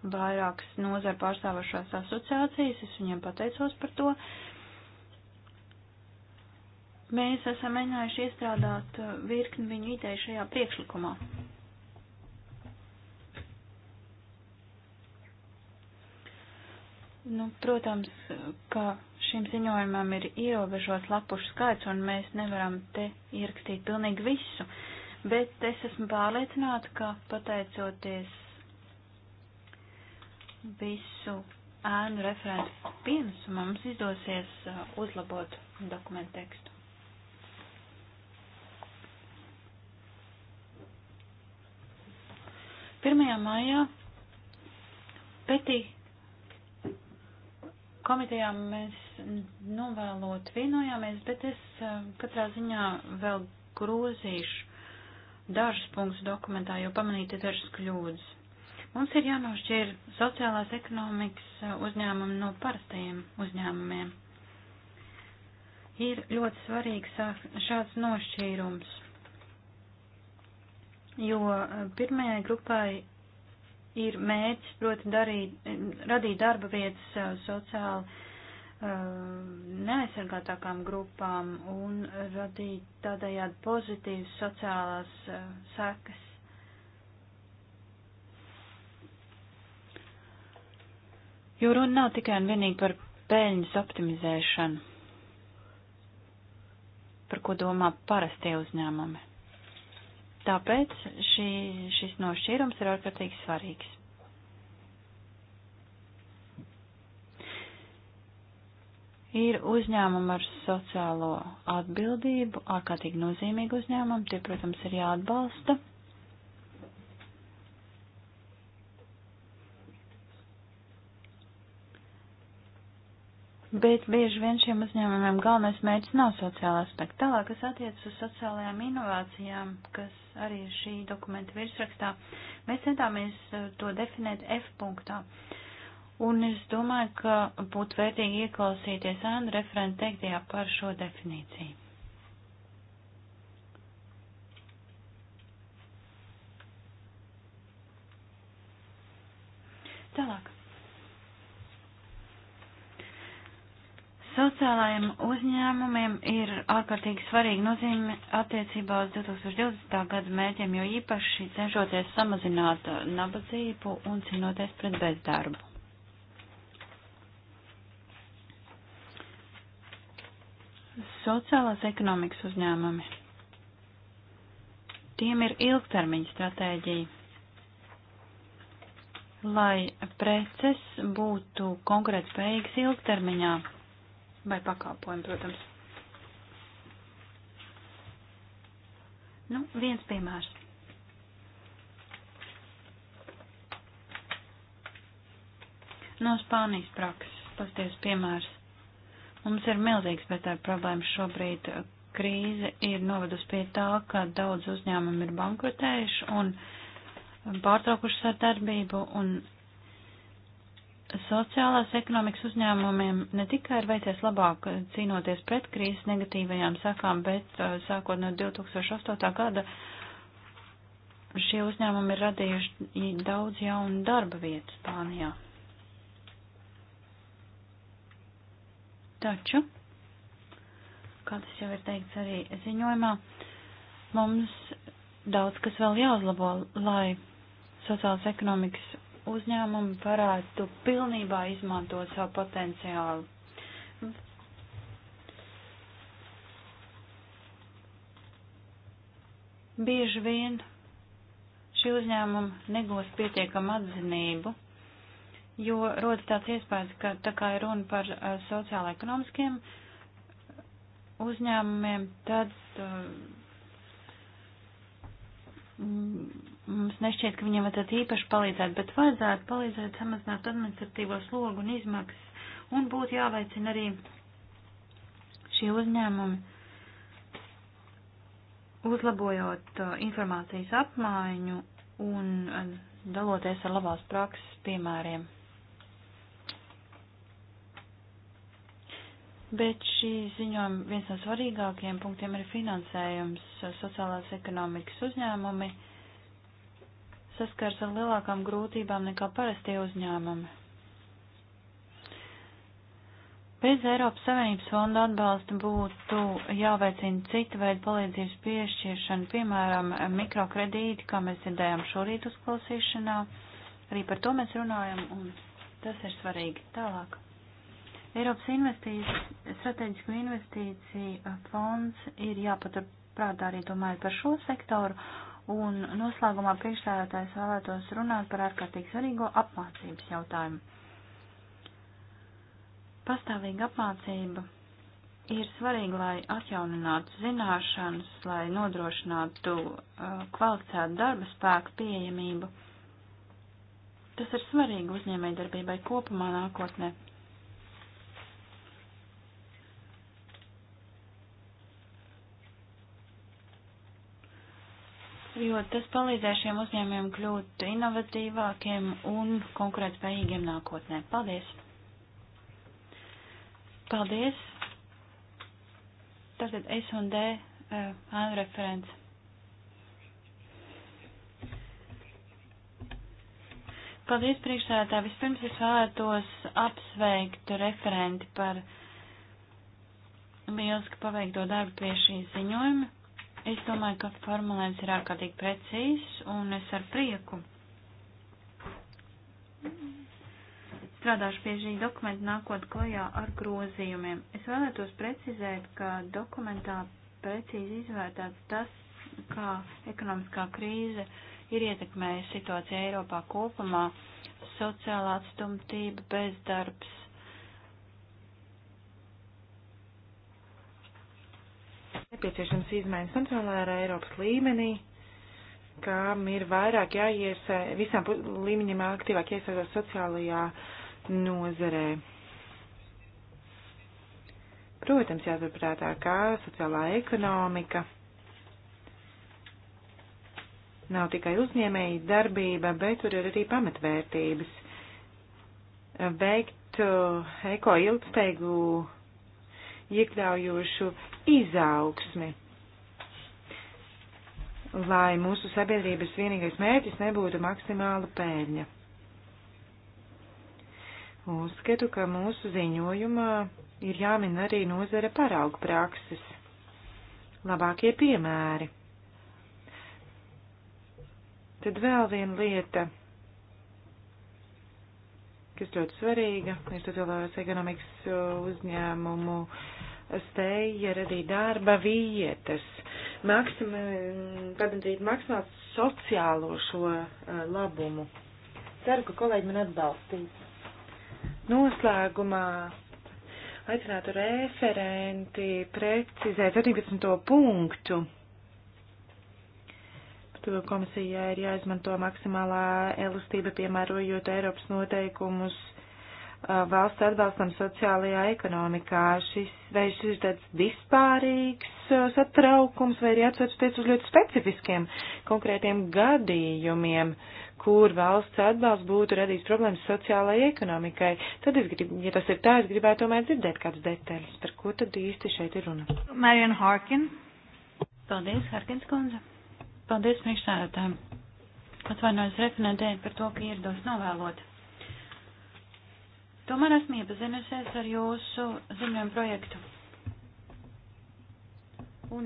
Speaker 2: vairākas nozara pārstāvošās asociācijas. Es viņiem pateicos par to. Uh, Mēs esam mēģinājuši iestrādāt uh, virkni viņu ideju šajā priekšlikumā. Nu, protams, ka šim ziņojumam ir ierobežots lapušu skaits, un mēs nevaram te ierakstīt pilnīgi visu, bet es esmu pārliecināta, ka pateicoties visu ēnu referentu pienesumu, mums izdosies uh, uzlabot dokumentu tekstu. 1. maijā Petī komitejā mēs novēlot nu, vienojāmies, bet es eh, katrā ziņā vēl grozīšu dažus punktus dokumentā, jo pamanīti dažas kļūdas. Mums ir jānošķir sociālās ekonomikas eh, uzņēmumi no parastajiem uzņēmumiem. Ir ļoti svarīgs eh, šāds nošķīrums jo eh, pirmajai grupai ir mērķis, proti, darīt, eh, radīt darba vietas eh, sociāli neaizsargātākām grupām un radīt tādējādi pozitīvas sociālās sekas. Jo runa nav tikai un vienīgi par peļņas optimizēšanu, par ko domā parastie uzņēmumi. Tāpēc šī, šis nošķīrums ir ārkārtīgi svarīgs. Ir uzņēmumi ar sociālo atbildību, ārkārtīgi nozīmīgi uzņēmumi, tie, protams, ir jāatbalsta. Bet bieži vien šiem uzņēmumiem galvenais mērķis nav sociāla aspekta. Tālāk, kas attiecas uz sociālajām inovācijām, kas arī šī dokumenta virsrakstā. Mēs centāmies e, to definēt F punktā. Un es domāju, ka būtu vērtīgi ieklausīties ēnu referentu teiktajā par šo definīciju. Tālāk. Sociālajiem uzņēmumiem ir ārkārtīgi svarīga nozīme attiecībā uz 2020. gada mēķiem, jo īpaši cenšoties samazināt nabadzību un cīnoties pret bezdarbu. Sociālās ekonomikas uzņēmumi. Tiem ir ilgtermiņa stratēģija lai preces būtu konkrēti spējīgas ilgtermiņā vai pakalpojumu, protams. Nu, viens piemērs. No Spānijas prakses, pasties piemērs. Mums ir milzīgs betēra problēmas šobrīd. Krīze ir novedusi pie tā, ka daudz uzņēmumi ir bankrotējuši un pārtraukuši sadarbību, un sociālās ekonomikas uzņēmumiem ne tikai ir veicies labāk cīnoties pret krīzes negatīvajām sakām, bet uh, sākot no 2008. gada šie uzņēmumi ir radījuši daudz jaunu darba vietu Spānijā. Taču, kā tas jau ir teikts arī ziņojumā, mums daudz kas vēl jāuzlabo, lai sociālas ekonomikas uzņēmumi varētu pilnībā izmantot savu potenciālu. Bieži vien šī uzņēmuma negūs pietiekamu atzinību, jo rodas tāds iespējas, ka tā kā ir runa par eh, sociāla-ekonomiskiem uzņēmumiem, tad uh, Mums nešķiet, ka viņam vajadzētu īpaši palīdzēt, bet vajadzētu palīdzēt samazināt administratīvo slogu un izmaksas, un būtu jāveicina arī šie uzņēmumi, uzlabojot uh, informācijas apmaiņu un uh, daloties ar labās prakses piemēriem. Bet šī ziņojuma viens no svarīgākajiem punktiem ir finansējums uh, sociālās ekonomikas uzņēmumi saskars ar lielākām grūtībām nekā parastie uzņēmumi. Bez Eiropas Savienības fonda atbalsta būtu jāveicina citu veidu palīdzības piešķiršana, piemēram, mikrokredīti, kā mēs dzirdējām šorīt uzklausīšanā. Arī par to mēs runājam, un tas ir svarīgi. Tālāk. Eiropas strateģisko investīciju fonds ir jāpatur prātā arī domājot par šo sektoru Un noslēgumā priekšstādātājs vēlētos runāt par ārkārtīgi svarīgo apmācības jautājumu. Pastāvīga apmācība ir svarīga, lai atjauninātu zināšanas, lai nodrošinātu uh, kvalificētu darba spēku pieejamību. Tas ir svarīgi uzņēmējdarbībai kopumā nākotnē. jo tas palīdzēs šiem uzņēmiem kļūt inovatīvākiem un konkurētspējīgiem nākotnē. Paldies! Paldies! Tātad S un D uh, referents. Paldies priekšsēdētā. Vispirms es vēlētos apsveikt referenti par Bielska paveikto darbu pie šī ziņojuma. Es domāju, ka formulējums ir ārkārtīgi precīzs, un es ar prieku strādāšu pie šī dokumenta nākot klajā ar grozījumiem. Es vēlētos precizēt, ka dokumentā precīzi izvērtāts tas, kā ekonomiskā krīze ir ietekmējusi situāciju Eiropā kopumā,
Speaker 3: sociālā atstumtība, bezdarbs, Nepieciešams izmaiņas nacionālā Eiropas līmenī, kam ir vairāk jāiesa, visām līmeņiem aktīvāk iesaistās sociālajā nozarē. Protams, jāturprātā, kā sociālā ekonomika nav tikai uzņēmēji darbība, bet tur ir arī pamatvērtības. Veikt uh, eko ilgspējīgu iekļaujošu izaugsmi. Lai mūsu sabiedrības vienīgais mērķis nebūtu maksimāla pēļņa. Uzskatu, ka mūsu ziņojumā ir jāmin arī nozara paraugu prakses. Labākie piemēri. Tad vēl viena lieta, kas ļoti svarīga, ir sociālās ekonomikas uzņēmumu uh, spēja radīt darba vietas, maksim, padarīt maksimāli sociālo šo uh, labumu. Ceru, ka kolēģi man atbalstīs. Noslēgumā aicinātu referenti precizēt 17. punktu. To komisijai ir jāizmanto maksimālā elastība, piemērojot Eiropas noteikumus Uh, valsts atbalstam sociālajā ekonomikā. Šis, vai šis ir tāds vispārīgs uh, satraukums, vai arī atsaucoties uz ļoti specifiskiem konkrētiem gadījumiem, kur valsts atbalsts būtu radījis problēmas sociālajai ekonomikai. Tad es gribu, ja tas ir tā, es gribētu tomēr dzirdēt kādas detaļas, par ko tad īsti šeit ir runa.
Speaker 2: Marian Harkin. Paldies, Harkins kundze. Paldies priekšsēdētājiem. Atvainojos referentēm par to, ka ierados novēloti. Tomēr esmu iepazinusies ar jūsu ziņojumu projektu. Un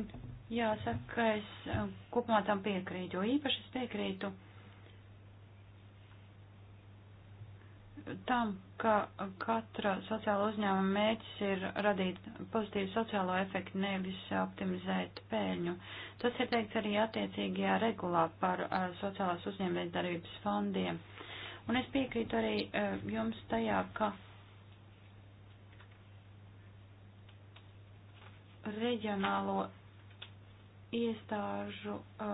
Speaker 2: jāsaka, ka es uh, kopumā tam piekrītu, jo īpaši es piekrītu tam, ka katra sociāla uzņēmuma mērķis ir radīt pozitīvu sociālo efektu, nevis optimizēt pēļņu. Tas ir teikts arī attiecīgajā regulā par uh, sociālās uzņēmējdarbības fondiem. Uh, Un es piekrītu arī e, jums tajā, ka reģionālo iestāžu e,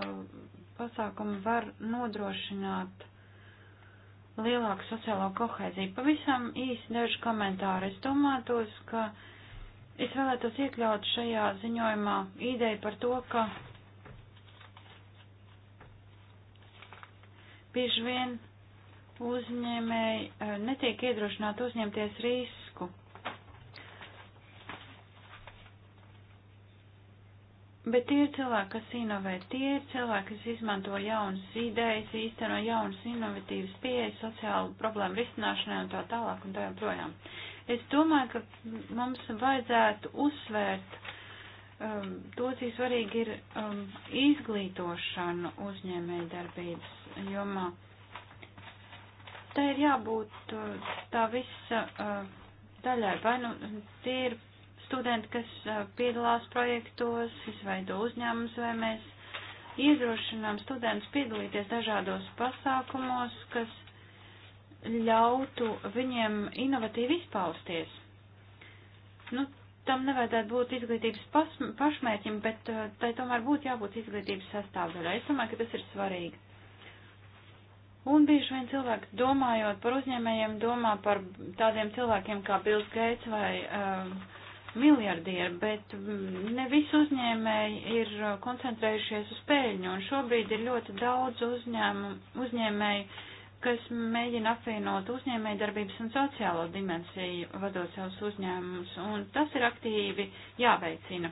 Speaker 2: pasākumi var nodrošināt lielāku sociālo kohēziju. Pavisam īsi daži komentāri. Es domātos, ka es vēlētos iekļaut šajā ziņojumā ideju par to, ka bieži vien uzņēmēji eh, netiek iedrošināti uzņemties risku. Bet tie ir cilvēki, kas inovē, tie ir cilvēki, kas izmanto jaunas idejas, īsteno jaunas inovatīvas pieejas sociālu problēmu risināšanai un tā tālāk un tā joprojām. Es domāju, ka mums vajadzētu uzsvērt um, to, cik svarīgi ir um, izglītošana uzņēmēja darbības jomā. Um, te ir jābūt eh, tā visa eh, daļai. Vai nu tie ir studenti, kas eh, piedalās projektos, izveido uzņēmumus, vai mēs iedrošinām studentus piedalīties dažādos pasākumos, kas ļautu viņiem inovatīvi izpausties. Nu, tam nevajadzētu būt izglītības pasm, pašmērķim, bet tai tomēr būtu jābūt izglītības sastāvdaļai. Es domāju, ka tas ir svarīgi. Un bieži vien cilvēki domājot par uzņēmējiem, domā par tādiem cilvēkiem kā Bills Gates vai um, miljardieri, bet mm, ne visi uzņēmēji ir uh, koncentrējušies uz peļņu, un šobrīd ir ļoti daudz uzņēmu, uzņēmēju, kas mēģina apvienot uzņēmēju darbības un sociālo dimensiju, vadot savus uzņēmumus, un tas ir aktīvi jāveicina.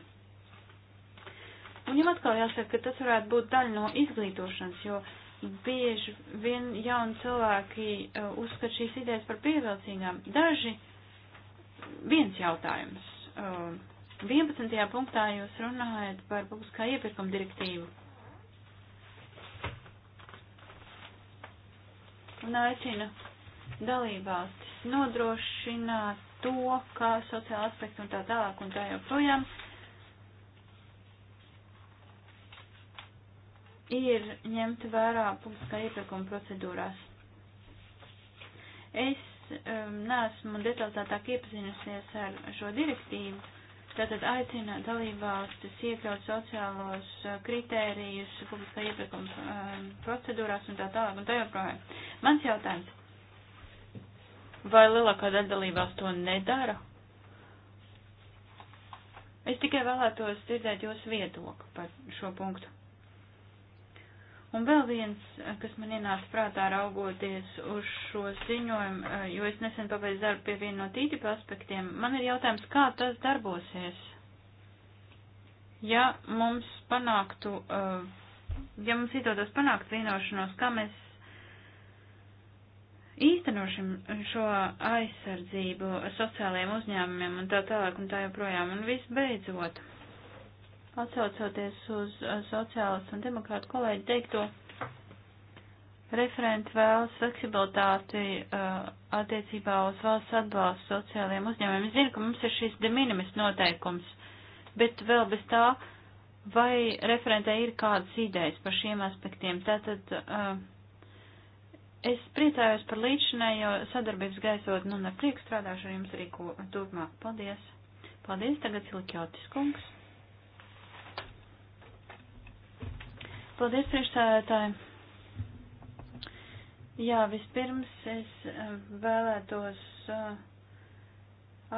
Speaker 2: Un jums atkal jāsaka, ka tas varētu būt daļa no izglītošanas, jo uh, bieži vien jauni cilvēki e, uzskata šīs idejas par pievilcīgām. Daži viens jautājums. 11. E, punktā jūs runājat par publiskā iepirkuma direktīvu. Un aicina dalībvalstis nodrošināt to, kā sociāla aspekta un tā tālāk un tā joprojām. Uh, ir ņemta vērā publiskā iepirkuma procedūrās. Es um, neesmu detalizētāk iepazinusies ar šo direktīvu, tātad aicina dalībvalstis iekļaut sociālos uh, kritērijus publiskā iepirkuma um, procedūrās un tā tālāk un tā joprojām. Mans jautājums. Vai lielākā daļa dalībās to nedara? Es tikai vēlētos dzirdēt jūsu viedokli par šo punktu. Un vēl viens, kas man ienāca prātā raugoties uz šo ziņojumu, eh, jo es nesen pabeidzu darbu pie viena no tītipa aspektiem, man ir jautājums, kā tas darbosies? Ja mums panāktu, eh, ja mums izdotos panākt vienošanos, kā mēs īstenošam šo aizsardzību sociālajiem uzņēmumiem un tā tālāk un tā joprojām, un viss beidzot. Atsaucoties uz eh, sociālistu un demokrātu kolēģi teikto, referenti vēlas fleksibilitāti uh, attiecībā uz valsts atbalstu sociālajiem uzņēmumiem. Es zinu, ka mums ir šis de minimis noteikums, bet vēl bez tā, vai referentē ir kādas idejas par šiem aspektiem. Tātad, uh, Es priecājos par līdzinējo sadarbības gaisotni nu, un ar prieku strādāšu ar jums arī turpmāk. Paldies! Paldies, tagad Silkjotis kungs! Paldies, priekšstādātāji. Jā, vispirms es eh, vēlētos eh,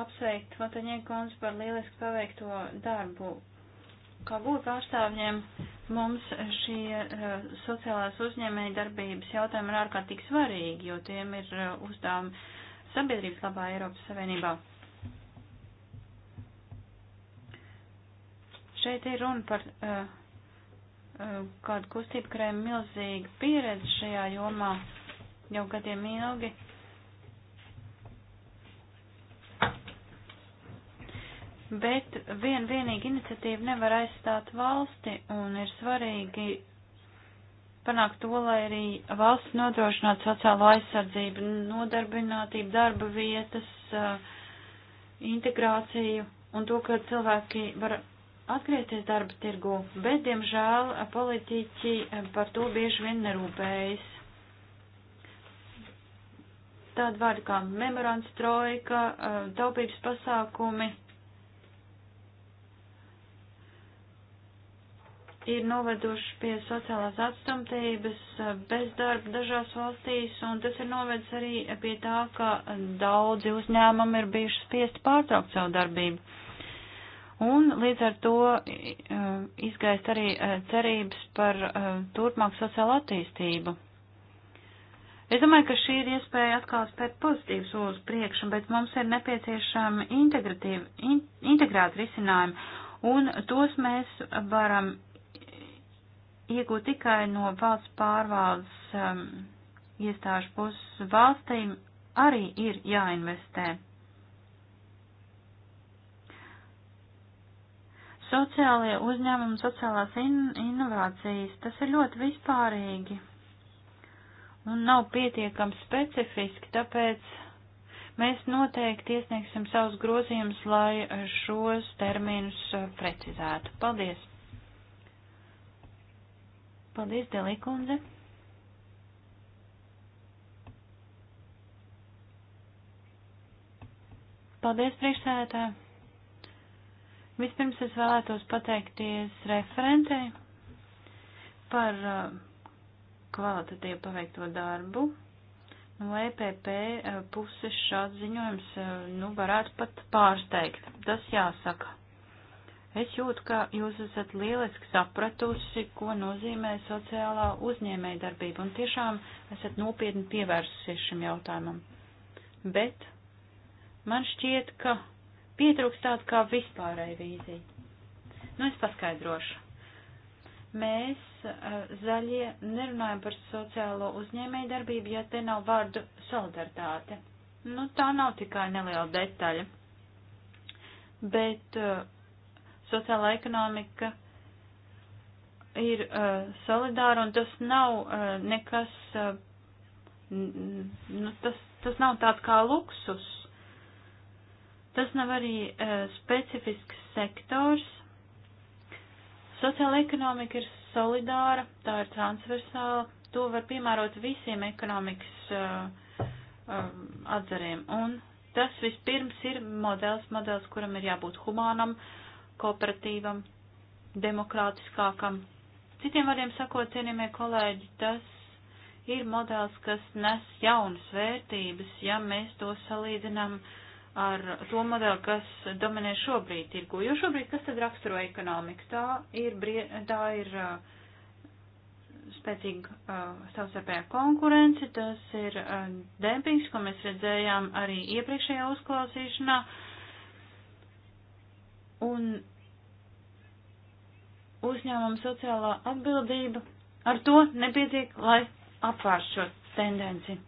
Speaker 2: apsveikt Vataņiekons par lieliski paveikto darbu. Kā būtu pārstāvjiem, mums šie eh, sociālās uzņēmēja darbības jautājumi ir ārkārtīgi svarīgi, jo tiem ir uzdevumi sabiedrības labā Eiropas Savienībā. Šeit ir runa par uh, Eh, kāda kustība, kurai ir milzīga pieredze šajā jomā jau gadiem ilgi. Bet vien vienīga iniciatīva nevar aizstāt valsti un ir svarīgi panākt to, lai arī valsts nodrošinātu sociālo aizsardzību, nodarbinātību, darba vietas, eh, integrāciju un to, ka cilvēki var atgriezties darba tirgu, bet, diemžēl, politiķi par to bieži vien nerūpējas. Tādi vārdi kā memorands trojka, eh, taupības pasākumi ir noveduši pie sociālās atstumtības, eh, bezdarba dažās valstīs, un tas ir novedis arī pie tā, ka daudzi uzņēmumi ir bijuši spiesti pārtraukt savu darbību. Un līdz ar to izgaist arī e, cerības par e, turpmāku sociālo attīstību. Es domāju, ka šī ir iespēja atkal spēt pozitīvu soli uz priekšu, bet mums ir nepieciešami in, integrēti risinājumi, un tos mēs varam iegūt tikai no valsts pārvaldes um, iestāžu puses. Valstīm arī ir jāinvestē. Sociālie uzņēmumi, sociālās in inovācijas, tas ir ļoti vispārīgi un nav pietiekami specifiski, tāpēc mēs noteikti iesniegsim savus grozījumus, lai šos terminus precizētu. Paldies! Paldies, Delikundze! Paldies, priekšsēdētāji! Vispirms es vēlētos pateikties referentei par uh, kvalitatīvu paveikto darbu. No nu, EPP uh, puses šāds ziņojums, uh, nu, varētu pat pārsteigt. Tas jāsaka. Es jūtu, ka jūs esat lieliski sapratusi, ko nozīmē sociālā uzņēmēja darbība, un tiešām esat nopietni pievērsusies šim jautājumam. Bet man šķiet, ka pietrūkst tāda kā vispārēja vīzija. Nu, es paskaidrošu. Mēs eh, zaļie nerunājam par sociālo uzņēmēju darbību, ja te nav vārdu solidaritāte. Nu, tā nav tikai neliela detaļa, bet uh, sociālā ekonomika ir uh, solidāra un tas nav uh, nekas, uh, nu, tas, tas nav tāds kā luksus. Tas nav arī uh, specifisks sektors. Sociāla ekonomika ir solidāra, tā ir transversāla, to var piemērot visiem ekonomikas uh, uh, atzariem. Un tas vispirms ir modelis, modelis, kuram ir jābūt humānam, kooperatīvam, demokrātiskākam. Citiem vārdiem sakot, cienījamie kolēģi, tas ir modelis, kas nes jaunas vērtības, ja mēs to salīdzinām uh, ar to modeli, kas dominē šobrīd tirgu. Jo šobrīd kas tad raksturo ekonomiku? Tā ir, brie, tā ir uh, spēcīga uh, savstarpējā konkurence, tas ir uh, dempings, ko mēs redzējām arī iepriekšējā uzklausīšanā. Un uzņēmuma sociālā atbildība ar to nepietiek, lai apvērš šo tendenci.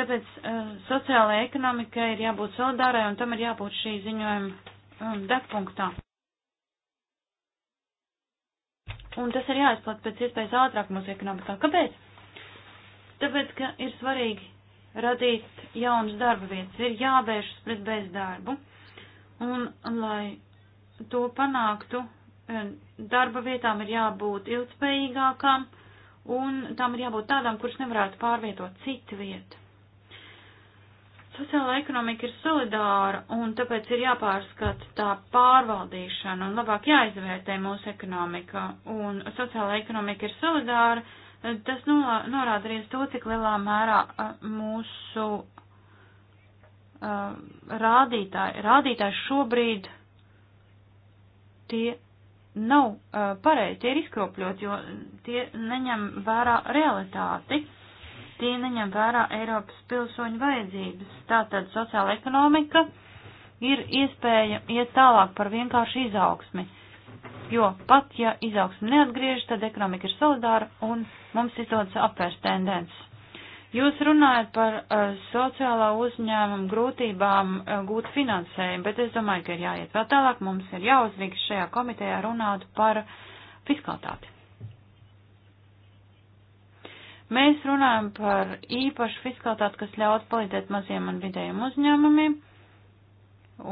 Speaker 2: Tāpēc uh, sociālajai ekonomikai ir jābūt solidārai un tam ir jābūt šī ziņojuma um, degpunktā. Un tas ir jāizplat pēc iespējas ātrāk mūsu ekonomikā. Kāpēc? Tāpēc, ka ir svarīgi radīt jaunas darba vietas, ir jāvēršas pret bezdarbu. Un, lai to panāktu, eh, darba vietām ir jābūt ilgspējīgākām un tām ir jābūt tādām, kuras nevarētu pārvietot citu vietu. Sociāla ekonomika ir solidāra un tāpēc ir jāpārskata tā pārvaldīšana un labāk jāizvērtē mūsu ekonomika. Un sociāla ekonomika ir solidāra, tas norāda arī uz to, cik lielā mērā mūsu uh, rādītāji, rādītāji šobrīd tie nav uh, pareizi, tie ir izkropļot, jo tie neņem vērā realitāti. Uh, tie neņem vērā Eiropas pilsoņu vajadzības. Tātad sociāla ekonomika ir iespēja iet tālāk par vienkāršu izaugsmi, jo pat ja izaugsme neatgriež, tad ekonomika ir solidāra un mums izdodas apvērst tendences. Jūs runājat par uh, sociālā uzņēmuma grūtībām uh, gūt finansējumu, bet es domāju, ka ir jāiet vēl tālāk. Mums ir jāuzvīk šajā komitejā runāt par fiskalitāti. Mēs runājam par īpašu fiskalitāti, kas ļaut palīdzēt maziem un vidējiem uzņēmumiem.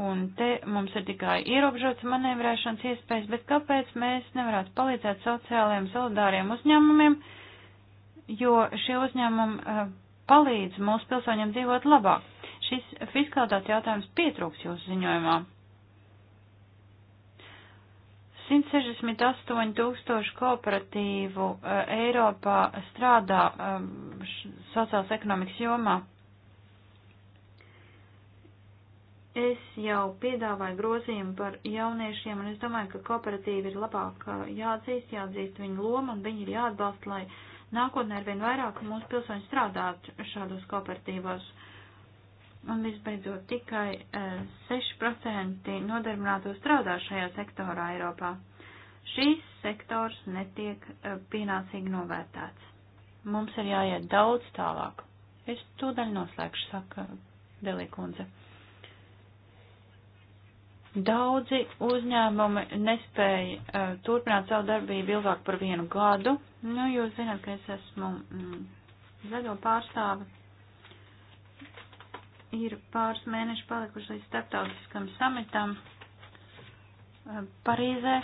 Speaker 2: Un te mums ir tikai ierobežots manevrēšanas iespējas, bet kāpēc mēs nevarētu palīdzēt sociālajiem solidāriem uzņēmumiem, jo šie uzņēmumi eh, palīdz mūsu pilsoņiem dzīvot labāk. Šis fiskalitātes jautājums pietrūks jūsu ziņojumā. 168 tūkstoši kooperatīvu e, Eiropā strādā e, sociāls ekonomikas jomā. Es jau piedāvāju grozījumu par jauniešiem, un es domāju, ka kooperatīvi ir labāk e, jāatzīst, jāatzīst viņu lomu, un viņi ir jāatbalsta, lai nākotnē ar vien vairāk mūsu pilsoņi strādātu šādos kooperatīvos. Uh, Un visbeidzot, tikai 6% eh, nodarbināto strādā šajā sektorā Eiropā. Šīs sektors netiek eh, pienācīgi novērtēts. Mums ir jāiet daudz tālāk. Es tūdaļ noslēgšu, saka Delīkundze. Daudzi uzņēmumi nespēja uh, turpināt savu darbību ilgāk par vienu gadu. Nu, jūs zināt, ka es esmu mm, zaļo pārstāve ir pāris mēneši palikuši līdz starptautiskam samitam eh, Parīzē,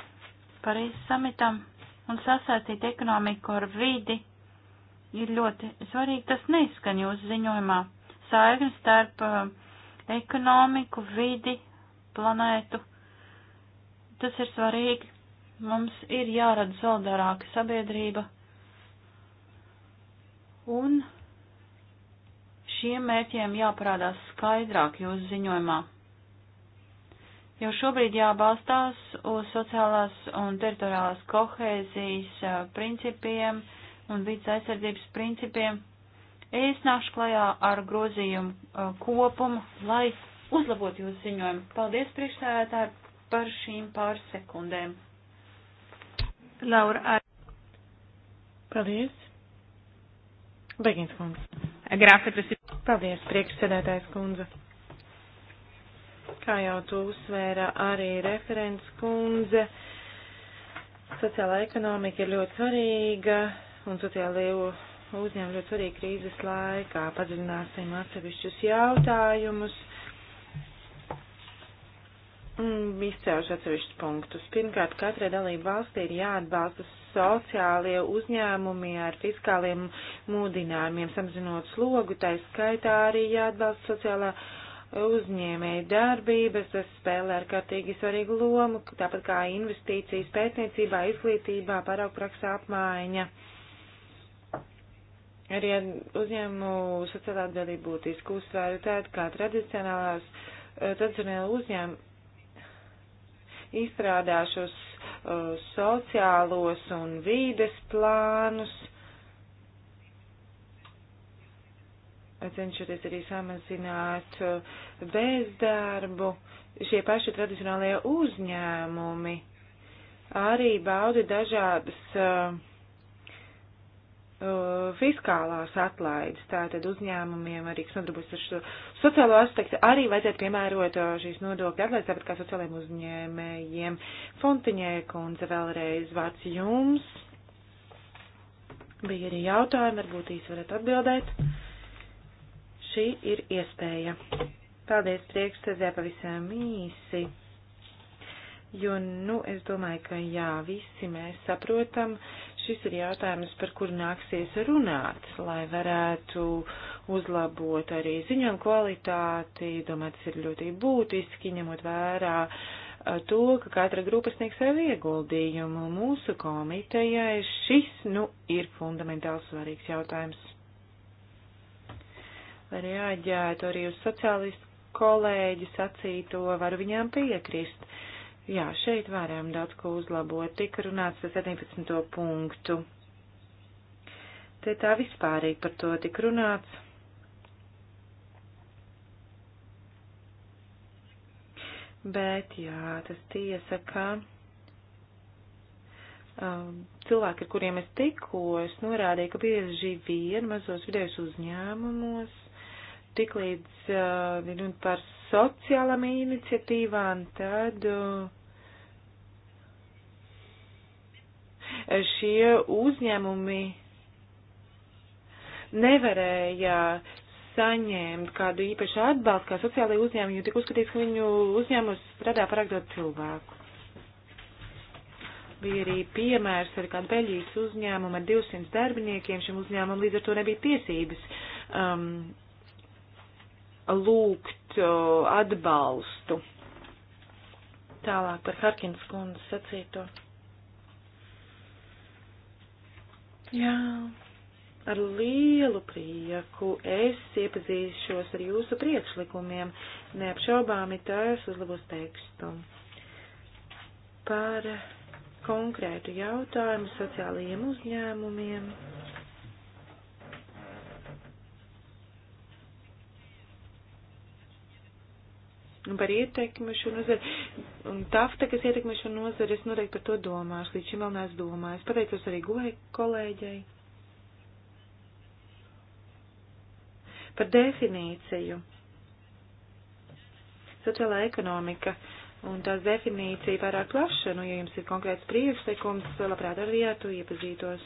Speaker 2: Parīzes samitam, un sasāstīt ekonomiku ar vidi ir ļoti svarīgi. Tas neizskan jūsu ziņojumā. Saikni starp eh, ekonomiku, vidi, planētu. Tas ir svarīgi. Mums ir jārada solidārāka sabiedrība. Un šiem mērķiem jāparādās skaidrāk jūsu ziņojumā. Jau šobrīd jābalstās uz sociālās un teritoriālās kohēzijas eh, principiem un vidas aizsardzības principiem. Es nāšu klajā ar grozījumu eh, kopumu, lai uzlabotu jūsu ziņojumu. Paldies priekšsēdētāji par šīm pāris sekundēm.
Speaker 3: Laura. Paldies. Beigins kungs. Grazie, Paldies, priekšsēdētājs kundze. Kā jau tu uzsvēra arī referents kundze, sociālā ekonomika ir ļoti svarīga un sociālajie uzņēmumi ļoti svarīgi krīzes laikā. Padziļināsim atsevišķus jautājumus izcēluši atsevišķus punktus. Pirmkārt, katrai dalību valstī ir jāatbalsta sociālie uzņēmumi ar fiskāliem mūdinājumiem, samazinot slogu, tā skaitā arī jāatbalsta sociālā uzņēmēja darbības, tas spēlē ar kārtīgi svarīgu lomu, tāpat kā investīcijas pētniecībā, izglītībā, paraugpraksā apmaiņa. Arī uzņēmumu sociālā atbildība būtisku uzsvēru tādu kā tradicionālās, eh, tradicionāla uzņēmuma izstrādā šos Uh, sociālos un vīdes plānus. Cenšoties arī samazināt uh, bezdarbu, šie paši tradicionālie uzņēmumi arī baudi dažādas uh, uh, fiskālās atlaides. Tātad uzņēmumiem arī, kas nodarbojas ar šo Sociālo aspektu arī vajadzētu piemērot uh, šīs nodokļu atlaides, tāpat kā sociālajiem uzņēmējiem. Fontiņē kundze vēlreiz vārds jums. Bija arī jautājumi, varbūt īsi varat atbildēt. Šī ir iespēja. Paldies priekšsēdē pavisam īsi. Jo, nu, es domāju, ka jā, visi mēs saprotam Šis ir jautājums, par kuru nāksies runāt, lai varētu uzlabot arī ziņojumu kvalitāti. Domāju, tas ir ļoti būtiski, ņemot vērā to, ka katra grupa sniegs savu ieguldījumu. Mūsu komitejai šis, nu, ir fundamentāls svarīgs jautājums. Lai reaģētu arī uz sociālistu kolēģi sacīto, varu viņām piekrist. Uh, Jā, šeit varam daudz ko uzlabot. Tika runāts par 17. punktu. Te tā vispārīgi par to tika runāts. Bet, jā, tas tiesa, ka um, cilvēki, ar kuriem es tikos, norādīja, ka bieži vien mazos vidējos uzņēmumos, tik līdz uh, runa par sociālam iniciatīvām, tad eh, šie uzņēmumi nevarēja saņēmt kādu īpašu atbalstu kā sociālai uzņēmumi, jo tik uzskatīts, ka viņu uzņēmums strādā par agdot cilvēku. Bija arī piemērs ar kādu beļģijas uzņēmumu ar 200 darbiniekiem, šim uzņēmumam līdz ar to nebija tiesības um, lūgt atbalstu. Tālāk par Harkins kundu sacīto. Jā, ar lielu prieku es iepazīšos ar jūsu priekšlikumiem. Neapšaubāmi tas uzlabos tekstu. Par konkrētu jautājumu sociālajiem uzņēmumiem par ietekmi šo nozari. Un tafta, kas ietekmē šo nozari, es noteikti par to domāšu. Līdz šim vēl neesmu domājis. Pateicos arī guhai kolēģei. Par definīciju. Sociālā ekonomika un tās definīcija pārāk plaša. Nu, ja jums ir konkrēts priekšlikums, labprāt ar vietu iepazītos.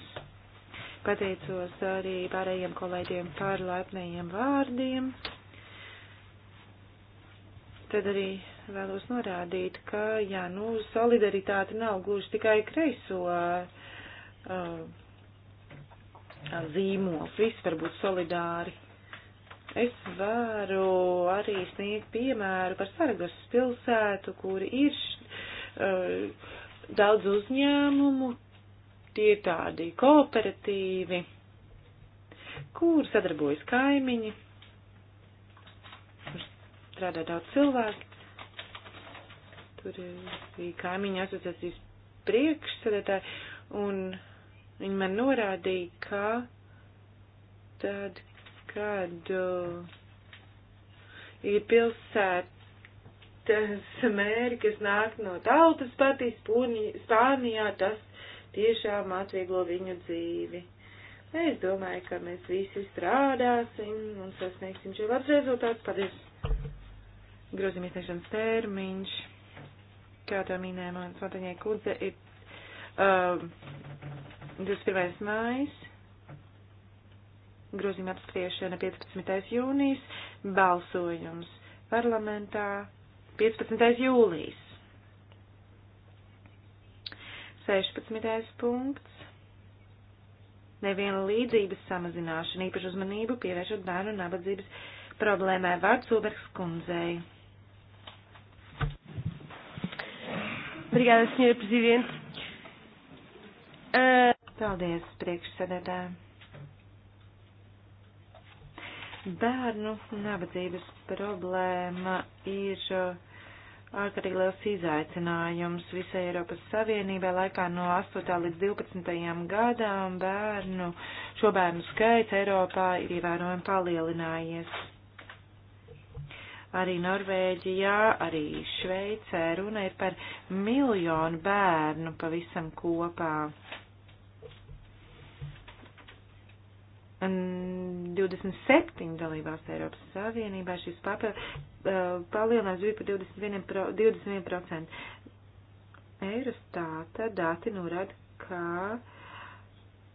Speaker 3: Pateicos arī pārējiem kolēģiem par laipnējiem vārdiem. Tad arī vēlos norādīt, ka, jā, nu, solidaritāte nav gluži tikai kreiso uh, uh zīmols. Viss var būt solidāri. Es varu arī sniegt piemēru par Saragosas pilsētu, kur ir uh, daudz uzņēmumu, tie ir tādi kooperatīvi, kur sadarbojas kaimiņi, strādā daudz cilvēku. Tur bija kaimiņa asociācijas priekšsēdētāji, un viņi man norādīja, ka tad, kad uh, ir pilsētas mēri, kas nāk no tautas patī Spānijā, tas tiešām atvieglo viņu dzīvi. Es domāju, ka mēs visi strādāsim un sasniegsim šo labu rezultātu. Paldies! grozījuma iesniegšanas termiņš, kā to minēja mans Montaņē Kudze, ir uh, 21. mājas, grozījuma apspriešana 15. jūnijas, balsojums parlamentā 15. jūlijas. 16. punkts. Neviena līdzības samazināšana, īpaši uzmanību pievēršot bērnu nabadzības problēmai Vārds Ubergs kundzei. Obrigada, Sra. Presidente. Uh... Paldies, priekšsēdētāji. Bērnu nabadzības problēma ir ārkārtīgi liels izaicinājums visai Eiropas Savienībai. Laikā no 8. līdz 12. gadām bērnu, šo bērnu skaits Eiropā ir ievērojami palielinājies arī Norvēģijā, arī Šveicē runa ir par miljonu bērnu pavisam kopā. 27 dalībās Eiropas Savienībā šis uh, palielinās bija par 21%. Pro, 21%. Eirostāta dati norāda, ka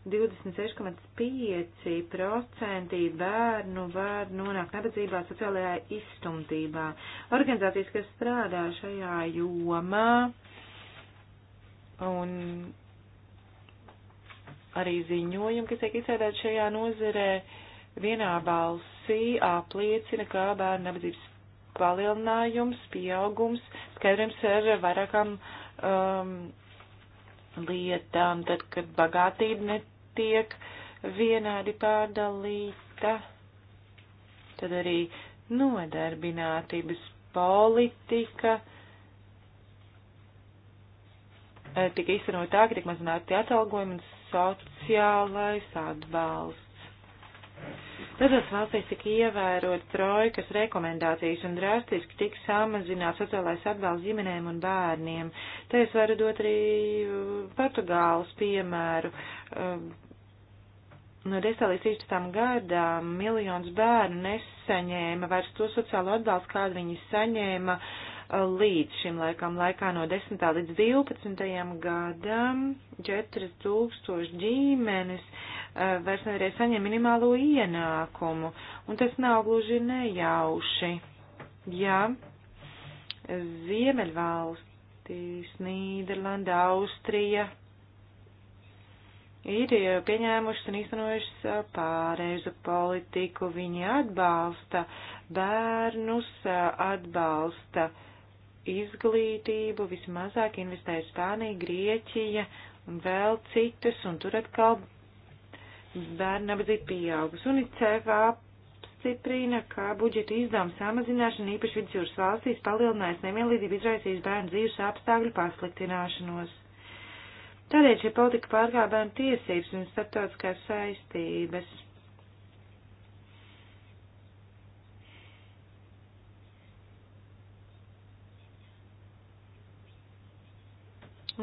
Speaker 3: 26,5% bērnu var nonākt nabadzībā, sociālajā izstumtībā. Organizācijas, kas strādā šajā jomā un arī ziņojumi, kas tiek izsēdēti šajā nozerē, vienā balsī apliecina, ka bērnu nabadzības palielinājums, pieaugums, skaidrojums ar vairākām um, lietām, tad, kad bagātība net tiek vienādi pārdalīta, tad arī nodarbinātības politika eh, tika izsanot tā, ka tika mazināti atalgojumi un sociālais atbalsts. Dažās valstīs tika ievērot trojkas rekomendācijas un drastiski tika samazināts sociālais atbalsts ģimenēm un bērniem. Te es varu dot arī Portugāles piemēru. Ehm, no nu, 10 līdz 16 gadām miljons bērnu nesaņēma vairs to sociālo atbalstu, kādu viņi saņēma uh, līdz šim laikam, laikā no 10 līdz 12 gadam 4000 ģimenes uh, vairs nevarēja saņemt minimālo ienākumu, un tas nav gluži nejauši. Jā, Ziemeļvalstīs, Nīderlanda, Austrija, ir eh, pieņēmušas un īstenojušas eh, pārēžu politiku. Viņi atbalsta bērnus, eh, atbalsta izglītību, vismazāk investēja Spānija, Grieķija un vēl citas, un tur atkal bērnu nabadzība pieaugus. UNICEF apstiprina, ka budžeta izdevuma samazināšana īpaši vidusjūras valstīs palielinājis nevienlīdzību izraisījis bērnu dzīves apstākļu pasliktināšanos. Tādēļ šī politika pārkāpēm tiesības un starptautiskās saistības.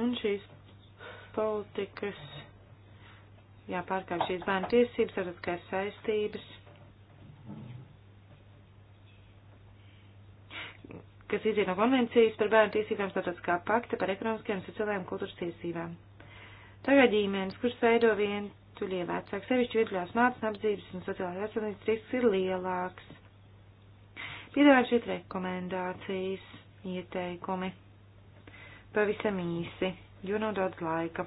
Speaker 3: Un šīs politikas, jā, pārkāp šīs bērnu tiesības, starptautiskās saistības. kas iziet no konvencijas par bērnu tiesībām, starptautiskā pakta par ekonomiskajām, sociālajām un kultūras tiesībām. Tagad ģimenes, kuras veido vientuļie vecāki, sevišķi vietuļās mācas, apdzības un sociālās veselības risks ir lielāks. Piedāvājam šeit rekomendācijas, ieteikumi. Pavisam īsi, jo nav daudz laika.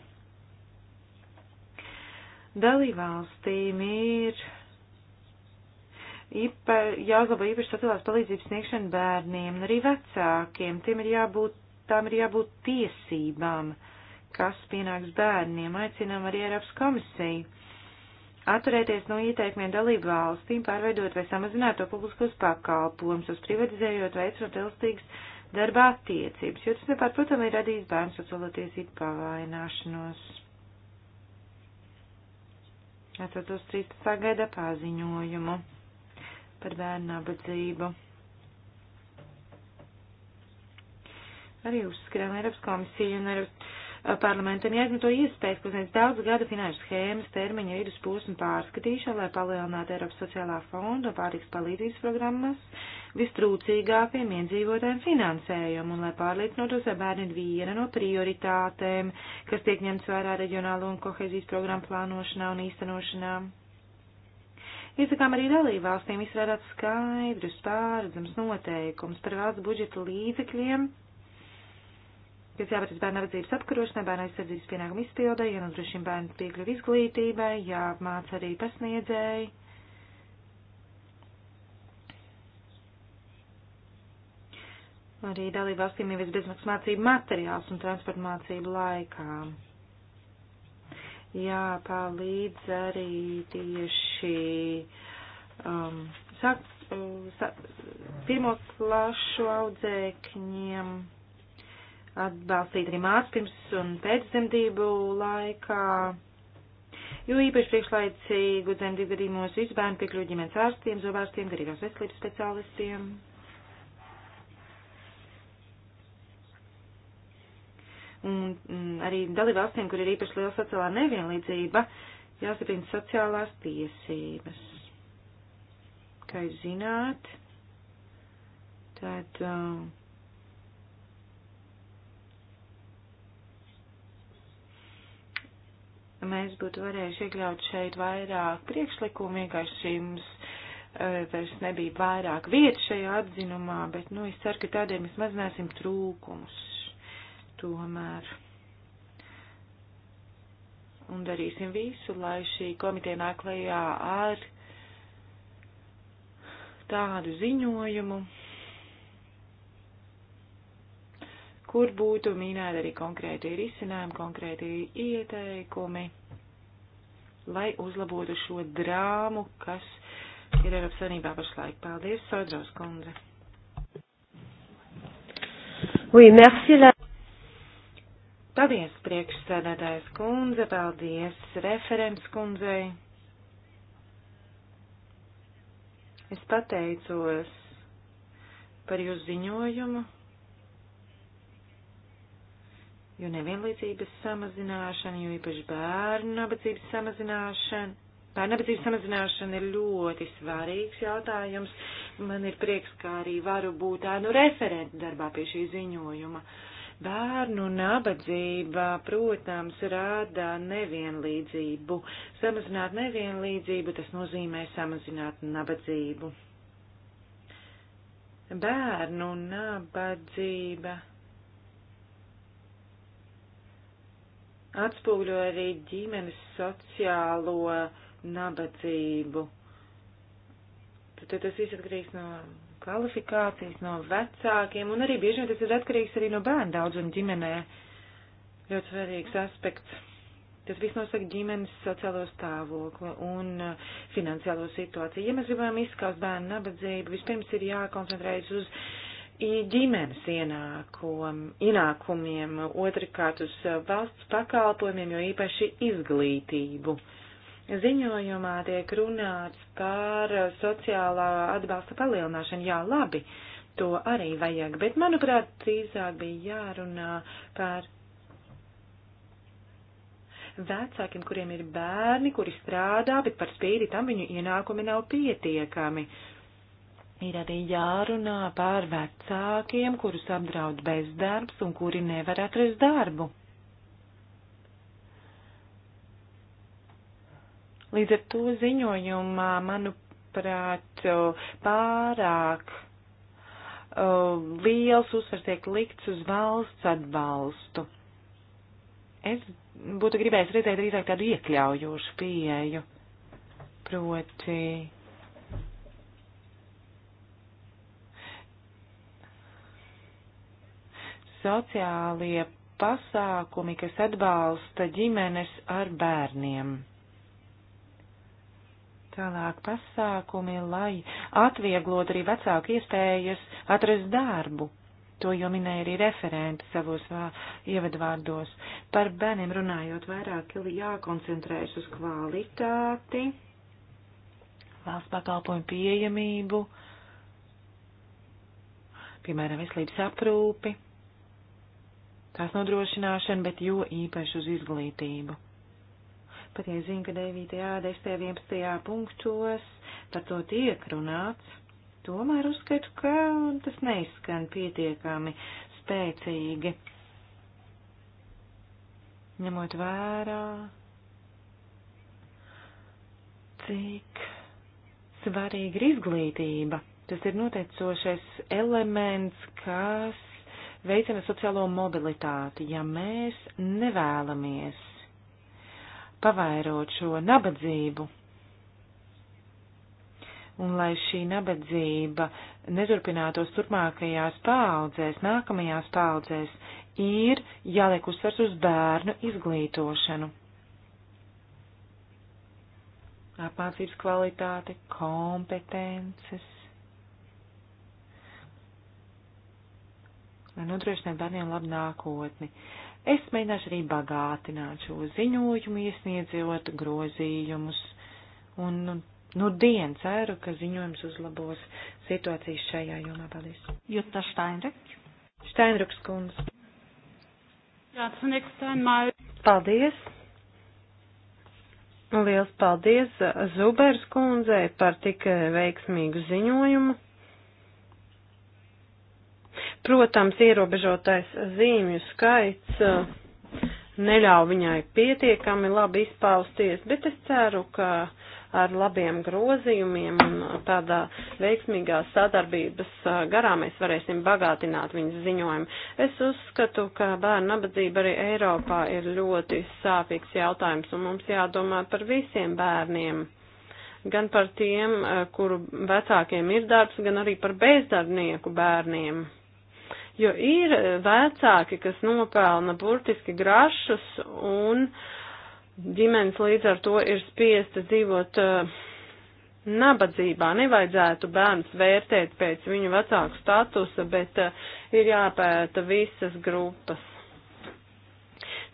Speaker 3: Dalībvalstīm ir īpa, jāuzlabo īpaši sociālās palīdzības sniegšana bērniem un arī vecākiem. Tiem ir jābūt, tām ir jābūt tiesībām. Uh, kas pienāks bērniem. Aicinām arī Eiropas komisiju atturēties no ieteikumiem dalību valstīm, pārveidot vai samazināt to publiskos pakalpojumus, uz privatizējot, veicot elastīgas darba attiecības, jo tas nepārprotami ir radījis bērnu sociālo tiesību pavaināšanos. Atcaucos 13. gada paziņojumu par bērnu nabadzību. Arī uzskatām Eiropas komisiju un Eiropas parlamentam jāizmanto iespējas, kas nes daudz gada finanšu schēmas termiņa vidusposmu pārskatīšana, lai palielinātu Eiropas sociālā fonda un pārtiks palīdzības programmas vistrūcīgākiem iedzīvotājiem finansējumu un lai pārliecinotos, vai bērni ir viena no prioritātēm, kas tiek ņemts vērā reģionālo un kohezijas programmu plānošanā un īstenošanā. Iesakām arī dalībvalstīm izstrādāt skaidrus pārredzams noteikums par valsts budžeta līdzekļiem kas jāvērtas bērnu nabadzības apkarošanai, bērnu aizsardzības pienākumu izpildē, jānodrošina bērnu piekļuvi izglītībai, jāapmāca arī pasniedzēji. Arī dalību valstīm ir bezmaksas mācību materiāls un transporta mācību laikā. Jā, palīdz arī tieši um, sāk, uh, sāk, pirmo klašu audzēkņiem atbalstīt arī mātes pirms un pēcdzemdību laikā, jo īpaši priekšlaicīgu dzemdību gadījumos visu bērnu piekļūt ģimenes ārstiem, zobārstiem, garīgās veselības speciālistiem. Un, un arī dalībvalstīm, kur ir īpaši liela sociālā nevienlīdzība, jāstiprina sociālās tiesības. Kā jūs zināt, tad. Uh, mēs būtu varējuši iekļaut šeit vairāk priekšlikumu, vienkārši mums e, vairs nebija vairāk vietas šajā atzinumā, bet, nu, es ceru, ka tādēļ mēs mazināsim trūkumus tomēr. Un darīsim visu, lai šī komiteja nāk lejā ar tādu ziņojumu, kur būtu minēti arī konkrēti risinājumi, konkrēti ieteikumi, lai uzlabotu šo drāmu, kas ir Eiropas Savienībā pašlaik. Paldies, Sodraus kundze!
Speaker 2: Oui, merci, la...
Speaker 3: Paldies, priekšsēdētājs kundze, paldies referents kundzei. Es pateicos par jūsu ziņojumu jo nevienlīdzības samazināšana, jo īpaši bērnu nabadzības samazināšana. Bērnabadzības samazināšana ir ļoti svarīgs jautājums. Man ir prieks, ka arī varu būt ēnu referenta darbā pie šī ziņojuma. Bērnu nabadzība, protams, rāda nevienlīdzību. Samazināt nevienlīdzību, tas nozīmē samazināt nabadzību. Bērnu nabadzība atspūgļo arī ģimenes sociālo nabadzību. Tad, tad tas viss atkarīgs no kvalifikācijas, no vecākiem, un arī bieži vien tas ir atkarīgs arī no bērnu daudzuma ģimenē. Ļoti svarīgs aspekts. Tas viss nosaka ģimenes sociālo stāvokli un uh, finansiālo situāciju. Ja mēs gribam izskaust bērnu nabadzību, vispirms ir jākoncentrējas uz uh, ģimenes ienākum, ienākumiem, otrkārt uz valsts pakalpojumiem, jo īpaši izglītību. Ziņojumā tiek runāts par sociālā atbalsta palielināšanu. Jā, labi, to arī vajag, bet manuprāt, drīzāk bija jārunā par vecākiem, kuriem ir bērni, kuri strādā, bet par spīti tam viņu ienākumi nav pietiekami. Uh, Ir arī jārunā par vecākiem, kurus apdraud bezdarbs un kuri nevar atrast darbu. Līdz ar to ziņojumā, manuprāt, pārāk liels uzsvars tiek likts uz valsts atbalstu. Es būtu gribējis redzēt drīzāk tādu iekļaujošu pieeju, proti sociālie pasākumi, kas atbalsta ģimenes ar bērniem. Tālāk pasākumi, lai atvieglot arī vecāku iespējas atrast darbu. To jau minēja arī referenti savos ievadvārdos. Par bērniem runājot vairāk jākoncentrējas uz kvalitāti, valsts pakalpojumu pieejamību, piemēram, veselības aprūpi tās nodrošināšanu, bet jo īpaši uz izglītību. Pat ja zinu, ka 9., 10., 11. punktos par to tiek runāts, tomēr uzskatu, ka tas neizskan pietiekami spēcīgi. Ņemot vērā, cik svarīga ir izglītība. Tas ir noteicošais elements, kas veicina sociālo mobilitāti, ja mēs nevēlamies pavairot šo nabadzību, un lai šī nabadzība neturpinātos turpmākajās paaudzēs, nākamajās paaudzēs, ir jāliek uzsvers uz bērnu izglītošanu. Apmācības kvalitāte, kompetences, lai nodrošinātu bērniem labu nākotni. Es mēģināšu arī bagātināt šo ziņojumu, iesniedzot grozījumus, un nu, nu dien ceru, ka ziņojums uzlabos situācijas šajā jomā. Paldies. Jutta Steinrek. Steinruks kundz.
Speaker 2: Jā, zunächst einmal.
Speaker 1: Paldies. Liels paldies Zubers kundzei par tik veiksmīgu ziņojumu. Protams, ierobežotais zīmju skaits eh, neļauj viņai pietiekami labi izpausties, bet es ceru, ka ar labiem grozījumiem un tādā veiksmīgā sadarbības eh, garā mēs varēsim bagātināt viņas ziņojumu. Es uzskatu, ka bērnu nabadzība arī Eiropā ir ļoti sāpīgs jautājums un mums jādomā par visiem bērniem gan par tiem, eh, kuru vecākiem ir darbs, gan arī par bezdarbnieku bērniem jo ir eh, vecāki, kas nopelna burtiski grašus un ģimenes līdz ar to ir spiestas dzīvot uh, nabadzībā. Nevajadzētu bērns vērtēt pēc viņu vecāku statusa, bet uh, ir jāpēta visas grupas.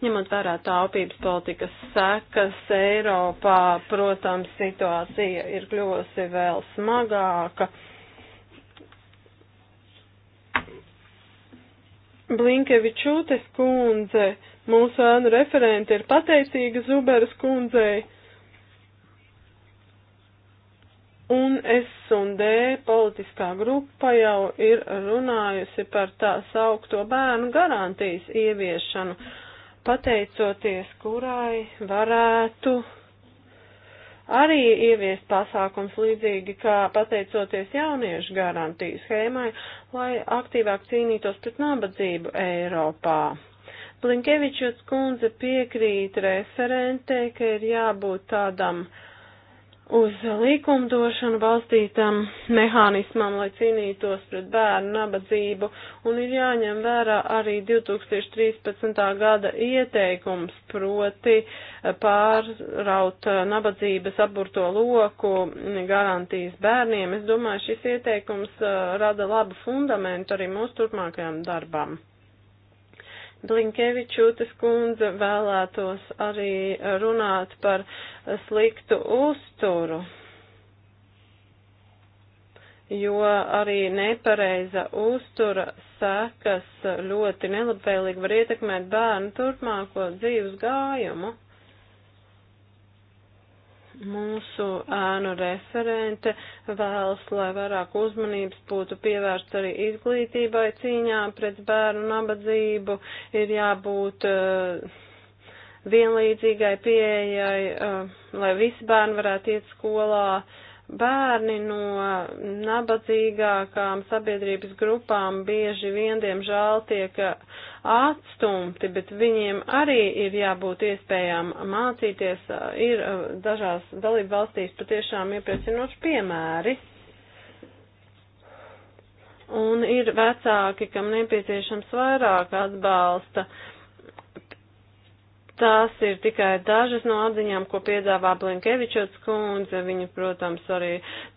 Speaker 1: Ņemot vērā taupības politikas sekas, Eiropā, protams, situācija ir kļuvusi vēl smagāka. Uh, Blinkevičūtes kundze, mūsu ēnu referente, ir pateicīga Zuberas kundzei. Un S un D politiskā grupa jau ir runājusi par tā saukto bērnu garantijas ieviešanu, pateicoties kurai varētu arī ieviest pasākums līdzīgi kā pateicoties jauniešu garantiju schēmai, lai aktīvāk cīnītos pret nabadzību Eiropā. Blinkevičs kundze piekrīt referentē, ka ir jābūt tādam uh, uz likumdošanu balstītam mehānismam, lai cīnītos pret bērnu nabadzību, un ir jāņem vērā arī 2013. gada ieteikums, proti eh, pārraut eh, nabadzības apburto loku mm, garantijas bērniem. Es domāju, šis ieteikums eh, rada labu fundamentu arī mūsu turpmākajam darbam. Blinkevičūtas kundze vēlētos arī runāt par sliktu uzturu, jo arī nepareiza uztura sekas ļoti nelabvēlīgi var ietekmēt bērnu turpmāko dzīves gājumu. Mūsu ēnu referente vēlas, lai vairāk uzmanības būtu pievērsts arī izglītībai cīņā pret bērnu nabadzību, ir jābūt uh, vienlīdzīgai pieejai, uh, lai visi bērni varētu iet skolā. Uh, Bērni no nabadzīgākām sabiedrības grupām bieži vien, diemžēl, tiek atstumti, bet viņiem arī ir jābūt iespējām mācīties. Ir uh, dažās dalību valstīs patiešām iepriecinoši piemēri. Un ir vecāki, kam nepieciešams vairāk atbalsta. Uh, Tās ir tikai dažas no atziņām, ko piedāvā Blinkevičots kundze. Viņa, protams, arī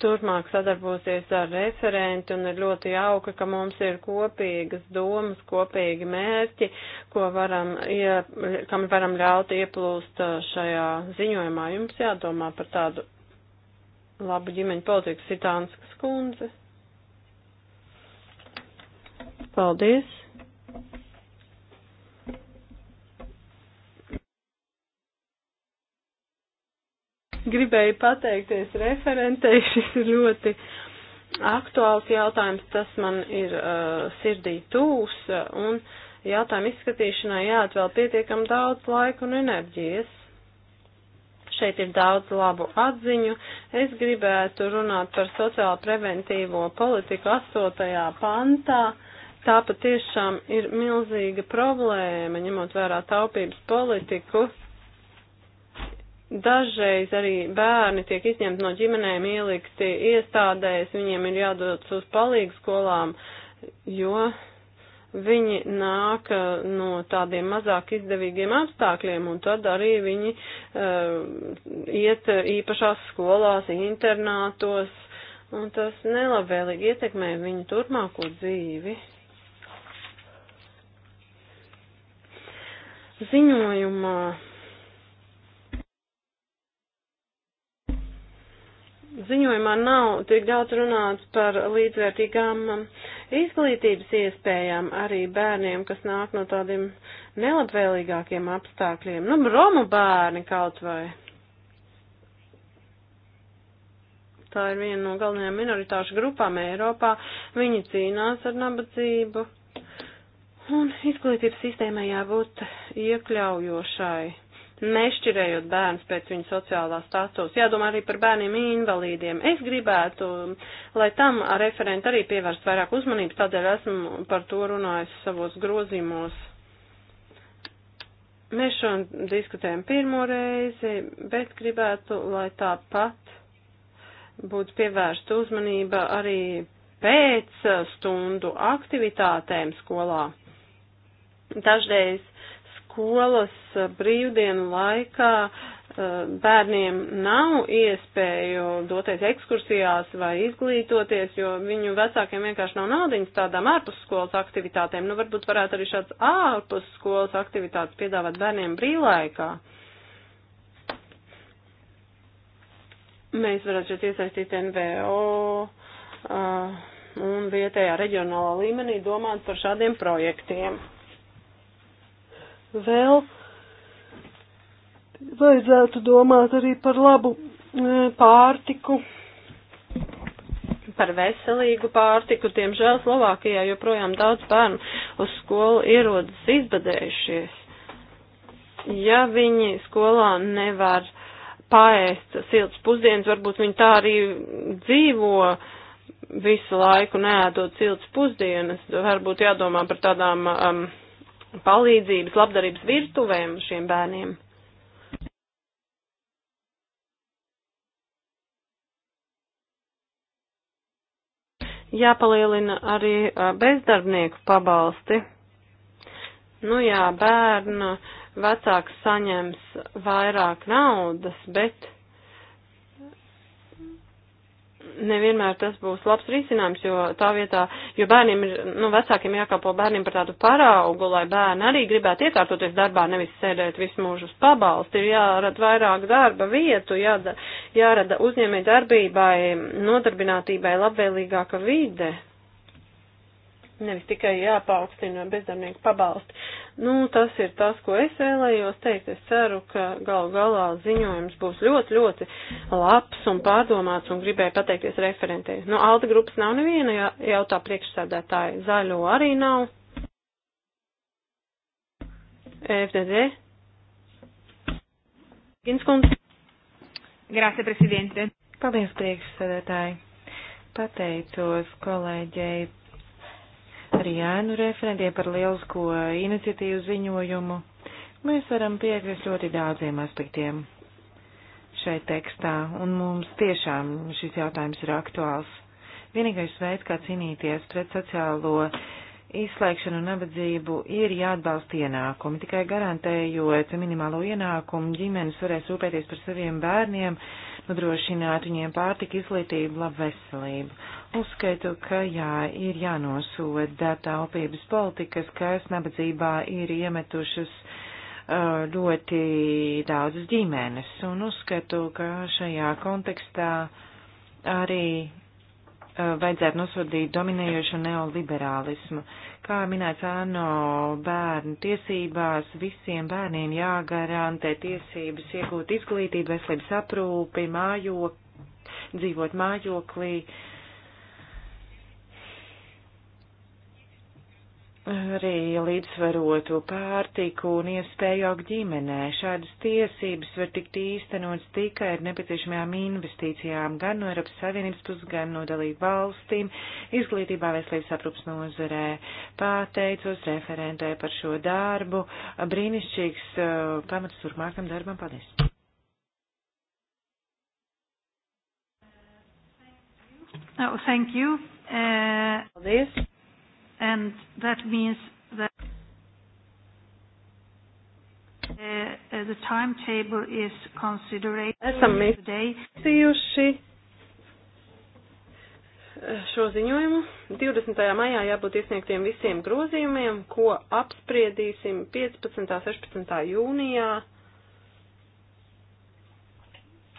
Speaker 1: turpmāk sadarbosies ar referentu un ir ļoti jauka, ka mums ir kopīgas domas, kopīgi mērķi, ko varam, ie, kam varam ļaut ieplūst uh, šajā ziņojumā. Jums jādomā par tādu labu ģimeņu politiku Sitānskas kundze. Paldies! Gribēju pateikties referentei, šis ir ļoti aktuāls jautājums, tas man ir uh, sirdī tūs, uh, un jautājumu izskatīšanai jāatvēl pietiekam daudz laika un enerģijas šeit ir daudz labu atziņu. Es gribētu runāt par sociālo preventīvo politiku 8. pantā. Tā patiešām ir milzīga problēma, ņemot vērā taupības politiku. Dažreiz arī bērni tiek izņemti no ģimenēm, ielikti iestādēs, viņiem ir jādodas uz palīgu skolām, jo viņi nāk eh, no tādiem mazāk izdevīgiem apstākļiem, un tad arī viņi uh, iet īpašās skolās, internātos, un tas nelabvēlīgi ietekmē viņu turpmāko dzīvi. Ziņojumā ziņojumā nav tik daudz runāts par līdzvērtīgām um, izglītības iespējām arī bērniem, kas nāk no tādiem nelabvēlīgākiem apstākļiem. Nu, romu bērni kaut vai. Tā ir viena no galvenajām minoritāšu grupām Eiropā. Viņi cīnās ar nabadzību. Un izglītības sistēmai jābūt iekļaujošai nešķirējot bērns pēc viņa sociālā status. Jādomā arī par bērniem invalīdiem. Es gribētu, lai tam referenti arī pievērst vairāk uzmanības, tādēļ esmu par to runājis savos grozīmos. Mēs šodien diskutējam pirmo reizi, bet gribētu, lai tāpat būtu pievērsta uzmanība arī pēc stundu aktivitātēm skolā. Dažreiz skolas eh, brīvdienu laikā eh, bērniem nav iespēju doties ekskursijās vai izglītoties, jo viņu vecākiem vienkārši nav naudiņas tādām ārpusskolas aktivitātēm. Nu, varbūt varētu arī šāds ārpusskolas aktivitātes piedāvāt bērniem brīvlaikā. Mēs varētu šeit iesaistīt NVO uh, eh, un vietējā reģionālā līmenī domāt par šādiem projektiem vēl vajadzētu domāt arī par labu e, pārtiku, par veselīgu pārtiku. Diemžēl Slovākijā joprojām daudz bērnu uz skolu ierodas izbadējušies. Ja viņi skolā nevar paēst silts pusdienas, varbūt viņi tā arī dzīvo visu laiku neēdot silts pusdienas. Varbūt jādomā par tādām um, palīdzības, labdarības virtuvēm šiem bērniem. Jāpalielina arī bezdarbnieku pabalsti. Nu jā, bērna vecāks saņems vairāk naudas, bet nevienmēr tas būs labs risinājums, jo tā vietā, jo bērniem ir, nu, vecākiem jākalpo bērniem par tādu paraugu, lai bērni arī gribētu iekārtoties darbā, nevis sēdēt visu mūžu uz pabalstu, ir jārada vairāk darba vietu, jārada, jārada uzņēmē darbībai, nodarbinātībai labvēlīgāka vide nevis tikai jāpaukstina bezdarbnieku pabalsti. Nu, tas ir tas, ko es vēlējos teikt. Es ceru, ka gal galā ziņojums būs ļoti, ļoti labs un pārdomāts un gribēju pateikties referentei. Nu, Alda grupas nav neviena jautā priekšsēdētāja, zaļo arī nav. FDD. Ginskundz.
Speaker 3: Grāse, prezidente. Paldies, priekšsēdētāji. Pateicos kolēģei arī ēnu referentiem par lielisko iniciatīvu ziņojumu. Mēs varam piekrist ļoti daudziem aspektiem šeit tekstā, un mums tiešām šis jautājums ir aktuāls. Vienīgais veids, kā cīnīties pret sociālo uh, izslēgšanu un nabadzību ir jāatbalsta ienākumi. Tikai garantējot minimālo ienākumu, ģimenes varēs rūpēties par saviem bērniem, nodrošināt viņiem pārtiku, izglītību, labu veselību. Uzskaitu, ka jā, ir jānosoda taupības politikas, kas nabadzībā ir iemetušas uh, ļoti daudzas ģimenes, un uzskatu, ka šajā kontekstā arī Eh, vajadzētu nosodīt dominējošo neoliberālismu. Kā minēts ANO bērnu tiesībās, visiem bērniem jāgarantē tiesības iegūt izglītību, veselības aprūpi, mājok, dzīvot mājoklī, uh, arī līdzsvarotu pārtiku un iespēju augt ģimenē. Šādas tiesības var tikt īstenotas tikai ar nepieciešamajām investīcijām gan no Eiropas Savienības puses, gan no dalību valstīm, izglītībā, veselības aprūpas nozarē. Pateicos referentē par šo darbu. Brīnišķīgs uh, pamats turpmākam darbam. Paldies! Oh, thank you. Uh...
Speaker 2: Paldies and that means that uh, uh the timetable is considered today.
Speaker 1: Uh, šo ziņojumu 20. maijā jābūt iesniegtiem visiem grozījumiem, ko apspriedīsim 15. un 16. jūnijā.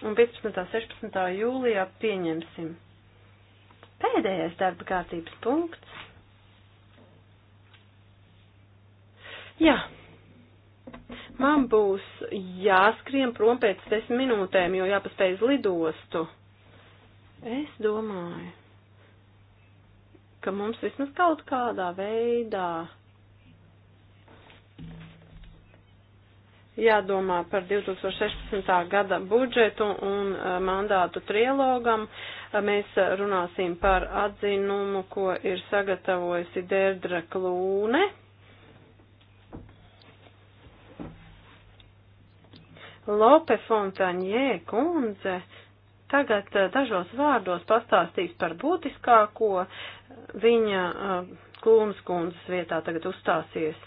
Speaker 1: Un 15. un 16. jūlijā pieņemsim. Pēdējais darba kārtības punkts Jā. Man būs jāskrien prom pēc desmit minūtēm, jo jāpaspēj uz lidostu. Es domāju, ka mums vismaz kaut kādā veidā jādomā par 2016. gada budžetu un uh, mandātu trilogam. Uh, mēs uh, runāsim par atzinumu, ko ir sagatavojusi Dērdra Klūne Lope Fontaņē kundze tagad eh, dažos vārdos pastāstīs par būtiskāko viņa eh, Klūmas kundzes vietā tagad uzstāsies.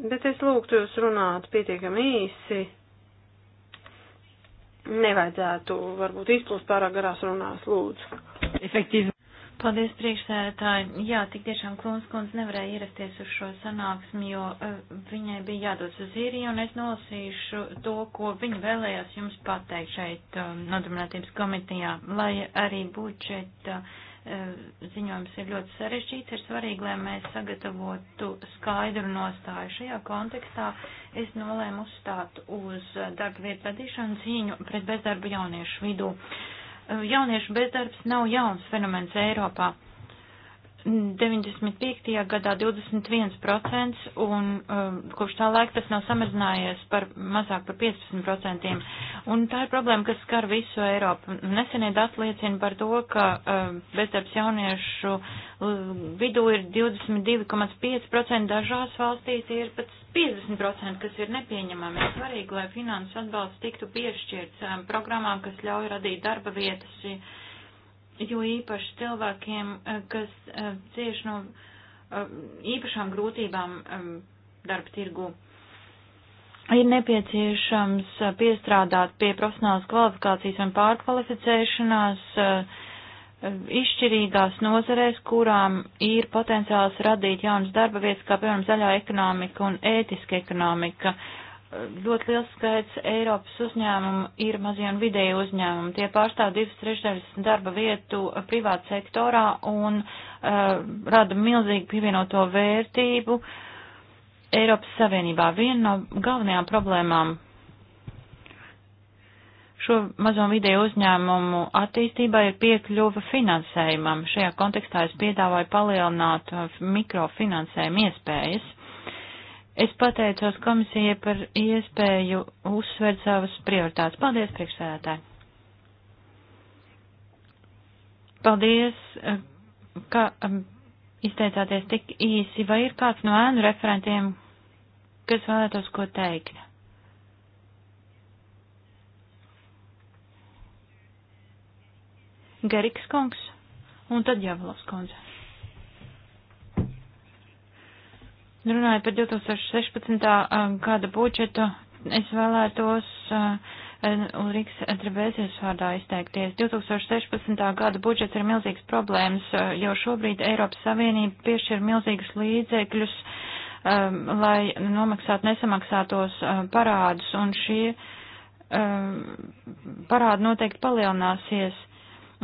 Speaker 1: Bet es lūgtu jūs runāt pietiekami īsi. Nevajadzētu varbūt izplūst pārāk garās runās, lūdzu.
Speaker 2: Efektīvi. Paldies, priekšsēdētāji. Jā, tik tiešām Klūns kundze nevarēja ierasties uz šo sanāksmi, jo eh, viņai bija jādodas uz īriju, un es nolasīšu to, ko viņa vēlējās jums pateikt šeit um, nodarbinātības komitejā. Lai arī budžeta eh, ziņojums ir ļoti sarežģīts, ir svarīgi, lai mēs sagatavotu skaidru nostāju. Šajā kontekstā es nolēmu uzstāt uz darba vietu radīšanu cīņu pret bezdarbu jauniešu vidū. Uh, jauniešu bezdarbs nav jauns fenomens Eiropā. 95. gadā 21% un uh, kopš tā laika tas nav samazinājies par mazāk par 15%. Un tā ir problēma, kas skar visu Eiropu. Nesenie dati liecina par to, ka uh, bezdarbs jauniešu um, vidū ir 22,5%, dažās valstīs ir pat 50%, kas ir nepieņemami. Ir svarīgi, lai finanses atbalsts tiktu piešķirts um, programmām, kas ļauj radīt darba vietas. Uh, jo īpaši cilvēkiem, eh, kas eh, cieš no eh, īpašām grūtībām darba tirgu. Ir nepieciešams piestrādāt pie profesionālas kvalifikācijas un pārkvalificēšanās izšķirīgās nozarēs, kurām ir potenciāls radīt jaunas darba vietas, kā piemēram zaļā ekonomika un ētiska ekonomika. Uh, ļoti liels skaits Eiropas uzņēmumu ir mazie un vidēji uzņēmumi. Tie pārstāv divas trešdaļas darba vietu privāta sektorā un uh, rada milzīgu pievienoto vērtību Eiropas Savienībā. Viena no galvenajām problēmām šo mazo un vidēju uzņēmumu attīstībā ir piekļuva finansējumam. Šajā kontekstā es piedāvāju palielināt uh, mikrofinansējumu iespējas Es pateicos komisijai par iespēju uzsvērt savas prioritātes. Paldies, priekšsēdētāji! Paldies, ka um, izteicāties tik īsi. Vai ir kāds no ēnu referentiem, kas vēlētos ko teikt? Geriks kungs un tad Javlovs kundze. Runājot par 2016. gada budžetu, es vēlētos Ulriks Trebēsies vārdā izteikties. 2016. gada budžets ir milzīgs problēmas, jo šobrīd Eiropas Savienība piešķir milzīgus līdzekļus, lai nomaksātu nesamaksātos parādus, un šie parādi noteikti palielināsies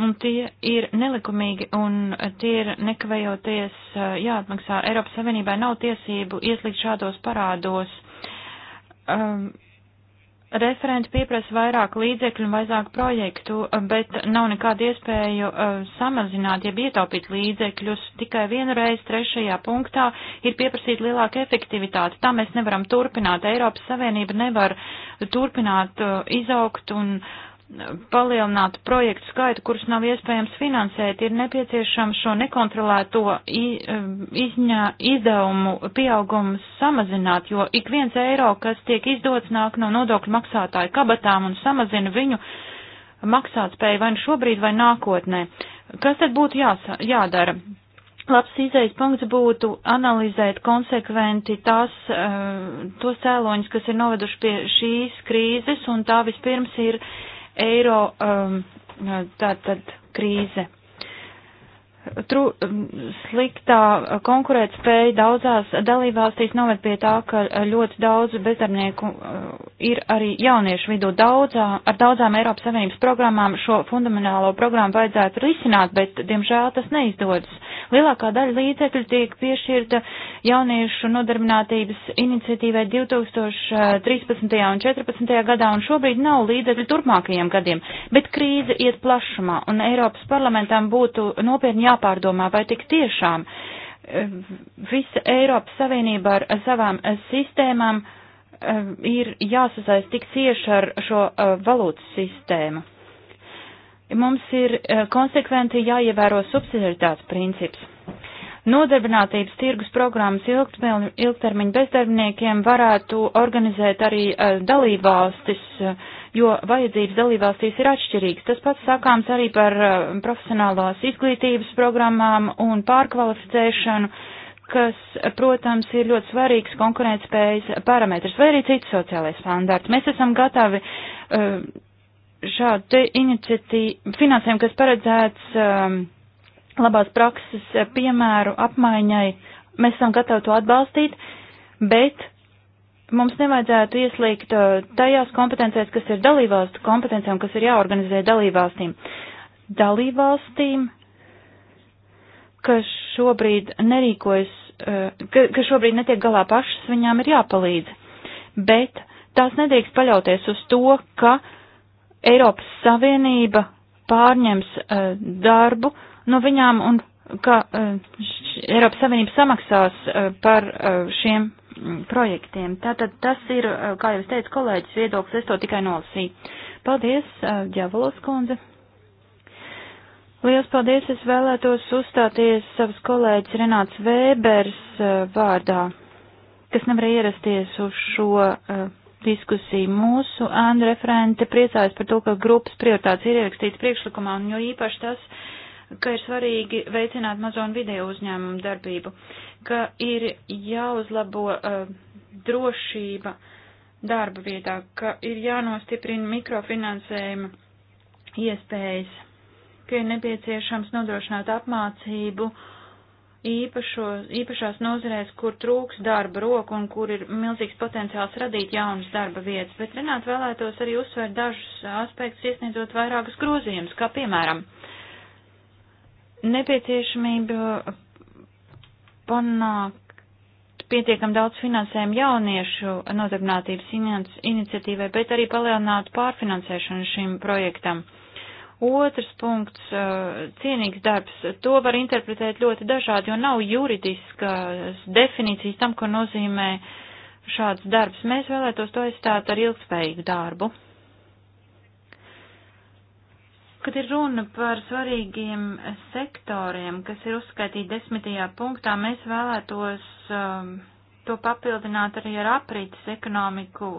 Speaker 2: un tie ir nelikumīgi un tie ir nekavējoties jāatmaksā. Eiropas Savienībai nav tiesību ieslīgt šādos parādos. Um, Referenti pieprasa vairāk līdzekļu un vairāk projektu, bet nav nekādu iespēju uh, samazināt, jeb ietaupīt līdzekļus. Tikai vienreiz trešajā punktā ir pieprasīt lielāku efektivitāti. Tā mēs nevaram turpināt. Eiropas Savienība nevar turpināt uh, izaugt un uh, palielinātu projektu skaitu, kurus nav iespējams finansēt, ir nepieciešams šo nekontrolēto um, izņā, izdevumu pieaugumu samazināt, jo ik viens eiro, kas tiek izdots, nāk no nodokļu maksātāju kabatām un samazina viņu maksātspēju vai nu šobrīd vai nākotnē. Kas tad būtu jās, jādara? Labs izējas punkts būtu analizēt konsekventi tās, uh, tos cēloņus, kas ir noveduši pie šīs krīzes, un tā vispirms ir uh, eiro um, tātad krīze tru, sliktā konkurētspēja daudzās dalībvalstīs noved pie tā, ka ļoti daudz bezdarbnieku uh, ir arī jauniešu vidū. Daudzā, ar daudzām Eiropas Savienības programmām šo fundamentālo programmu vajadzētu risināt, bet, diemžēl, tas neizdodas. Lielākā daļa līdzekļu tiek piešķirta jauniešu nodarbinātības iniciatīvai 2013. un 2014. gadā, un šobrīd nav līdzekļu turpmākajiem gadiem, bet krīze iet plašumā, un Eiropas parlamentam būtu nopietni jā jāpārdomā, vai tik tiešām e, visa Eiropas Savienība ar savām e, sistēmām e, ir jāsasaist tik cieši ar šo valūtas sistēmu. Mums ir konsekventi jāievēro subsidiaritātes princips. Nodarbinātības tirgus programmas ilgtermiņa bezdarbniekiem varētu organizēt arī dalībvalstis, uh, jo vajadzības dalībvalstīs ir atšķirīgas. Tas pats sakāms arī par eh, profesionālās izglītības programmām un pārkvalificēšanu, kas, protams, ir ļoti svarīgs konkurētspējas parametrs vai arī cits sociālais standārts. Mēs esam gatavi eh, šādu iniciatīvu finansējumu, kas paredzēts eh, labās prakses piemēru apmaiņai. Mēs esam gatavi to atbalstīt, bet mums nevajadzētu ieslīgt uh, tajās kompetencēs, kas ir dalībvalstu kompetencijām, kas ir jāorganizē dalībvalstīm. Dalībvalstīm, kas šobrīd nerīkojas, uh, kas šobrīd netiek galā pašas, viņām ir jāpalīdz. Bet tās nedrīkst paļauties uz to, ka Eiropas Savienība pārņems uh, darbu no viņām un ka Eiropas Savienība samaksās par šiem Mm, projektiem. Tātad tas ir, eh, kā jau es teicu, kolēģis viedoklis, es to tikai nolasīju. Paldies, Ģevalos eh, kundze. Liels paldies, es vēlētos uzstāties savas kolēģis Renāts Vēbers eh, vārdā, kas nevarēja ierasties uz šo uh, diskusiju. Mūsu ēnu referente priecājas par to, ka grupas prioritātes ir ierakstīts priekšlikumā, un jo īpaši tas, uh, ka ir svarīgi veicināt mazo un vidēju uzņēmumu darbību, ka ir jāuzlabo uh, drošība darba vietā, ka ir jānostiprina mikrofinansējuma iespējas, ka ir nepieciešams nodrošināt apmācību īpašo, īpašās nozarēs, kur trūks darba roku un kur ir milzīgs potenciāls radīt jaunas darba vietas, bet Renāt vēlētos arī uzsvērt dažus aspektus, iesniedzot vairākus grozījumus, kā piemēram, uh, nepieciešamība panākt pietiekam daudz finansējumu jauniešu nodarbinātības iniciatīvai, bet arī palielināt pārfinansēšanu šim projektam. Otrs punkts uh, - cienīgs darbs. To var interpretēt ļoti dažādi, jo nav juridiskas definīcijas tam, ko nozīmē šāds darbs. Mēs vēlētos to aizstāt ar ilgspējīgu darbu. Kad ir runa par svarīgiem sektoriem, kas ir uzskaitīti desmitajā punktā, mēs vēlētos um, to papildināt arī ar aprītas ekonomiku,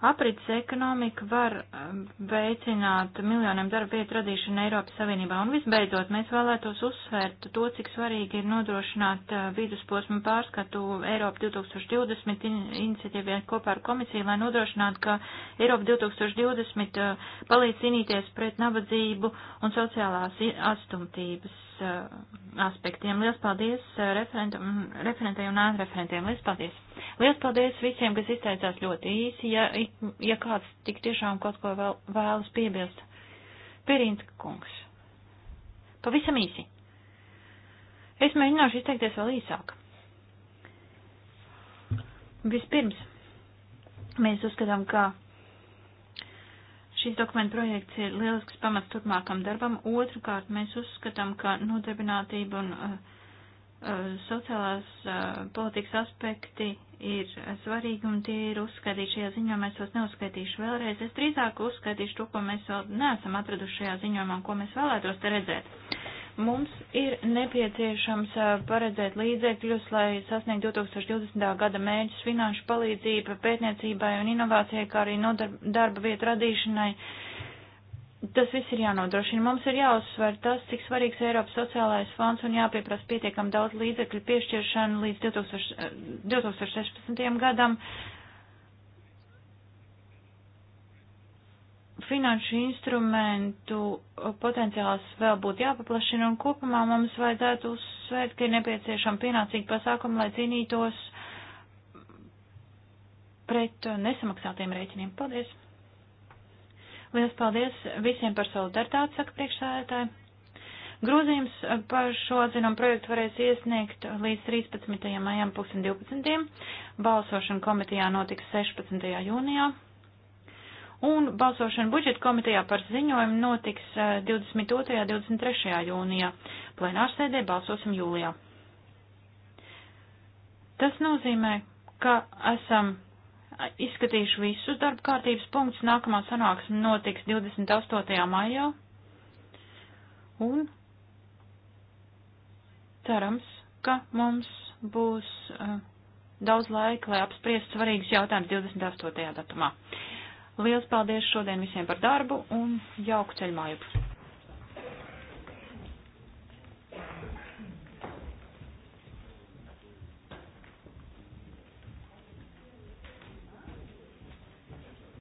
Speaker 2: Aprits ekonomika var um, veicināt miljoniem darba vietu radīšanu Eiropas Savienībā. Un visbeidzot, mēs vēlētos uzsvērt to, cik svarīgi ir nodrošināt uh, vidusposmu pārskatu Eiropa 2020 iniciatīvai kopā ar komisiju, lai nodrošinātu, ka Eiropa 2020 uh, palīdz cīnīties pret nabadzību un sociālās atstumtības uh, aspektiem. Lielas paldies uh, referentiem un ārreferentiem. Lielas paldies. Lielas paldies visiem, kas izteicās ļoti īsi. Ja, ja kāds tik tiešām kaut ko vēl, vēlas piebilst. Pirīnska kungs. Pavisam īsi. Es mēģināšu izteikties vēl īsāk. Vispirms, mēs uzskatām, ka Šis dokumenta projekts ir lielisks pamats turpmākam darbam. Otrakārt, mēs uzskatām, ka nodarbinātība un uh, uh, sociālās uh, politikas aspekti ir svarīgi un tie ir uzskaitīti šajā ziņojumā. Es tos neuzskaitīšu vēlreiz. Es drīzāk uzskaitīšu to, ko mēs vēl neesam atraduši šajā ziņojumā un ko mēs vēlētos te redzēt. Mums ir nepieciešams paredzēt līdzekļus, lai sasniegtu 2020. gada mērķus finanšu palīdzību pētniecībai un inovācijai, kā arī darba vietu radīšanai. Tas viss ir jānodrošina. Mums ir jāuzsver tas, cik svarīgs Eiropas sociālais fonds un jāpieprasa pietiekam daudz līdzekļu piešķiršanu līdz 2000, 2016. gadam, finanšu instrumentu uh, potenciāls vēl būtu jāpaplašina, un kopumā mums vajadzētu uzsvērt, ka ir nepieciešama pienācīga pasākuma, lai cīnītos pret uh, nesamaksātiem rēķiniem. Paldies! Liels paldies visiem par solidaritāti, saka priekšsēdētāji. Grozījums uh, par šo atzinumu projektu varēs iesniegt līdz 13. maijam 2012. Balsošana komitejā notiks 16. jūnijā un balsošana budžeta komitejā par ziņojumu notiks 22. un 23. jūnijā. Plenārsēdē balsosim jūlijā. Tas nozīmē, ka esam izskatījuši visus darba kārtības punktus. Nākamā sanāksme notiks 28. maijā. Un cerams, ka mums būs uh, daudz laika, lai apspriestu svarīgus jautājumus 28. datumā. Liels paldies šodien visiem par darbu un jauku ceļmājumu!